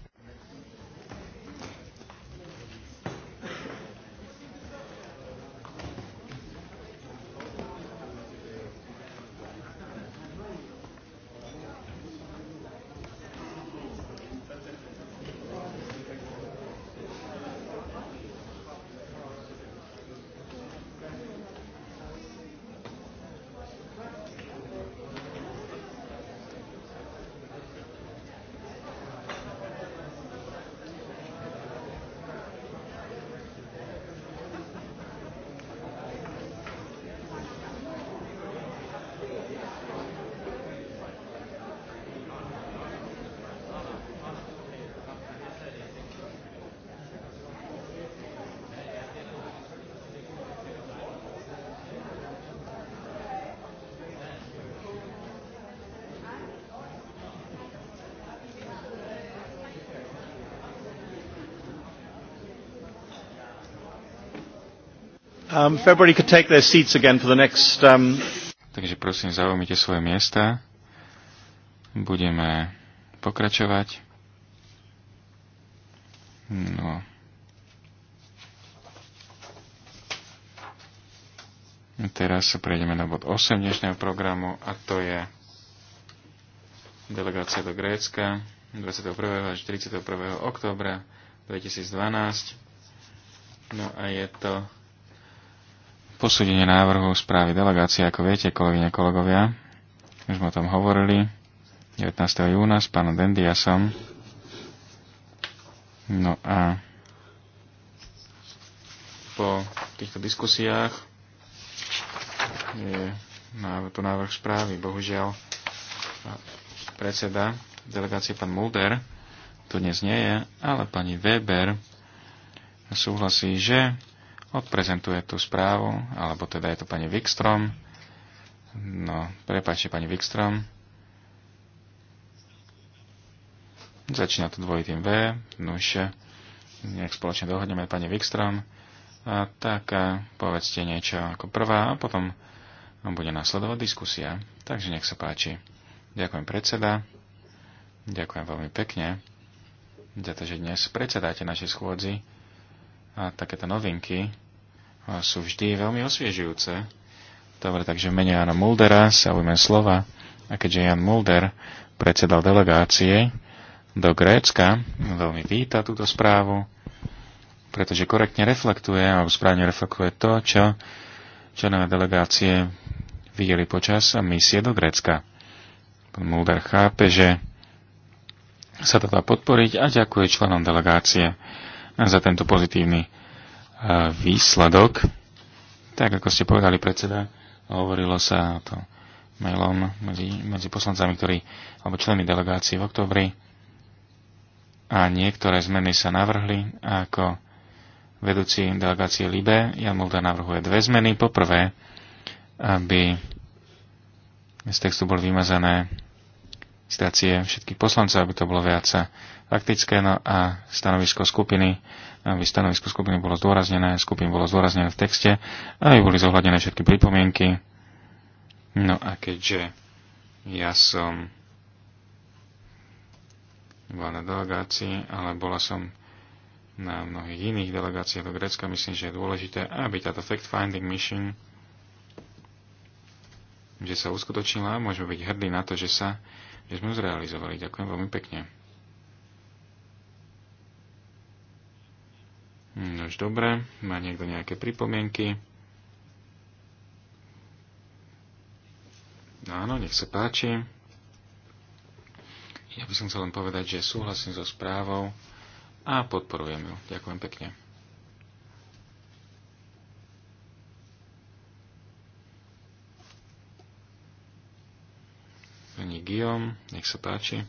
Speaker 2: could take their seats again for the next... Um... Takže
Speaker 3: prosím, zaujmite svoje miesta. Budeme pokračovať. No. Teraz sa prejdeme na bod 8 dnešného programu a to je delegácia do Grécka 21. až 31. oktobra 2012. No a je to Posúdenie návrhu správy delegácie, ako viete, kolegyne, kolegovia, už sme o tom hovorili, 19. júna s pánom Dendiasom. No a po týchto diskusiách je to tu návrh správy. Bohužiaľ, predseda delegácie pán Mulder tu dnes nie je, ale pani Weber súhlasí, že odprezentuje tú správu, alebo teda je to pani Wikstrom. No, prepáčte, pani Wikstrom. Začína to dvojitým V, nuž, no nejak spoločne dohodneme pani Wikstrom. A tak a povedzte niečo ako prvá a potom bude následovať diskusia. Takže nech sa páči. Ďakujem predseda. Ďakujem veľmi pekne za to, že dnes predsedáte našej schôdzi a takéto novinky sú vždy veľmi osviežujúce. Dobre, takže mene Jana Muldera sa ujme slova. A keďže Jan Mulder predsedal delegácie do Grécka, veľmi víta túto správu, pretože korektne reflektuje, alebo správne reflektuje to, čo členové delegácie videli počas misie do Grécka. Pán Mulder chápe, že sa to dá podporiť a ďakuje členom delegácie za tento pozitívny výsledok. Tak, ako ste povedali, predseda, hovorilo sa to mailom medzi, medzi poslancami, ktorí, alebo členmi delegácie v oktobri a niektoré zmeny sa navrhli ako vedúci delegácie LIBE. Jan Mulder navrhuje dve zmeny. Poprvé, aby z textu boli vymazané citácie všetkých poslancov, aby to bolo viac faktické, no a stanovisko skupiny v stanovisku skupiny bolo zdôraznené, skupiny bolo zdôraznené v texte aj boli zohľadené všetky pripomienky. No a keďže ja som bola na delegácii, ale bola som na mnohých iných delegáciách do Grécka, myslím, že je dôležité, aby táto fact-finding mission že sa uskutočnila a môžeme byť hrdí na to, že sa že sme zrealizovali. Ďakujem veľmi pekne. Nož hm, dobre, má niekto nejaké pripomienky? Áno, nech sa páči. Ja by som chcel len povedať, že súhlasím so správou a podporujem ju. Ďakujem pekne. Pani Guillaume, nech sa páči.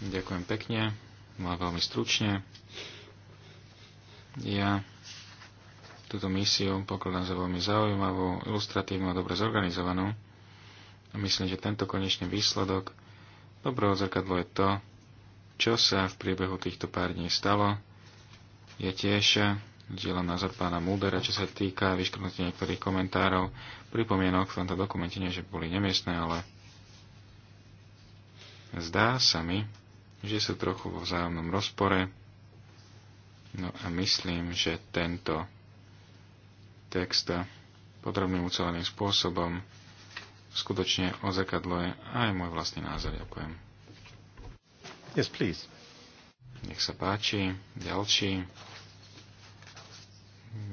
Speaker 3: Ďakujem pekne má veľmi stručne. Ja túto misiu pokladám za veľmi zaujímavú, ilustratívnu a dobre zorganizovanú. A myslím, že tento konečný výsledok dobrého zrkadlo je to, čo sa v priebehu týchto pár dní stalo. Ja tiež dielam názor pána Muldera, čo sa týka vyškrtnutia niektorých komentárov, pripomienok v tomto dokumente, nie že boli nemiestné, ale zdá sa mi, že sú trochu vo vzájomnom rozpore. No a myslím, že tento text podrobným uceleným spôsobom skutočne ozakadluje aj môj vlastný názor. Ďakujem. Yes, please. Nech sa páči. Ďalší.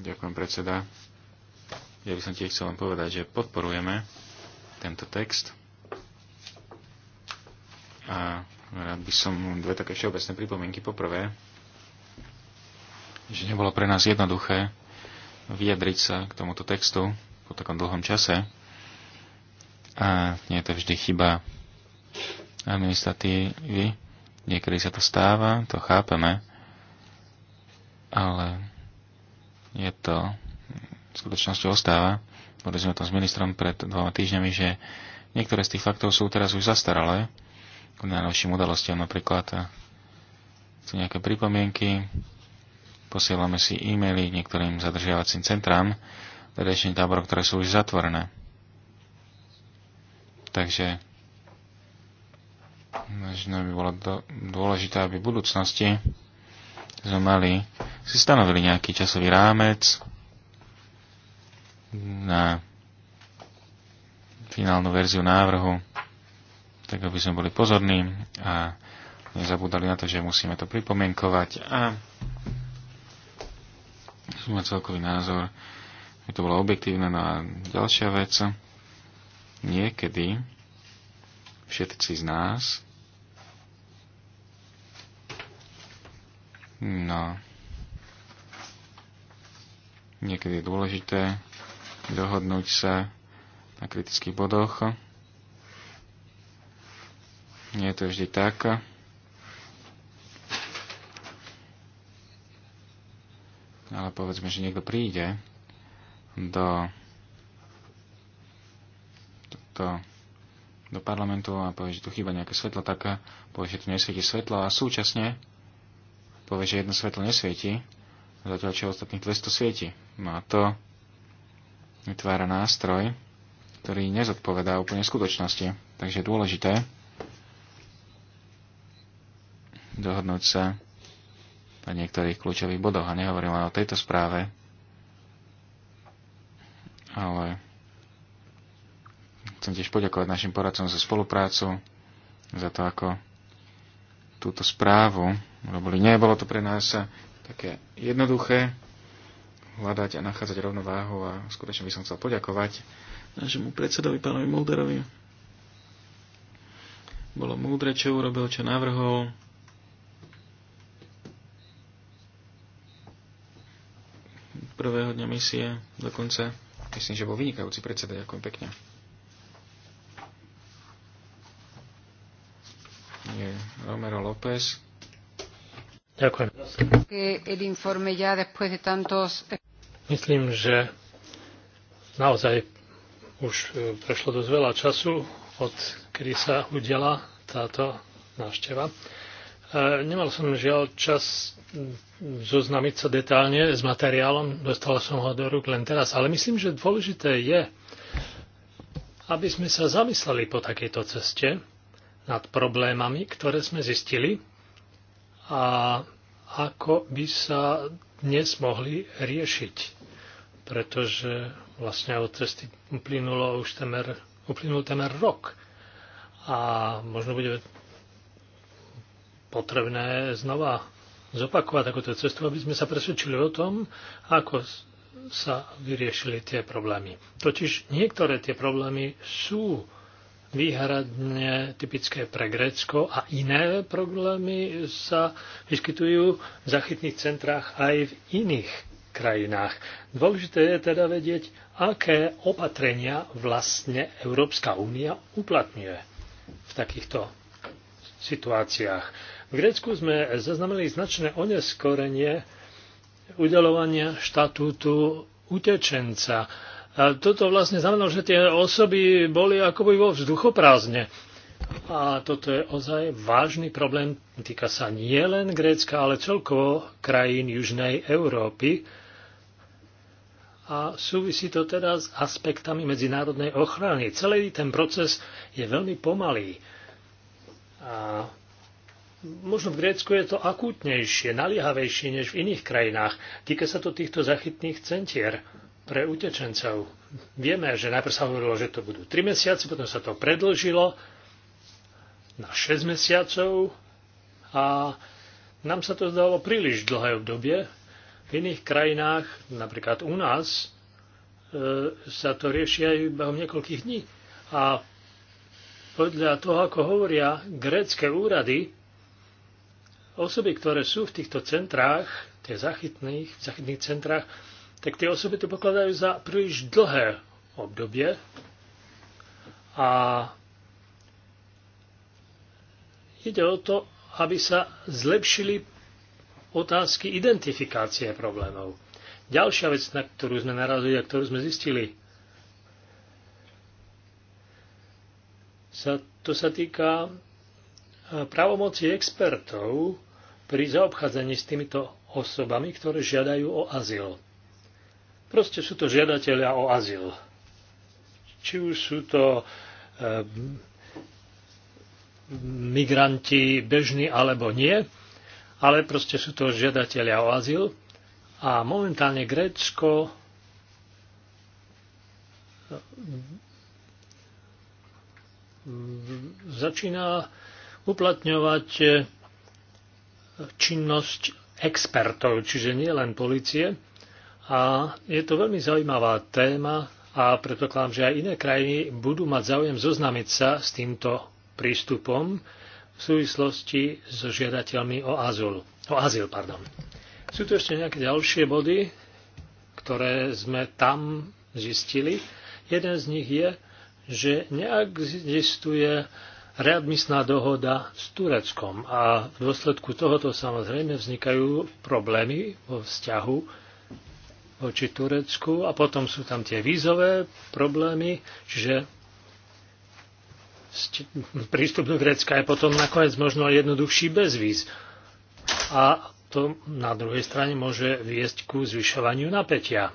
Speaker 3: Ďakujem, predseda. Ja by som tiež chcel len povedať, že podporujeme tento text a rád by som dve také všeobecné pripomienky. Poprvé, že nebolo pre nás jednoduché vyjadriť sa k tomuto textu po takom dlhom čase. A nie je to vždy chyba administratívy. Niekedy sa to stáva, to chápeme, ale je to, v skutočnosti ostáva, boli sme to s ministrom pred dvoma týždňami, že niektoré z tých faktov sú teraz už zastaralé, k najnovším udalostiam napríklad. Eh, sú nejaké pripomienky, posielame si e-maily niektorým zadržiavacím centrám, vedečným teda táborom, ktoré sú už zatvorené. Takže možno by bolo do, dôležité, aby v budúcnosti sme mali, si stanovili nejaký časový rámec na finálnu verziu návrhu tak aby sme boli pozorní a nezabúdali na to, že musíme to pripomienkovať a sme celkový názor, aby to bolo objektívne. No a ďalšia vec, niekedy všetci z nás no niekedy je dôležité dohodnúť sa na kritických bodoch nie je to vždy tak. Ale povedzme, že niekto príde do, do, do parlamentu a povie, že tu chýba nejaké svetlo, tak povie, že tu nesvieti svetlo a súčasne povie, že jedno svetlo nesvieti, zatiaľ čo ostatných 200 svieti. No a to vytvára nástroj, ktorý nezodpovedá úplne skutočnosti. Takže je dôležité, dohodnúť sa na niektorých kľúčových bodoch. A nehovorím len o tejto správe, ale chcem tiež poďakovať našim poradcom za spoluprácu, za to, ako túto správu robili. bolo to pre nás také jednoduché hľadať a nachádzať rovnováhu a skutočne by som chcel poďakovať nášmu predsedovi, pánovi Mulderovi. Bolo múdre, čo urobil, čo navrhol prvého dňa misie dokonca. Myslím, že bol vynikajúci predseda. Ďakujem pekne.
Speaker 1: Je Romero López. Ďakujem. Eh, Myslím, že naozaj už eh, prešlo dosť veľa času, od kedy sa udela táto návšteva. Nemal som žiaľ čas zoznamiť sa detálne s materiálom, dostal som ho do rúk len teraz, ale myslím, že dôležité je, aby sme sa zamysleli po takejto ceste nad problémami, ktoré sme zistili a ako by sa dnes mohli riešiť, pretože vlastne od cesty uplynulo už temer, uplynul temer rok a možno bude potrebné znova zopakovať takúto cestu, aby sme sa presvedčili o tom, ako sa vyriešili tie problémy. Totiž niektoré tie problémy sú výhradne typické pre Grécko a iné problémy sa vyskytujú v zachytných centrách aj v iných krajinách. Dôležité je teda vedieť, aké opatrenia vlastne Európska únia uplatňuje v takýchto situáciách. V Grécku sme zaznamenali značné oneskorenie udelovania štatútu utečenca. A toto vlastne znamená, že tie osoby boli akoby vo vzduchoprázdne. A toto je ozaj vážny problém. Týka sa nie len Grécka, ale celkovo krajín Južnej Európy. A súvisí to teda s aspektami medzinárodnej ochrany. Celý ten proces je veľmi pomalý. A možno v Grécku je to akútnejšie, naliehavejšie než v iných krajinách. Týka sa to týchto zachytných centier pre utečencov. Vieme, že najprv sa hovorilo, že to budú 3 mesiace, potom sa to predlžilo na 6 mesiacov a nám sa to zdalo príliš dlhé obdobie. V iných krajinách, napríklad u nás, e, sa to rieši aj behom niekoľkých dní. A podľa toho, ako hovoria grécké úrady, Osoby, ktoré sú v týchto centrách, tie zachytných, v zachytných centrách, tak tie osoby to pokladajú za príliš dlhé obdobie a ide o to, aby sa zlepšili otázky identifikácie problémov. Ďalšia vec, na ktorú sme narazili a ktorú sme zistili, sa, to sa týka eh, pravomoci expertov pri zaobchádzaní s týmito osobami, ktoré žiadajú o azyl. Proste sú to žiadatelia o azyl. Či už sú to e, migranti bežní alebo nie, ale proste sú to žiadatelia o azyl. A momentálne Grécko ehm, začína uplatňovať činnosť expertov, čiže nie len policie. A je to veľmi zaujímavá téma a predpokladám, že aj iné krajiny budú mať záujem zoznamiť sa s týmto prístupom v súvislosti so žiadateľmi o azyl. O azyl pardon. Sú tu ešte nejaké ďalšie body, ktoré sme tam zistili. Jeden z nich je, že neexistuje readmisná dohoda s Tureckom a v dôsledku tohoto samozrejme vznikajú problémy vo vzťahu voči Turecku a potom sú tam tie vízové problémy, čiže prístup do Grécka je potom nakoniec možno jednoduchší bez víz. A to na druhej strane môže viesť ku zvyšovaniu napätia.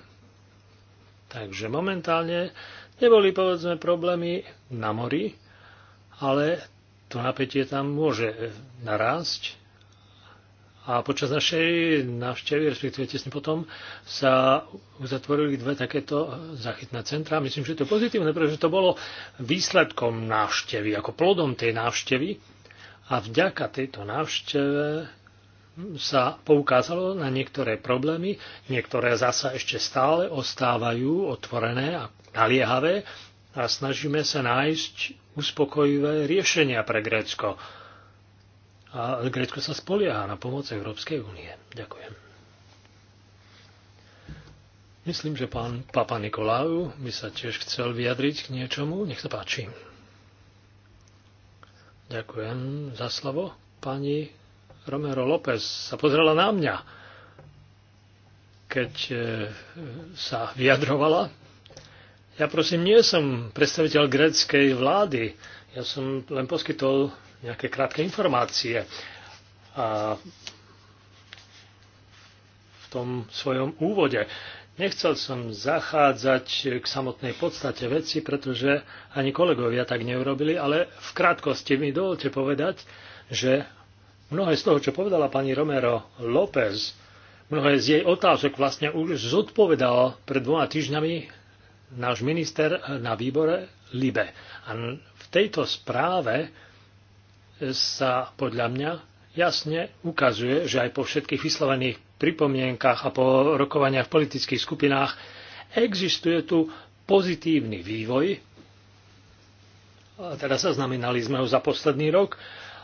Speaker 1: Takže momentálne neboli povedzme problémy na mori, ale to napätie tam môže narásť a počas našej návštevy, respektíve tesne potom, sa uzatvorili dve takéto zachytné centra. Myslím, že to je pozitívne, pretože to bolo výsledkom návštevy, ako plodom tej návštevy. A vďaka tejto návšteve sa poukázalo na niektoré problémy, niektoré zasa ešte stále ostávajú otvorené a naliehavé a snažíme sa nájsť uspokojivé riešenia pre Grécko. A Grécko sa spolieha na pomoc Európskej únie. Ďakujem. Myslím, že pán Papa Nikoláju by sa tiež chcel vyjadriť k niečomu. Nech sa páči. Ďakujem za slovo. Pani Romero López sa pozrela na mňa, keď eh, sa vyjadrovala ja prosím, nie som predstaviteľ gréckej vlády. Ja som len poskytol nejaké krátke informácie. A v tom svojom úvode. Nechcel som zachádzať k samotnej podstate veci, pretože ani kolegovia tak neurobili, ale v krátkosti mi dovolte povedať, že mnohé z toho, čo povedala pani Romero López, mnohé z jej otázok vlastne už zodpovedal pred dvoma týždňami náš minister na výbore LIBE. A v tejto správe sa podľa mňa jasne ukazuje, že aj po všetkých vyslovených pripomienkach a po rokovaniach v politických skupinách existuje tu pozitívny vývoj. A teda zaznamenali sme ho za posledný rok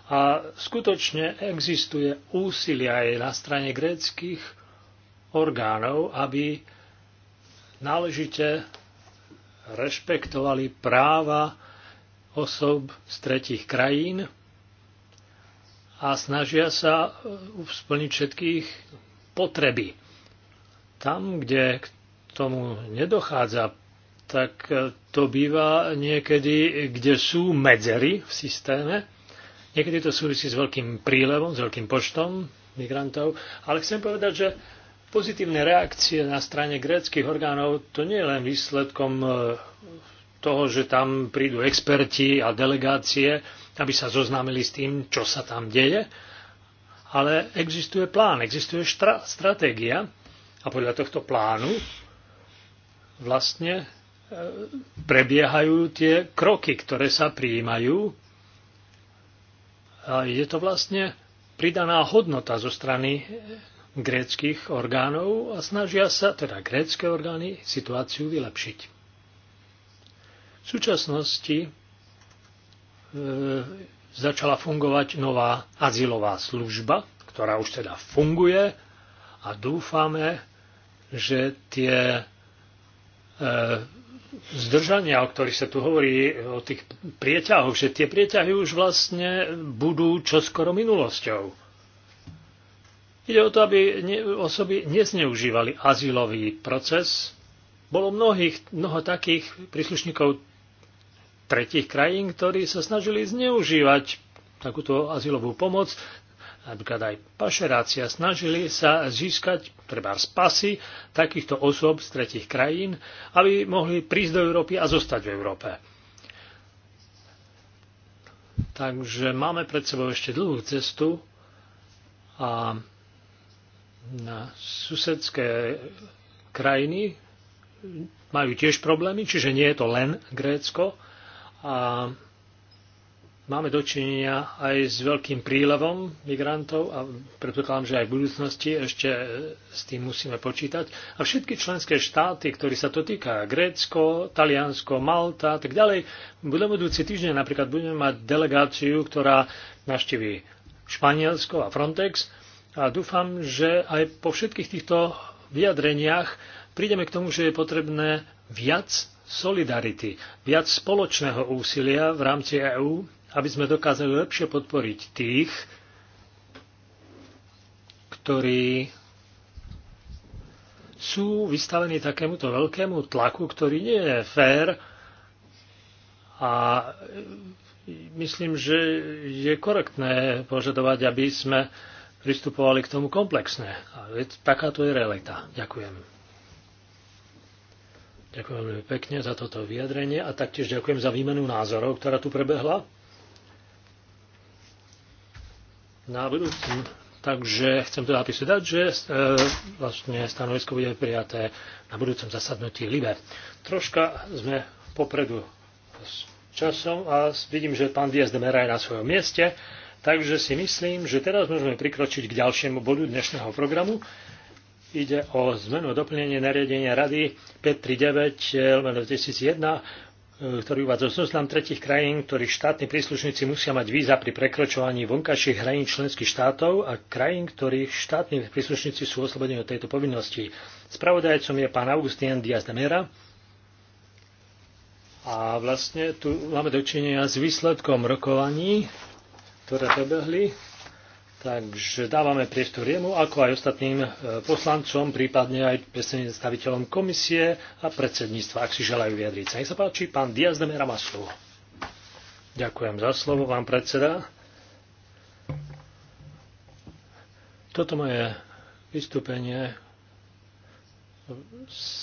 Speaker 1: a skutočne existuje úsilie aj na strane gréckých orgánov, aby náležite rešpektovali práva osob z tretich krajín a snažia sa e, splniť všetkých potreby. Tam, kde k tomu nedochádza, tak e, to býva niekedy, kde sú medzery v systéme. Niekedy to súvisí s veľkým prílevom, s veľkým počtom migrantov. Ale chcem povedať, že Pozitívne reakcie na strane gréckých orgánov to nie je len výsledkom e, toho, že tam prídu experti a delegácie, aby sa zoznámili s tým, čo sa tam deje, ale existuje plán, existuje štra- stratégia a podľa tohto plánu vlastne e, prebiehajú tie kroky, ktoré sa prijímajú. A je to vlastne pridaná hodnota zo strany gréckých orgánov a snažia sa teda grécké orgány situáciu vylepšiť. V súčasnosti e, začala fungovať nová azylová služba, ktorá už teda funguje a dúfame, že tie e, zdržania, o ktorých sa tu hovorí, o tých prieťahoch, že tie prieťahy už vlastne budú čoskoro minulosťou Ide o to, aby osoby nezneužívali azylový proces. Bolo mnohých, mnoho takých príslušníkov tretich krajín, ktorí sa snažili zneužívať takúto azylovú pomoc, napríklad aj pašerácia, snažili sa získať treba spasy takýchto osob z tretich krajín, aby mohli prísť do Európy a zostať v Európe. Takže máme pred sebou ešte dlhú cestu a na susedské krajiny majú tiež problémy, čiže nie je to len Grécko. A máme dočinenia aj s veľkým prílevom migrantov a predpokladám, že aj v budúcnosti ešte s tým musíme počítať. A všetky členské štáty, ktorí sa to týka, Grécko, Taliansko, Malta a tak ďalej, budeme budúci týždeň napríklad budeme mať delegáciu, ktorá naštíví Španielsko a Frontex a dúfam, že aj po všetkých týchto vyjadreniach prídeme k tomu, že je potrebné viac solidarity, viac spoločného úsilia v rámci EÚ, aby sme dokázali lepšie podporiť tých, ktorí sú vystavení takémuto veľkému tlaku, ktorý nie je fér a myslím, že je korektné požadovať, aby sme pristupovali k tomu komplexne. A takáto je realita. Ďakujem. Ďakujem veľmi pekne za toto vyjadrenie a taktiež ďakujem za výmenu názorov, ktorá tu prebehla. Na budúcim. Takže chcem teda písať, že e, vlastne stanovisko bude prijaté na budúcom zasadnutí LIBE. Troška sme popredu s časom a vidím, že pán Diaz de Mera je na svojom mieste. Takže si myslím, že teraz môžeme prikročiť k ďalšiemu bodu dnešného programu. Ide o zmenu a doplnenie nariadenia Rady 539 2001, eh, eh, ktorý uvádza zoznam tretich krajín, ktorých štátni príslušníci musia mať víza pri prekročovaní vonkajších hraníc členských štátov a krajín, ktorých štátni príslušníci sú oslobodení od tejto povinnosti. Spravodajcom je pán Augustín Diaz de Mera. A vlastne tu máme dočinenia s výsledkom rokovaní ktoré prebehli. Takže dávame priestor jemu, ako aj ostatným e, poslancom, prípadne aj predstaviteľom komisie a predsedníctva, ak si želajú vyjadriť sa. Nech sa páči, pán Diaz de Mera Ďakujem za slovo, pán predseda. Toto moje vystúpenie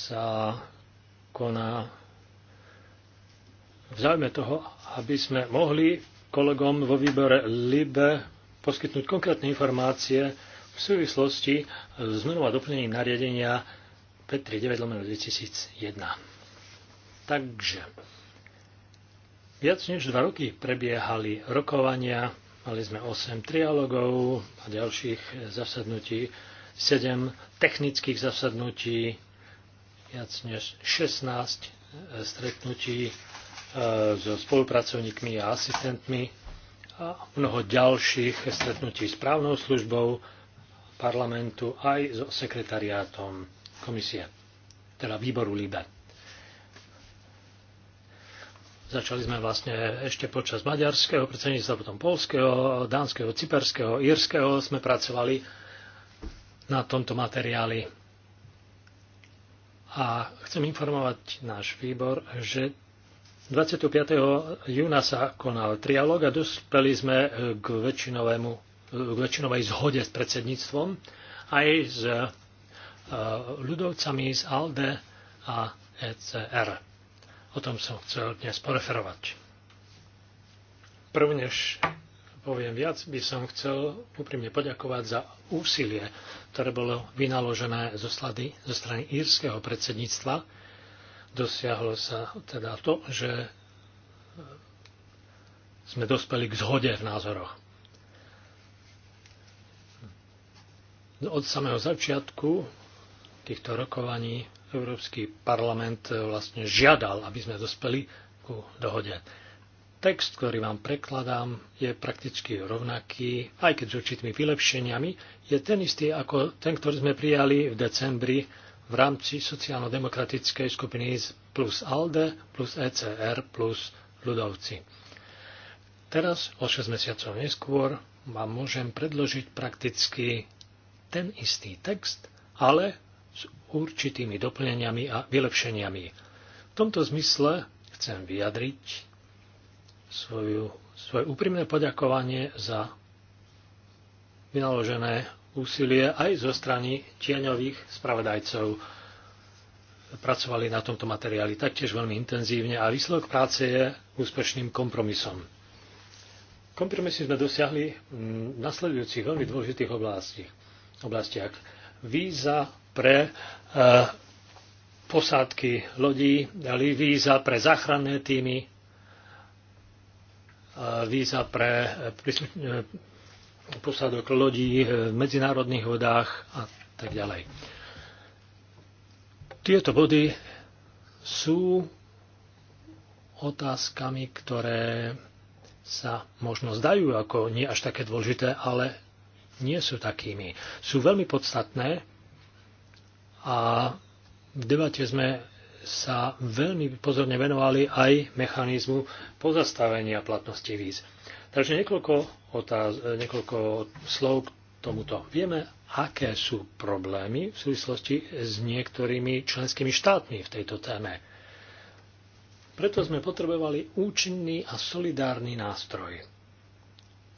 Speaker 1: sa koná v záujme toho, aby sme mohli kolegom vo výbore LIBE poskytnúť konkrétne informácie v súvislosti s zmenou a doplnením nariadenia 539 2001. Takže, viac než dva roky prebiehali rokovania, mali sme 8 trialogov a ďalších zasadnutí, 7 technických zasadnutí, viac než 16 stretnutí Eh, so spolupracovníkmi a asistentmi a mnoho ďalších stretnutí s právnou službou parlamentu aj so sekretariátom komisie, teda výboru LIBE. Začali sme vlastne ešte počas maďarského predsedníctva, potom polského, dánskeho, cyperského, írskeho sme pracovali na tomto materiáli. A chcem informovať náš výbor, že 25. júna sa konal trialog a dospeli sme eh, k, väčšinovému, eh, k väčšinovej zhode s predsedníctvom aj s eh, ľudovcami z ALDE a ECR. O tom som chcel dnes poreferovať. Prvnež poviem viac, by som chcel úprimne poďakovať za úsilie, ktoré bolo vynaložené zo, slady, zo strany írskeho predsedníctva Dosiahlo sa teda to, že sme dospeli k zhode v názoroch. Od samého začiatku týchto rokovaní Európsky parlament eh, vlastne žiadal, aby sme dospeli ku dohode. Text, ktorý vám prekladám, je prakticky rovnaký, aj keď s určitými vylepšeniami, je ten istý ako ten, ktorý sme prijali v decembri v rámci sociálno-demokratickej skupiny plus ALDE, plus ECR, plus ľudovci. Teraz, o 6 mesiacov neskôr, vám môžem predložiť prakticky ten istý text, ale s určitými doplneniami a vylepšeniami. V tomto zmysle chcem vyjadriť svoju, svoje úprimné poďakovanie za vynaložené úsilie aj zo strany tieňových spravodajcov. Pracovali na tomto materiáli taktiež veľmi intenzívne a výsledok práce je úspešným kompromisom. Kompromisy sme dosiahli v nasledujúcich veľmi dôležitých oblastiach. oblastiach. Víza pre e, posádky lodí, dali víza pre záchranné týmy, e, víza pre e, posádok lodí eh, v medzinárodných vodách a tak ďalej. Tieto body sú otázkami, ktoré sa možno zdajú ako nie až také dôležité, ale nie sú takými. Sú veľmi podstatné a v debate sme sa veľmi pozorne venovali aj mechanizmu pozastavenia platnosti víz. Takže niekoľko, otáz- e, niekoľko slov k tomuto. Vieme, aké sú problémy v súvislosti s niektorými členskými štátmi v tejto téme. Preto sme potrebovali účinný a solidárny nástroj.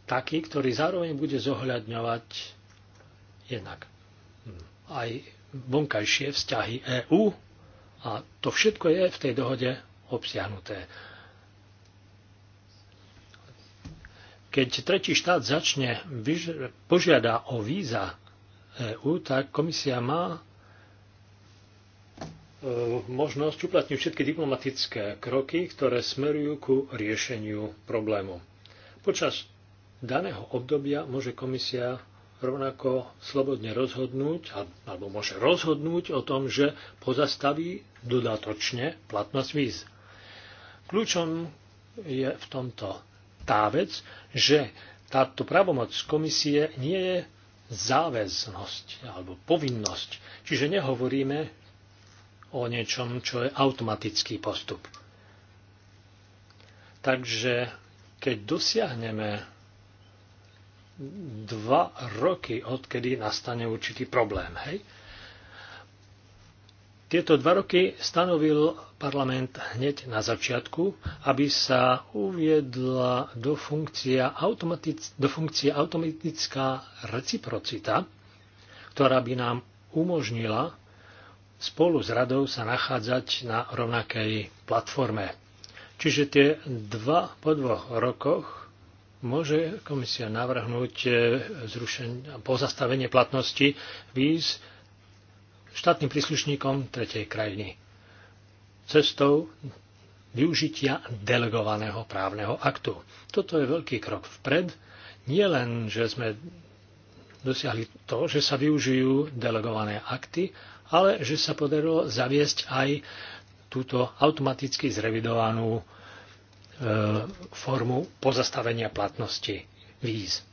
Speaker 1: Taký, ktorý zároveň bude zohľadňovať jednak hm, aj vonkajšie vzťahy EÚ a to všetko je v tej dohode obsiahnuté. Keď tretí štát začne požiada o víza EÚ, tak komisia má e, možnosť uplatniť všetky diplomatické kroky, ktoré smerujú ku riešeniu problému. Počas daného obdobia môže komisia rovnako slobodne rozhodnúť, alebo môže rozhodnúť o tom, že pozastaví dodatočne platnosť víz. Kľúčom je v tomto tá vec, že táto pravomoc komisie nie je záväznosť alebo povinnosť. Čiže nehovoríme o niečom, čo je automatický postup. Takže keď dosiahneme dva roky, odkedy nastane určitý problém, hej, tieto dva roky stanovil parlament hneď na začiatku, aby sa uviedla do, automatic, do funkcie automatická reciprocita, ktorá by nám umožnila spolu s radou sa nachádzať na rovnakej platforme. Čiže tie dva po dvoch rokoch môže komisia navrhnúť e, zrušenie, pozastavenie platnosti víz štátnym príslušníkom tretej krajiny cestou využitia delegovaného právneho aktu. Toto je veľký krok vpred. Nie len, že sme dosiahli to, že sa využijú delegované akty, ale že sa podarilo zaviesť aj túto automaticky zrevidovanú e, formu pozastavenia platnosti víz.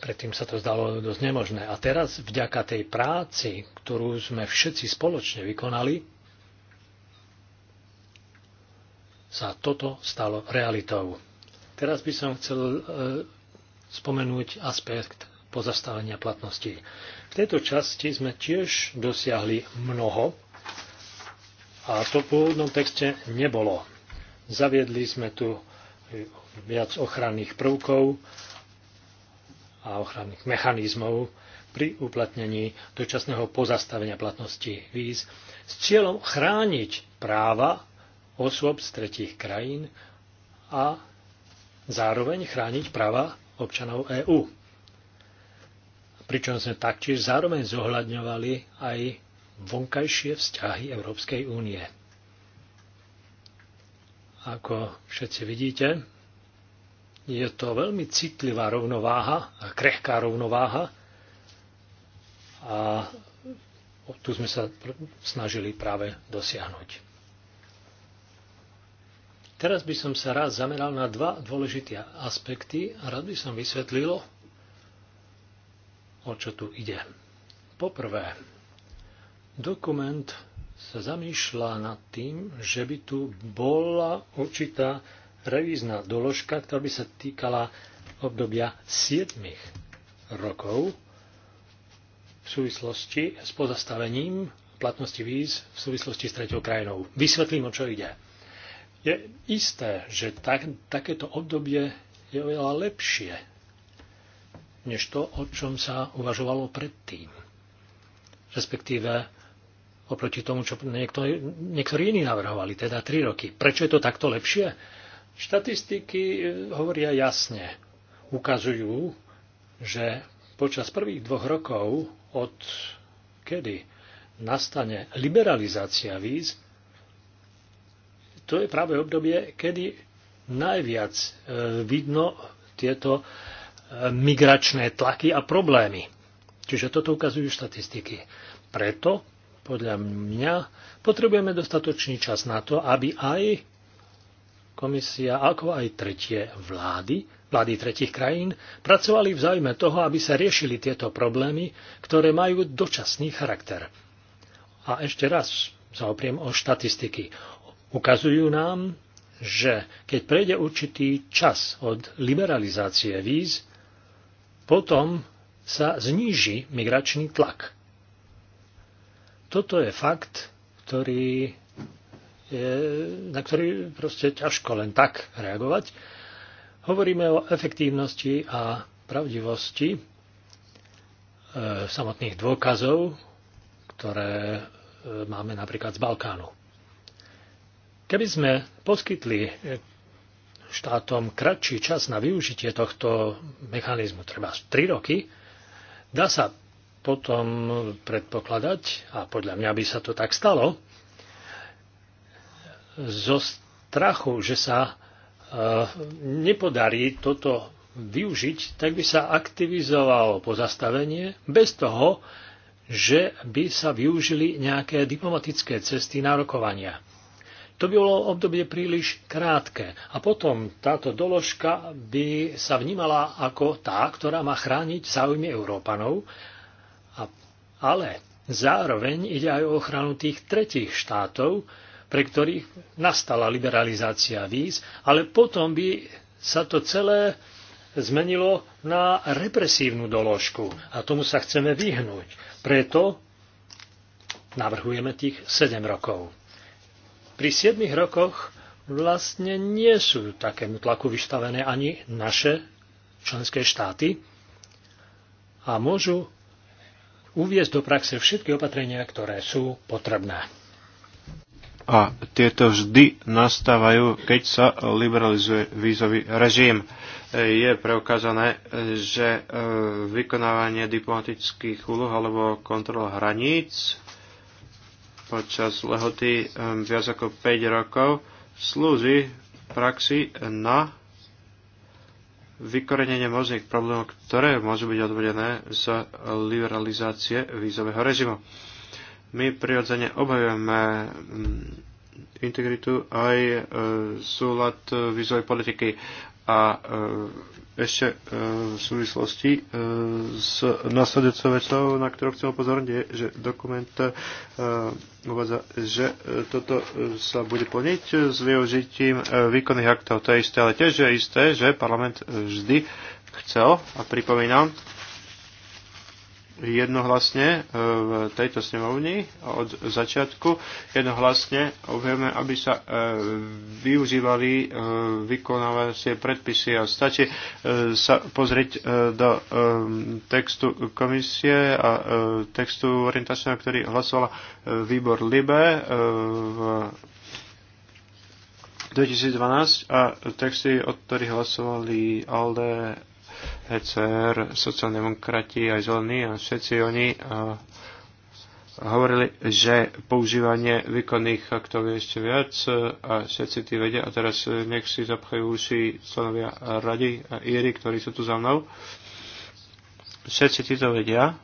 Speaker 1: Predtým sa to zdalo dosť nemožné. A teraz vďaka tej práci, ktorú sme všetci spoločne vykonali, sa toto stalo realitou. Teraz by som chcel e, spomenúť aspekt pozastavenia platnosti. V tejto časti sme tiež dosiahli mnoho a to v pôvodnom texte nebolo. Zaviedli sme tu viac ochranných prvkov, a ochranných mechanizmov pri uplatnení dočasného pozastavenia platnosti víz s cieľom chrániť práva osôb z tretích krajín a zároveň chrániť práva občanov EÚ. Pričom sme taktiež zároveň zohľadňovali aj vonkajšie vzťahy Európskej únie. Ako všetci vidíte, je to veľmi citlivá rovnováha, krehká rovnováha a tu sme sa snažili práve dosiahnuť. Teraz by som sa rád zameral na dva dôležité aspekty a rád by som vysvetlil, o čo tu ide. Poprvé, dokument sa zamýšľa nad tým, že by tu bola určitá revízna doložka, ktorá by sa týkala obdobia 7 rokov v súvislosti s pozastavením platnosti víz v súvislosti s tretou krajinou. Vysvetlím, o čo ide. Je isté, že tak, takéto obdobie je oveľa lepšie, než to, o čom sa uvažovalo predtým. Respektíve oproti tomu, čo niektorí iní navrhovali, teda 3 roky. Prečo je to takto lepšie? Štatistiky e, hovoria jasne. Ukazujú, že počas prvých dvoch rokov od kedy nastane liberalizácia víz, to je práve obdobie, kedy najviac e, vidno tieto e, migračné tlaky a problémy. Čiže toto ukazujú štatistiky. Preto, podľa mňa, potrebujeme dostatočný čas na to, aby aj komisia, ako aj tretie vlády, vlády tretich krajín, pracovali v záujme toho, aby sa riešili tieto problémy, ktoré majú dočasný charakter. A ešte raz sa opriem o štatistiky. Ukazujú nám, že keď prejde určitý čas od liberalizácie víz, potom sa zníži migračný tlak. Toto je fakt, ktorý E, na ktorý proste ťažko len tak reagovať. Hovoríme o efektívnosti a pravdivosti e, samotných dôkazov, ktoré e, máme napríklad z Balkánu. Keby sme poskytli štátom kratší čas na využitie tohto mechanizmu, treba 3 roky, dá sa potom predpokladať, a podľa mňa by sa to tak stalo, zo strachu, že sa e, nepodarí toto využiť, tak by sa aktivizovalo pozastavenie bez toho, že by sa využili nejaké diplomatické cesty na rokovania. To by bolo obdobie príliš krátke a potom táto doložka by sa vnímala ako tá, ktorá má chrániť záujmy Európanov, a, ale zároveň ide aj o ochranu tých tretich štátov, pre ktorých nastala liberalizácia víz, ale potom by sa to celé zmenilo na represívnu doložku a tomu sa chceme vyhnúť. Preto navrhujeme tých 7 rokov. Pri 7 rokoch vlastne nie sú takému tlaku vystavené ani naše členské štáty a môžu uviezť do praxe všetky opatrenia, ktoré sú potrebné.
Speaker 4: A tieto vždy nastávajú, keď sa liberalizuje vízový režim. Je preukázané, že e, vykonávanie diplomatických úloh alebo kontrol hraníc počas lehoty e, viac ako 5 rokov slúži v praxi na vykorenenie možných problémov, ktoré môžu byť odvedené z liberalizácie vízového režimu my prirodzene obhajujeme mm, integritu aj e, súlad e, vizovej politiky a e, ešte e, v súvislosti e, s nasledujúcou vecou, na ktorú chcem upozorniť, je, že dokument e, uvádza, že e, toto e, sa bude plniť e, s využitím e, výkonných aktov. To je isté, ale tiež je isté, že parlament vždy chcel, a pripomínam, jednohlasne e, v tejto snemovni od začiatku jednohlasne obhajujeme, aby sa e, využívali e, vykonávacie predpisy a stačí sa pozrieť do textu komisie a textu orientačného, ktorý hlasovala výbor LIBE v 2012 a texty, od ktorých hlasovali ALDE, ECR, sociálne demokrati, aj zelení a všetci oni hovorili, že používanie výkonných aktov je ešte viac a všetci tí vedia a teraz e, nech si zapchajú uši členovia rady a Íry, ktorí sú tu za mnou. Všetci títo vedia,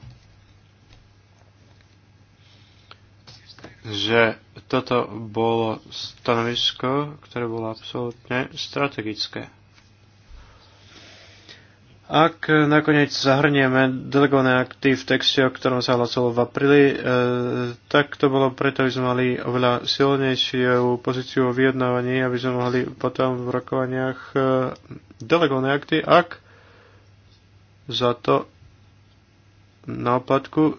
Speaker 4: že toto bolo stanovisko, ktoré bolo absolútne strategické. Ak nakoniec zahrnieme delegované akty v texte, o ktorom sa hlasovalo v apríli, e, tak to bolo preto, aby sme mali oveľa silnejšiu pozíciu o vyjednávaní, aby sme mohli potom v rokovaniach e, delegované akty, ak za to na oplatku. E,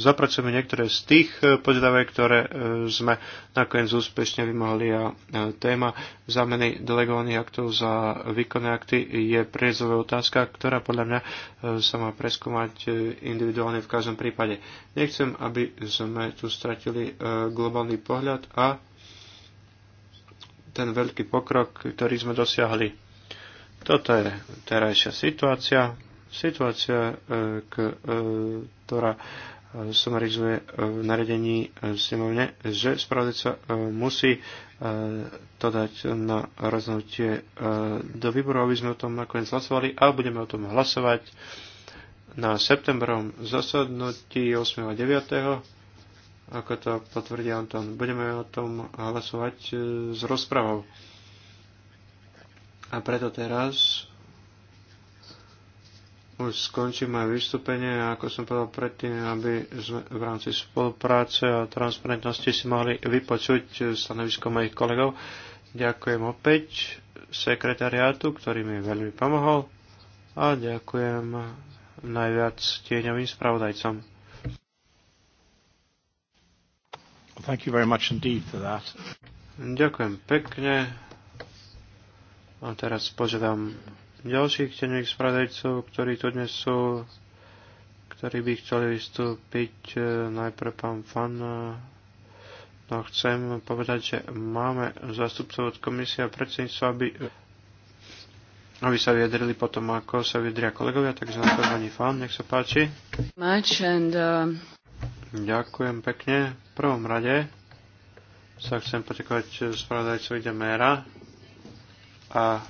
Speaker 4: zapracujeme niektoré z tých e, požiadaviek, ktoré e, sme nakoniec úspešne vymohli a téma zámeny delegovaných aktov za výkonné akty je priezová otázka, ktorá podľa mňa sa má preskúmať individuálne v každom prípade. Nechcem, aby sme tu stratili globálny pohľad a ten veľký pokrok, ktorý sme dosiahli. Toto je terajšia situácia Situácia, e, e, ktorá e, sumarizuje v naredení snemovne, že spravodajca musí to dať na rozhodnutie do výboru, aby sme o tom nakoniec hlasovali a budeme o tom hlasovať na septembrom zasadnutí 8. a 9. ako to potvrdí Anton. Budeme o tom hlasovať s rozpravou. A preto teraz už skončím moje vystúpenie a ako som povedal predtým, aby sme v rámci spolupráce a transparentnosti si mohli vypočuť eh, stanovisko mojich kolegov. Ďakujem opäť sekretariátu, ktorý mi veľmi pomohol a ďakujem najviac tieňovým spravodajcom.
Speaker 1: Thank you very much indeed for that.
Speaker 4: Ďakujem pekne. A teraz požiadam ďalších tenových spravodajcov, ktorí tu dnes sú, ktorí by chceli vystúpiť. E, najprv pán Fan. E, no chcem povedať, že máme zástupcov od komisie a predsedníctva, aby, aby sa vyjadrili potom, ako sa vyjadria kolegovia. Takže na to pani Fan, nech sa páči.
Speaker 2: Much and, uh...
Speaker 4: Ďakujem pekne. V prvom rade sa chcem poďakovať spravodajcovi Demera a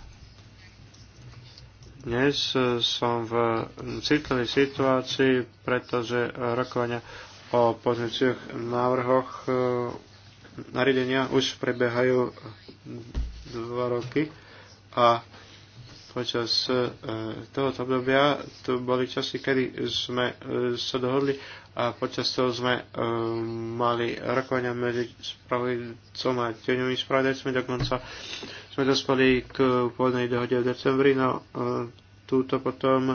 Speaker 4: dnes e, som v citlivej situácii, pretože rokovania o pozíciách návrhoch e, nariadenia už prebiehajú dva roky a počas e, tohoto obdobia to boli časy, kedy sme e, sa dohodli a počas toho sme e, mali rokovania medzi spravodajcom a tieňovými spravodajcami. Dokonca sme dospeli k pôvodnej dohode v decembri, no túto potom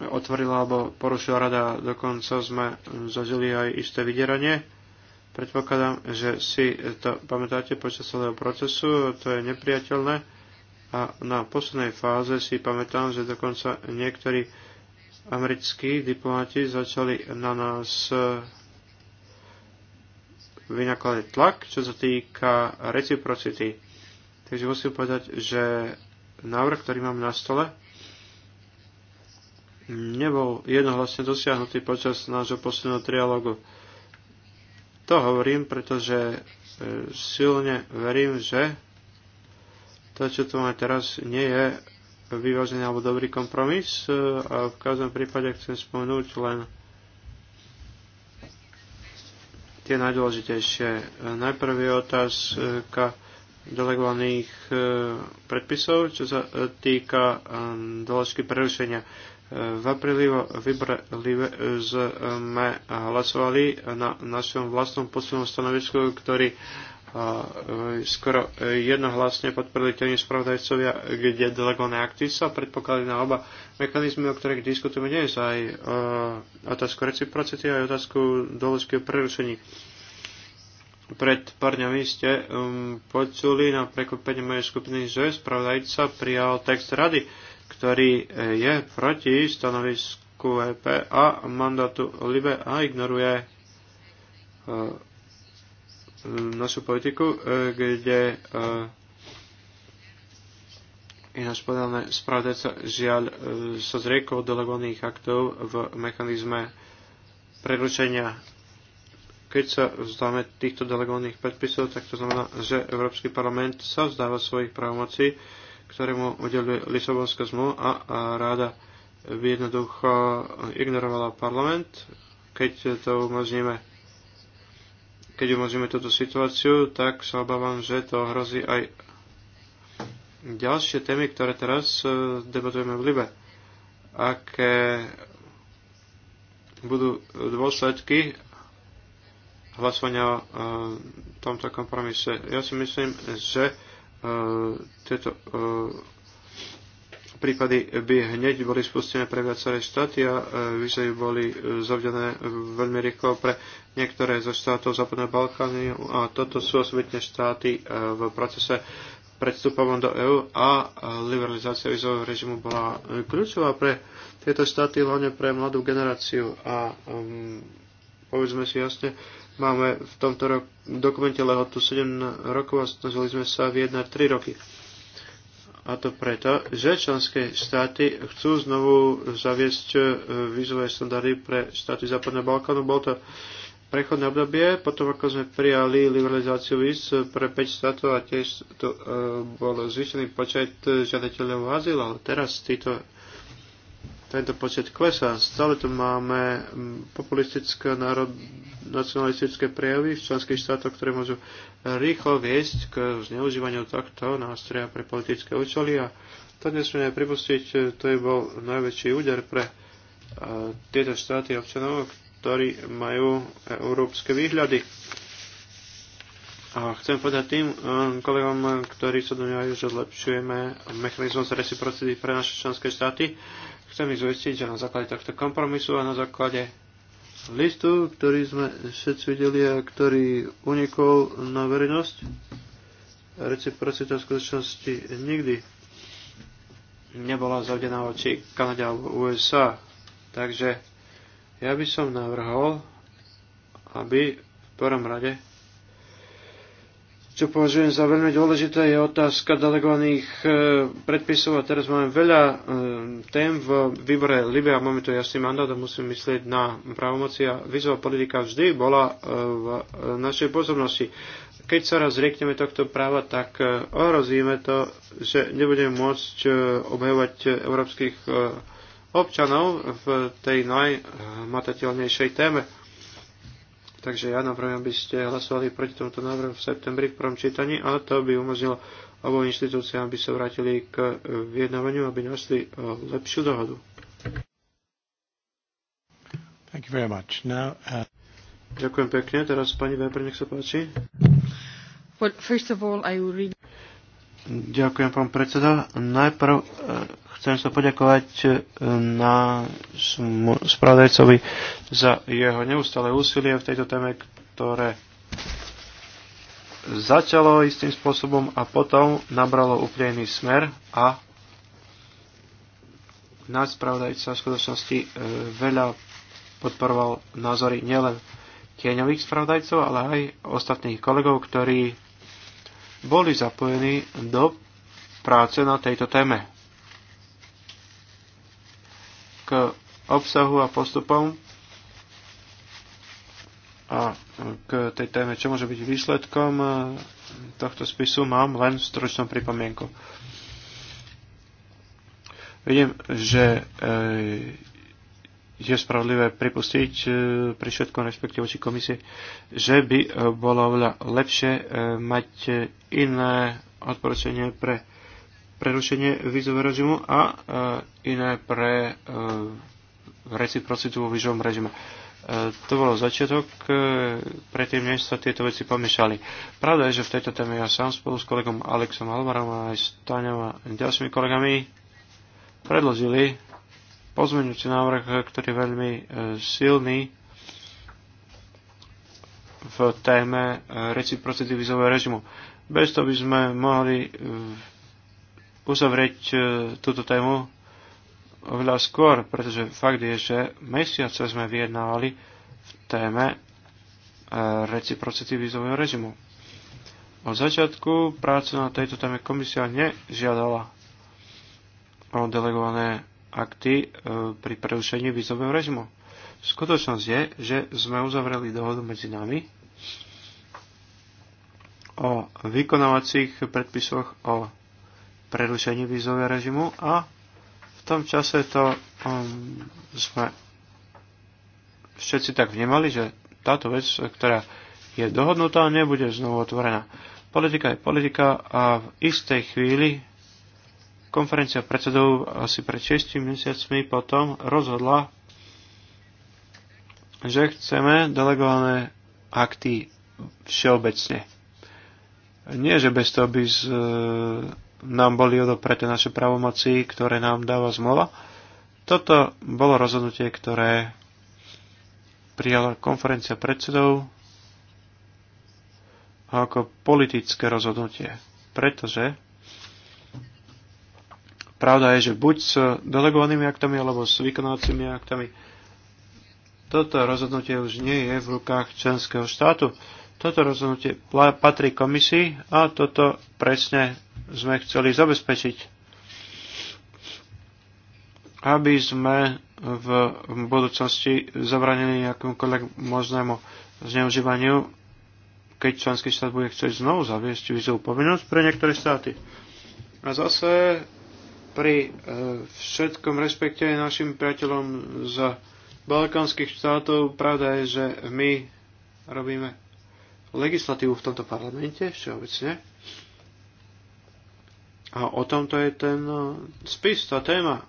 Speaker 4: otvorila alebo porušila rada. Dokonca sme zažili aj isté vydieranie. Predpokladám, že si to pamätáte počas celého procesu, to je nepriateľné a na poslednej fáze si pamätám, že dokonca niektorí americkí diplomati začali na nás e, vynakladať tlak, čo sa týka reciprocity. Takže musím povedať, že návrh, ktorý mám na stole, nebol jednohlasne dosiahnutý počas nášho posledného trialogu. To hovorím, pretože e, silne verím, že to, čo tu máme teraz, nie je vyvážený alebo dobrý kompromis a v každom prípade chcem spomenúť len tie najdôležitejšie. Najprv je otázka delegovaných e, predpisov, čo sa e, týka e, doložky prerušenia. V apríli vybrali sme hlasovali na našom vlastnom poslednom stanovisku, ktorý a e, skoro e, jednohlasne podporili tení spravodajcovia, kde delegované akty sa predpokladali na oba mechanizmy, o ktorých diskutujeme dnes, aj e, otázku reciprocity, aj otázku doložky prerušení. Pred pár dňami ste um, počuli na prekvapenie mojej skupiny, že spravodajca prijal text rady, ktorý je proti stanovisku EP a mandátu LIBE a ignoruje E, našu politiku, e, kde e, ináč povedané spravodajca žiaľ sa zriekol delegovaných aktov v mechanizme preručenia. Keď sa vzdáme týchto delegovaných predpisov, tak to znamená, že Európsky parlament sa vzdáva svojich právomocí, ktoré mu udeluje Lisabonská zmluva a, a ráda by jednoducho ignorovala parlament, keď to umožníme keď umožníme túto situáciu, tak sa obávam, že to hrozí aj ďalšie témy, ktoré teraz e, debatujeme v Libe. Aké budú dôsledky hlasovania o e, tomto kompromise. Ja si myslím, že e, tieto prípady by hneď boli spustené pre viaceré štáty a vízy e, boli e, zavdené veľmi rýchlo pre niektoré zo štátov Západného Balkány a toto sú osobitne štáty e, v procese pred vstupom do EÚ a liberalizácia vizového režimu bola kľúčová pre tieto štáty, hlavne pre mladú generáciu a um, povedzme si jasne, máme v tomto dokumente lehotu 7 rokov a snažili sme sa vyjednať 3 roky. A to preto, že členské štáty chcú znovu zaviesť e, vízové standardy pre štáty Západného Balkánu. Bolo to prechodné obdobie, potom ako sme prijali liberalizáciu víz pre 5 štátov a tiež tu uh, bol zvýšený počet e, žiadateľov azyl, ale teraz títo tento počet klesá. Stále tu máme mm, populistické národ, nacionalistické prejavy v členských štátoch, ktoré môžu rýchlo viesť k zneužívaniu takto nástroja pre politické účely a to nesmieme pripustiť, to je bol najväčší úder pre e, tieto štáty občanov, ktorí majú európske výhľady. A chcem povedať tým e, kolegom, ktorí sa domnievajú, že zlepšujeme mechanizmus reciprocity pre naše členské štáty, Chcem zvojistiť, že na základe tohto kompromisu a na základe listu, ktorý sme všetci videli a ktorý unikol na verejnosť, reciprocita v skutočnosti nikdy nebola zavdená voči Kanade alebo USA. Takže ja by som navrhol, aby v prvom rade čo považujem za veľmi dôležité je otázka delegovaných e, predpisov a teraz máme veľa e, tém v výbore Libe a máme tu jasný mandát a musím myslieť na právomoci a výzva politika vždy bola e, v našej pozornosti keď sa raz riekneme tohto práva, tak ohrozíme to, že nebudeme môcť obhajovať európskych občanov v tej najmatateľnejšej téme. Takže ja navrhujem, aby ste hlasovali proti tomuto návrhu v septembri v prvom čítaní a to by umožnilo obom inštitúciám, aby sa vrátili k e, vyjednávaniu, aby našli e, lepšiu dohodu. Thank you very much. Now, uh... Ďakujem pekne. Teraz pani Weber, nech sa páči.
Speaker 2: Well, first of all, I will read...
Speaker 4: Ďakujem, pán predseda. Najprv e, chcem sa poďakovať e, na spravodajcovi za jeho neustále úsilie v tejto téme, ktoré začalo istým spôsobom a potom nabralo úplne iný smer a náš spravodajca v skutočnosti e, veľa podporoval názory nielen tieňových spravodajcov, ale aj ostatných kolegov, ktorí boli zapojení do práce na tejto téme. K obsahu a postupom a k tej téme, čo môže byť výsledkom e, tohto spisu, mám len stručnú pripomienku. Vidím, že e, je spravodlivé pripustiť e, pri všetkom respekte oči komisie, že by e, bolo oveľa lepšie e, mať iné odporúčanie pre prerušenie vízového režimu a iné pre reciprocitu vo vízovom režime. To bolo začiatok, predtým než sa tieto veci pomiešali. Pravda je, že v tejto téme ja sám spolu s kolegom Alexom Alvarom a aj s Táňom a ďalšími kolegami predložili pozmeňujúci návrh, eh, ktorý je veľmi eh, silný v téme eh, reciprocity vizového režimu. Bez toho by sme mohli uzavrieť túto tému oveľa skôr, pretože fakt je, že mesiace sme vyjednávali v téme reciprocity vizového režimu. Od začiatku práce na tejto téme komisia nežiadala o delegované akty e, pri prerušení vízového režimu. Skutočnosť je, že sme uzavreli dohodu medzi nami o vykonávacích predpisoch o prerušení vízového režimu a v tom čase to um, sme všetci tak vnímali, že táto vec, ktorá je dohodnutá, nebude znovu otvorená. Politika je politika a v istej chvíli Konferencia predsedov asi pred 6 mesiacmi potom rozhodla, že chceme delegované akty všeobecne. Nie, že bez toho by z, e, nám boli odopreté naše pravomoci, ktoré nám dáva zmluva. Toto bolo rozhodnutie, ktoré prijala konferencia predsedov ako politické rozhodnutie, pretože Pravda je, že buď s delegovanými aktami, alebo s vykonávacími aktami. Toto rozhodnutie už nie je v rukách členského štátu. Toto rozhodnutie patrí komisii a toto presne sme chceli zabezpečiť aby sme v budúcnosti zabranili nejakomkoľvek možnému zneužívaniu, keď členský štát bude chcieť znovu zaviesť vízovú povinnosť pre niektoré štáty. A zase pri e, všetkom respekte našim priateľom z balkánskych štátov, pravda je, že my robíme legislatívu v tomto parlamente všeobecne. A o tomto je ten e, spis, tá téma.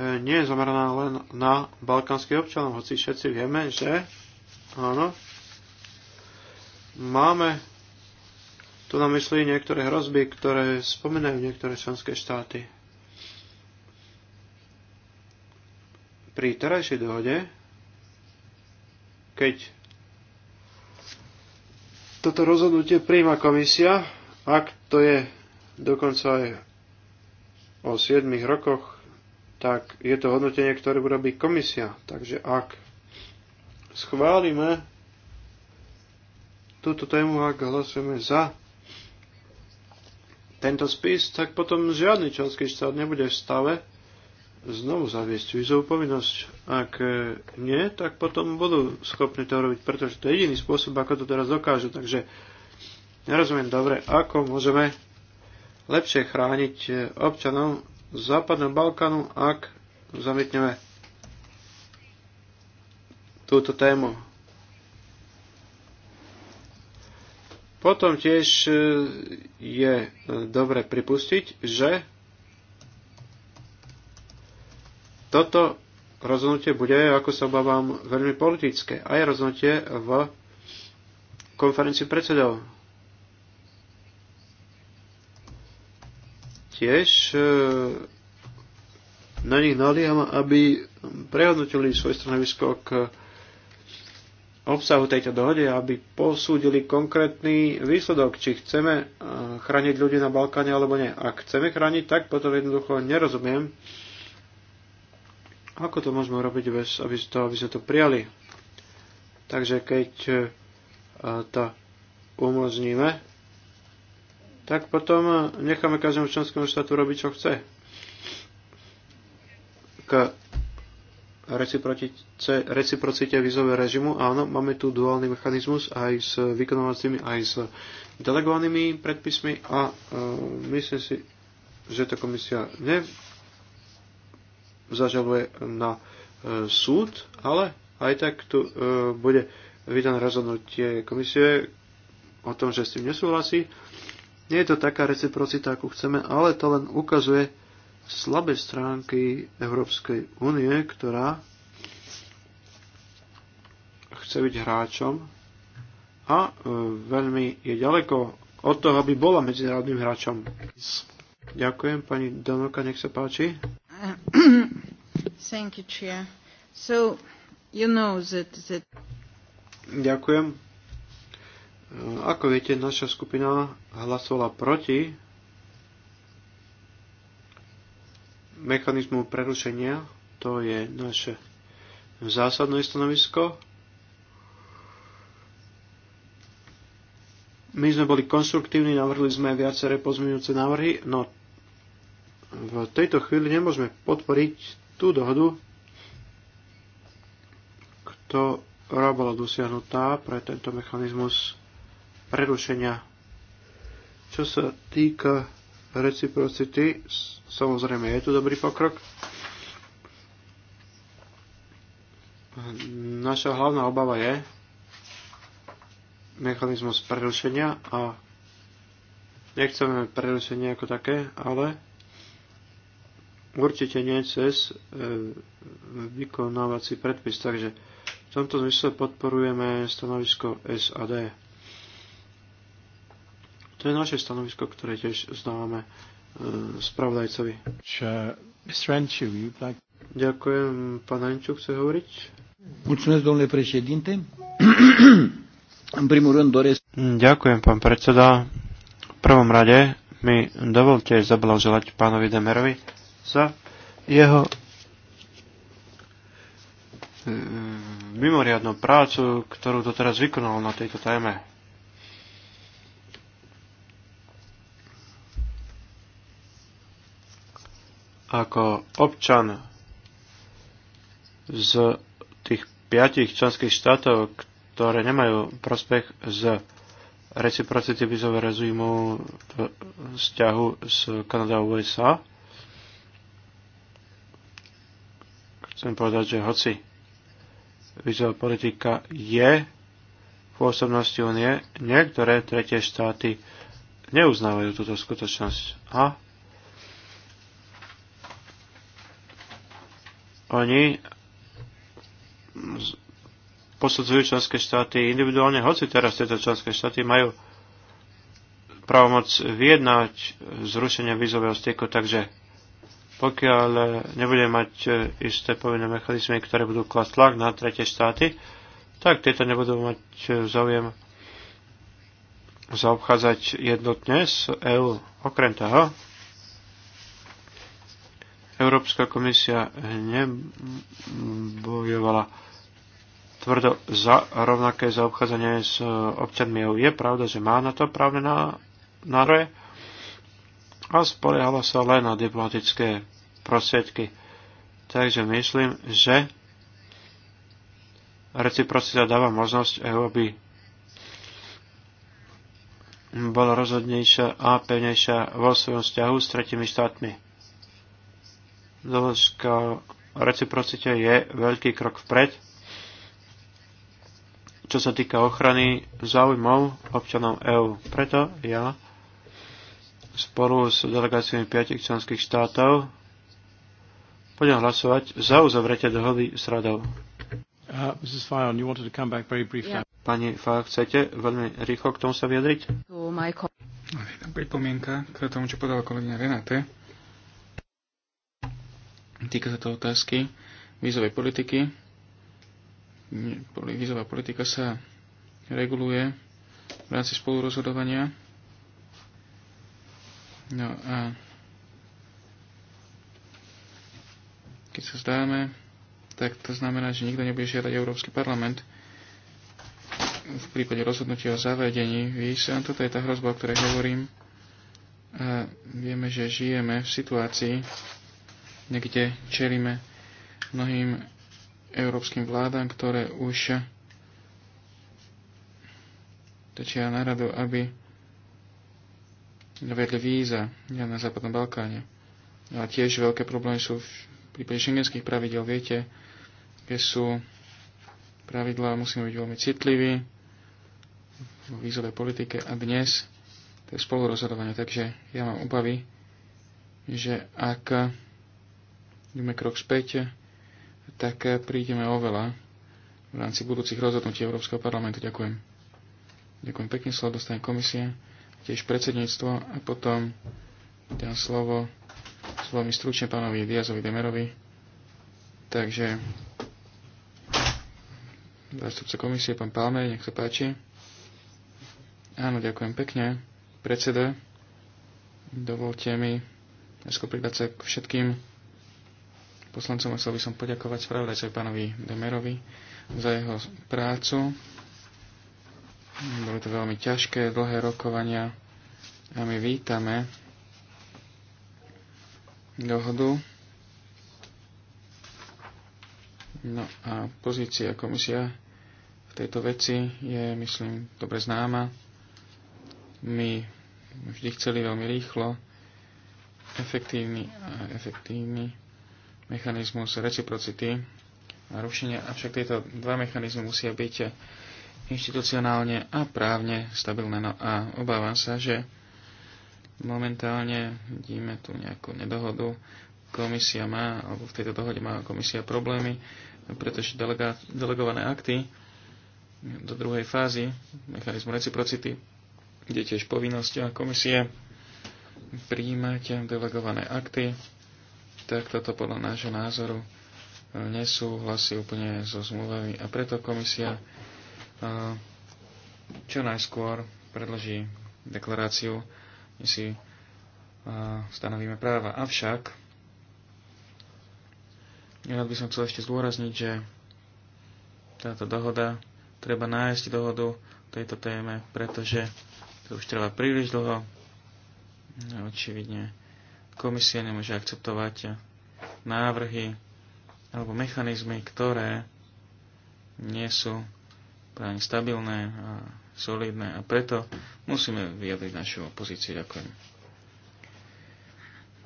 Speaker 4: E, nie je zameraná len na balkánskych občanov, hoci všetci vieme, že áno, máme tu na mysli niektoré hrozby, ktoré spomínajú niektoré členské štáty. Pri terajšej dohode, keď toto rozhodnutie príjma komisia, ak to je dokonca aj o 7 rokoch, tak je to hodnotenie, ktoré bude robiť komisia. Takže ak schválime túto tému, ak hlasujeme za tento spis, tak potom žiadny členský štát nebude v stave znovu zaviesť vízovú povinnosť. Ak nie, tak potom budú schopní to robiť, pretože to je jediný spôsob, ako to teraz dokážu. Takže nerozumiem dobre, ako môžeme lepšie chrániť občanov Západného Balkánu, ak zamietneme túto tému. Potom tiež je dobre pripustiť, že Toto rozhodnutie bude, ako sa obávam, veľmi politické. A je rozhodnutie v konferencii predsedov. Tiež e, na nich naliam, aby prehodnotili svoje stanovisko k obsahu tejto dohody, aby posúdili konkrétny výsledok, či chceme e, chrániť ľudí na Balkáne alebo nie. Ak chceme chrániť, tak potom jednoducho nerozumiem, ako to môžeme urobiť bez aby toho, aby sme to prijali? Takže keď e, e, to umožníme, tak potom e, necháme každému členskému štátu robiť, čo chce. K reciprocite vízového režimu, áno, máme tu duálny mechanizmus aj s vykonovacími, aj s delegovanými predpismi a uh, myslím si, že to komisia ne zažaluje na e, súd, ale aj tak tu e, bude vydané rozhodnutie komisie o tom, že s tým nesúhlasí. Nie je to taká reciprocita, akú chceme, ale to len ukazuje slabé stránky Európskej únie, ktorá chce byť hráčom a e, veľmi je ďaleko od toho, aby bola medzinárodným hráčom. Ďakujem, pani Danoka, nech sa páči.
Speaker 2: Uh, [CLEARS THROAT]
Speaker 4: Ďakujem. Uh, ako viete, naša skupina hlasovala proti mechanizmu prerušenia. To je naše zásadné stanovisko. My sme boli konstruktívni, navrhli sme viaceré pozmeňujúce návrhy, no v tejto chvíli nemôžeme podporiť tú dohodu, ktorá bola dosiahnutá pre tento mechanizmus prerušenia. Čo sa týka reciprocity, samozrejme je tu dobrý pokrok. Naša hlavná obava je mechanizmus prerušenia a nechceme prerušenie ako také, ale určite nie cez e, vykonávací predpis. Takže v tomto zmysle podporujeme stanovisko SAD. To je naše stanovisko, ktoré tiež zdávame e, spravodajcovi. Ďakujem. Pán Anciu chce hovoriť? Mulțumesc, domnule președinte. [CLEARS THROAT] În primul rând doresc... Ďakujem, pán predseda. V prvom rade mi dovolte zablahoželať pánovi Demerovi za jeho e, mimoriadnú prácu, ktorú teraz vykonal na tejto téme. Ako občan z tých piatich členských štátov, ktoré nemajú prospech z reciprocity vizového režimu vzťahu s Kanadou a USA, chcem povedať, že hoci vizová politika je v pôsobnosti únie, niektoré tretie štáty neuznávajú túto skutočnosť. A oni posudzujú členské štáty individuálne, hoci teraz tieto členské štáty majú právomoc vyjednať zrušenie vízového styku, takže pokiaľ eh, nebude mať eh, isté povinné mechanizmy, ktoré budú klasť tlak na tretie štáty, tak tieto nebudú mať eh, záujem zaobchádzať jednotne z EÚ. Okrem toho, Európska komisia nebojovala tvrdo za rovnaké zaobchádzanie s občanmi EÚ. Je pravda, že má na to právne nároje, a spoliehala sa len na diplomatické prostriedky. Takže myslím, že reciprocita dáva možnosť EU, aby bola rozhodnejšia a pevnejšia vo svojom vzťahu s tretimi štátmi. Doložka reciprocite je veľký krok vpred, čo sa týka ochrany záujmov občanov EÚ. Preto ja spolu s delegáciami piatich členských štátov poďme hlasovať za uzavretie dohody s radou. Uh, Pani Fajon, chcete veľmi rýchlo k tomu sa vyjadriť?
Speaker 3: pripomienka k tomu, čo podala kolegyňa Renate. Týka sa to otázky vízovej politiky. Vízová politika sa reguluje v rámci spolurozhodovania No a keď sa zdáme, tak to znamená, že nikto nebude žiadať Európsky parlament v prípade rozhodnutia o zavedení víz. A toto je tá hrozba, o ktorej hovorím. A vieme, že žijeme v situácii, kde čelíme mnohým európskym vládam, ktoré už tečia na radu, aby dovedli víza na Západnom Balkáne. A tiež veľké problémy sú v prípade šengenských pravidel. Viete, kde sú pravidlá, musíme byť veľmi citliví vo vízovej politike a dnes to je spolurozhodovanie. Takže ja mám obavy, že ak ideme krok späť, tak prídeme oveľa v rámci budúcich rozhodnutí Európskeho parlamentu. Ďakujem. Ďakujem pekne, slovo dostane komisia tiež predsedníctvo a potom dám slovo veľmi stručne pánovi Diazovi Demerovi. Takže zástupca komisie, pán Palmer, nech sa páči. Áno, ďakujem pekne. Predseda, dovolte mi dnesko pridať sa k všetkým poslancom. Chcel by som poďakovať spravodajcovi pánovi Demerovi za jeho prácu. Boli to veľmi ťažké, dlhé rokovania a my vítame dohodu. No a pozícia komisia v tejto veci je, myslím, dobre známa. My vždy chceli veľmi rýchlo efektívny a efektívny mechanizmus reciprocity a rušenia, avšak tieto dva mechanizmy musia byť inštitucionálne a právne stabilné. No a obávam sa, že momentálne vidíme tu nejakú nedohodu. Komisia má, alebo v tejto dohode má komisia problémy, pretože delega, delegované akty do druhej fázy mechanizmu reciprocity, kde tiež povinnosť a komisie príjmať delegované akty, tak toto podľa nášho názoru nesúhlasí úplne so zmluvami a preto komisia čo najskôr predloží deklaráciu, my si stanovíme práva. Avšak, ja by som chcel ešte zdôrazniť, že táto dohoda, treba nájsť dohodu tejto téme, pretože to už trvá príliš dlho. Očividne komisia nemôže akceptovať návrhy alebo mechanizmy, ktoré nie sú právne stabilné a solidné a preto musíme vyjadriť našu opozíciu. Ďakujem.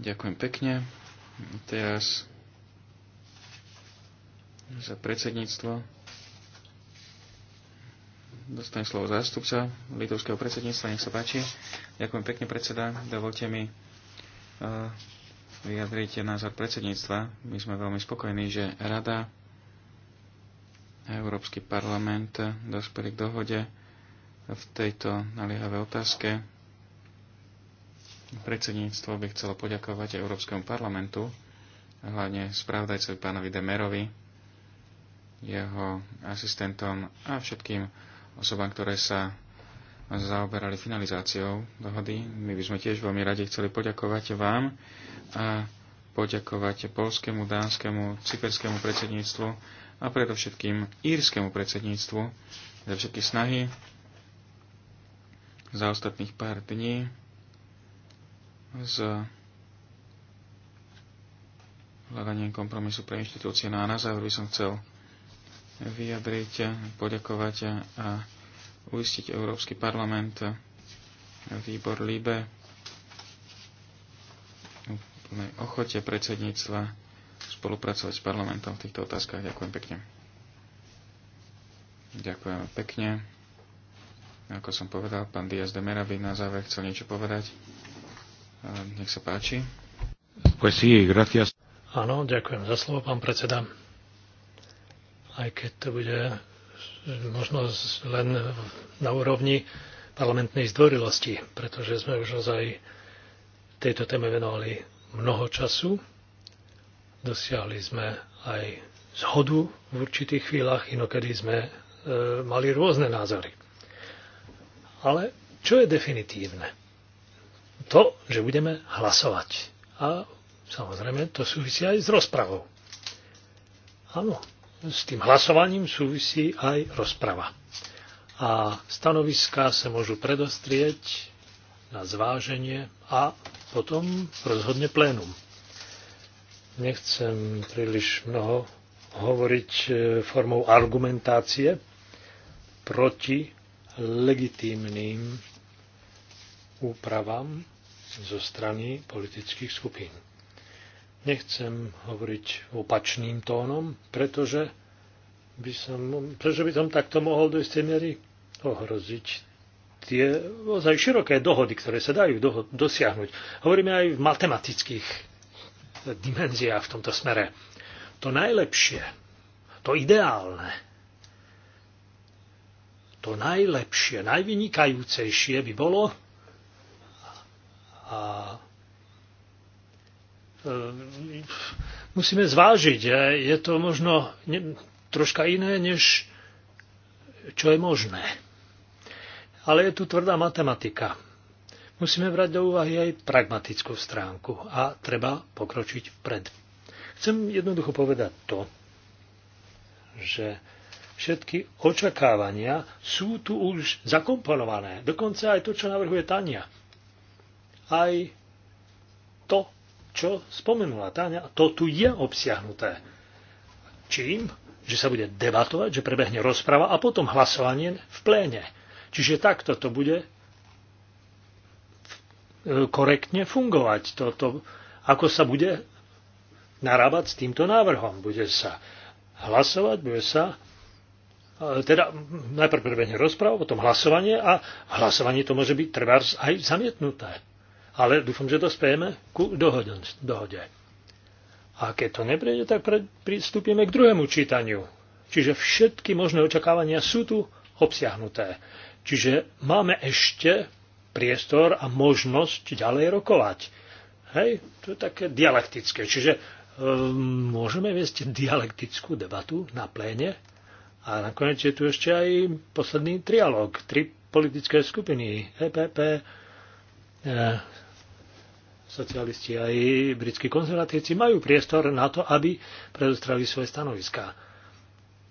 Speaker 3: Ďakujem pekne. Teraz za predsedníctvo dostane slovo zástupca litovského predsedníctva. Nech sa páči. Ďakujem pekne, predseda. Dovolte mi eh, vyjadriť názor predsedníctva. My sme veľmi spokojní, že rada Európsky parlament dospeli k dohode v tejto naliehavej otázke. Predsedníctvo by chcelo poďakovať Európskemu parlamentu, hlavne správdajcovi pánovi Demerovi, jeho asistentom a všetkým osobám, ktoré sa zaoberali finalizáciou dohody. My by sme tiež veľmi radi chceli poďakovať vám a poďakovať polskému, dánskemu, cyperskému predsedníctvu, a predovšetkým írskému predsedníctvu za všetky snahy za ostatných pár dní z hľadaním kompromisu pre inštitúcie. No a na záver by som chcel vyjadriť, poďakovať a uistiť Európsky parlament, výbor LIBE, ochote predsedníctva spolupracovať s parlamentom v týchto otázkach. Ďakujem pekne. Ďakujem pekne. Ako som povedal, pán Diaz de Mera by na záver chcel niečo povedať.
Speaker 1: Nech sa páči.
Speaker 4: Pues sí, gracias.
Speaker 1: Áno, ďakujem za slovo, pán predseda. Aj keď to bude možno len na úrovni parlamentnej zdvorilosti, pretože sme už ozaj tejto téme venovali mnoho času Dosiahli sme aj zhodu v určitých chvíľach, inokedy sme e, mali rôzne názory. Ale čo je definitívne? To, že budeme hlasovať. A samozrejme to súvisí aj s rozpravou. Áno, s tým hlasovaním súvisí aj rozprava. A stanoviská sa môžu predostrieť na zváženie a potom rozhodne plénum. Nechcem príliš mnoho hovoriť e, formou argumentácie proti legitímnym úpravám zo strany politických skupín. Nechcem hovoriť opačným tónom, pretože by som, pretože by som takto mohol do istej miery ohroziť tie ozaj široké dohody, ktoré sa dajú dosiahnuť. Hovoríme aj v matematických dimenzia v tomto smere. To najlepšie, to ideálne, to najlepšie, najvynikajúcejšie by bolo, a e, musíme zvážiť, e, je to možno troška iné, než čo je možné. Ale je tu tvrdá matematika musíme brať do úvahy aj pragmatickú stránku a treba pokročiť vpred. Chcem jednoducho povedať to, že všetky očakávania sú tu už zakomponované. Dokonca aj to, čo navrhuje Tania. Aj to, čo spomenula Tania, to tu je obsiahnuté. Čím? Že sa bude debatovať, že prebehne rozprava a potom hlasovanie v pléne. Čiže takto to bude korektne fungovať. Toto, ako sa bude narábať s týmto návrhom. Bude sa hlasovať, bude sa teda najprv prebehne rozpráva, potom hlasovanie a hlasovanie to môže byť treba aj zamietnuté. Ale dúfam, že dospejeme ku dohode. dohode. A keď to neprejde, tak pristúpime k druhému čítaniu. Čiže všetky možné očakávania sú tu obsiahnuté. Čiže máme ešte priestor a možnosť ďalej rokovať. Hej, to je také dialektické. Čiže um, môžeme viesť dialektickú debatu na pléne a nakoniec je tu ešte aj posledný trialog. Tri politické skupiny, EPP, e, socialisti aj britskí konzervatívci majú priestor na to, aby predostrali svoje stanoviská.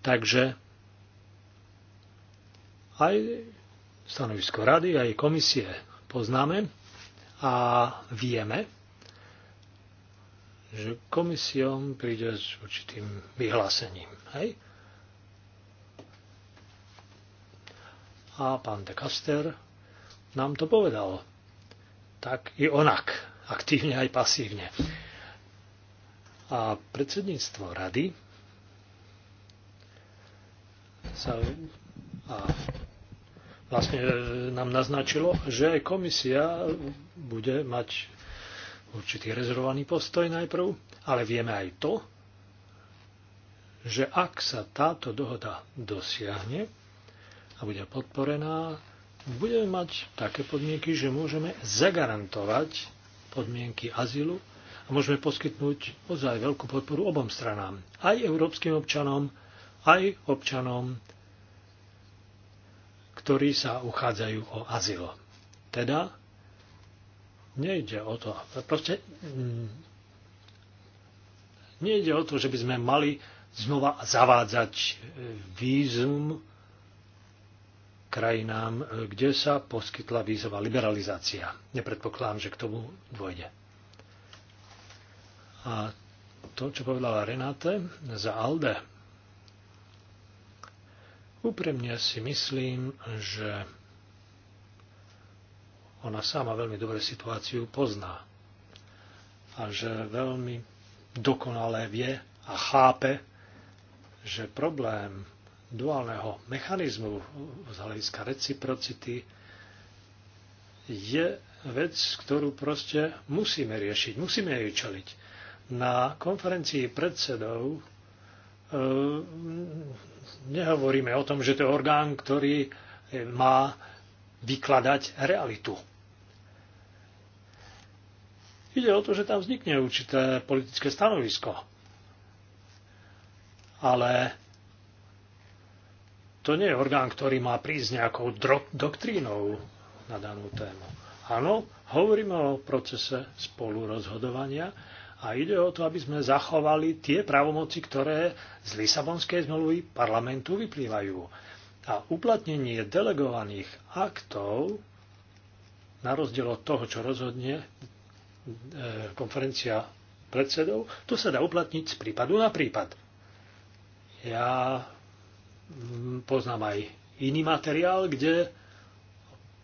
Speaker 1: Takže aj stanovisko rady a jej komisie poznáme a vieme, že komisiom príde s určitým vyhlásením. Hej? A pán de Caster nám to povedal. Tak i onak, aktívne aj pasívne. A predsedníctvo rady sa a vlastne e, nám naznačilo, že aj komisia bude mať určitý rezervovaný postoj najprv, ale vieme aj to, že ak sa táto dohoda dosiahne a bude podporená, budeme mať také podmienky, že môžeme zagarantovať podmienky azylu a môžeme poskytnúť ozaj veľkú podporu obom stranám, aj európskym občanom, aj občanom ktorí sa uchádzajú o azyl. Teda nejde o to. Proste mm, nejde o to, že by sme mali znova zavádzať e, vízum krajinám, e, kde sa poskytla vízová liberalizácia. Nepredpokladám, že k tomu dôjde. A to, čo povedala Renate za ALDE, Úprimne si myslím, že ona sama veľmi dobre situáciu pozná a že veľmi dokonale vie a chápe, že problém duálneho mechanizmu z hľadiska reciprocity je vec, ktorú proste musíme riešiť, musíme jej čeliť. Na konferencii predsedov e, nehovoríme o tom, že to je orgán, ktorý e, má vykladať realitu. Ide o to, že tam vznikne určité politické stanovisko. Ale to nie je orgán, ktorý má prísť nejakou doktrínou na danú tému. Áno, hovoríme o procese spolurozhodovania a ide o to, aby sme zachovali tie právomoci, ktoré z Lisabonskej zmluvy parlamentu vyplývajú. A uplatnenie delegovaných aktov, na rozdiel od toho, čo rozhodne e, konferencia predsedov, to sa dá uplatniť z prípadu na prípad. Ja mm, poznám aj iný materiál, kde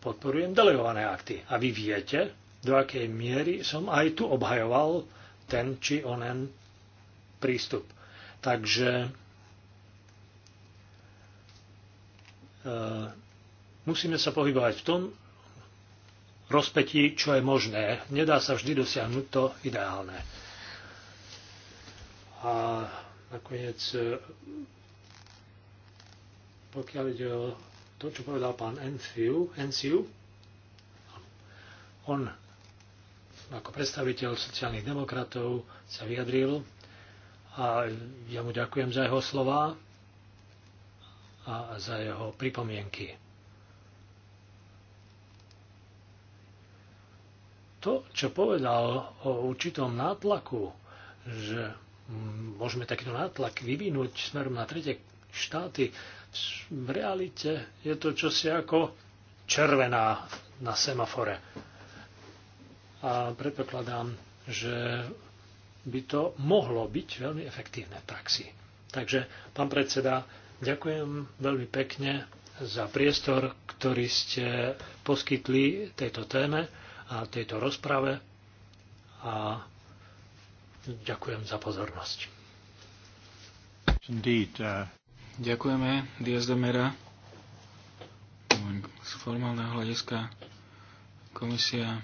Speaker 1: podporujem delegované akty. A vy viete, do akej miery som aj tu obhajoval ten či onen prístup. Takže e, musíme sa pohybovať v tom rozpetí, čo je možné. Nedá sa vždy dosiahnuť to ideálne. A nakoniec, e, pokiaľ ide o to, čo povedal pán Enciu, on ako predstaviteľ sociálnych demokratov sa vyjadril a ja mu ďakujem za jeho slova a za jeho pripomienky. To, čo povedal o určitom nátlaku, že môžeme takýto nátlak vyvinúť smerom na tretie štáty, v realite je to čosi ako červená na semafore a predpokladám, že by to mohlo byť veľmi efektívne v praxi. Takže, pán predseda, ďakujem veľmi pekne za priestor, ktorý ste poskytli tejto téme a tejto rozprave a ďakujem za pozornosť.
Speaker 3: Indeed, uh... Ďakujeme, Diaz de Mera. Z formálneho hľadiska komisia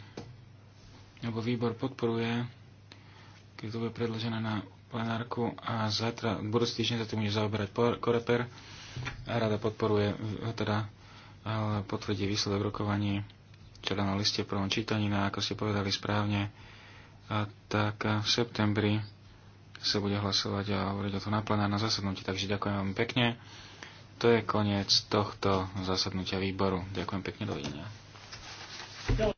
Speaker 3: alebo výbor podporuje, keď to bude predložené na plenárku a zajtra, budúci týždeň sa tým bude zaoberať Koreper a rada podporuje, e, teda potvrdí výsledok rokovaní včera na liste v prvom čítaní, na no ako ste povedali správne, a e, tak v septembri sa bude hlasovať a hovoriť o to na plenárnom zasadnutí. Takže ďakujem vám pekne. To je koniec tohto zasadnutia výboru. Ďakujem pekne, dovidenia.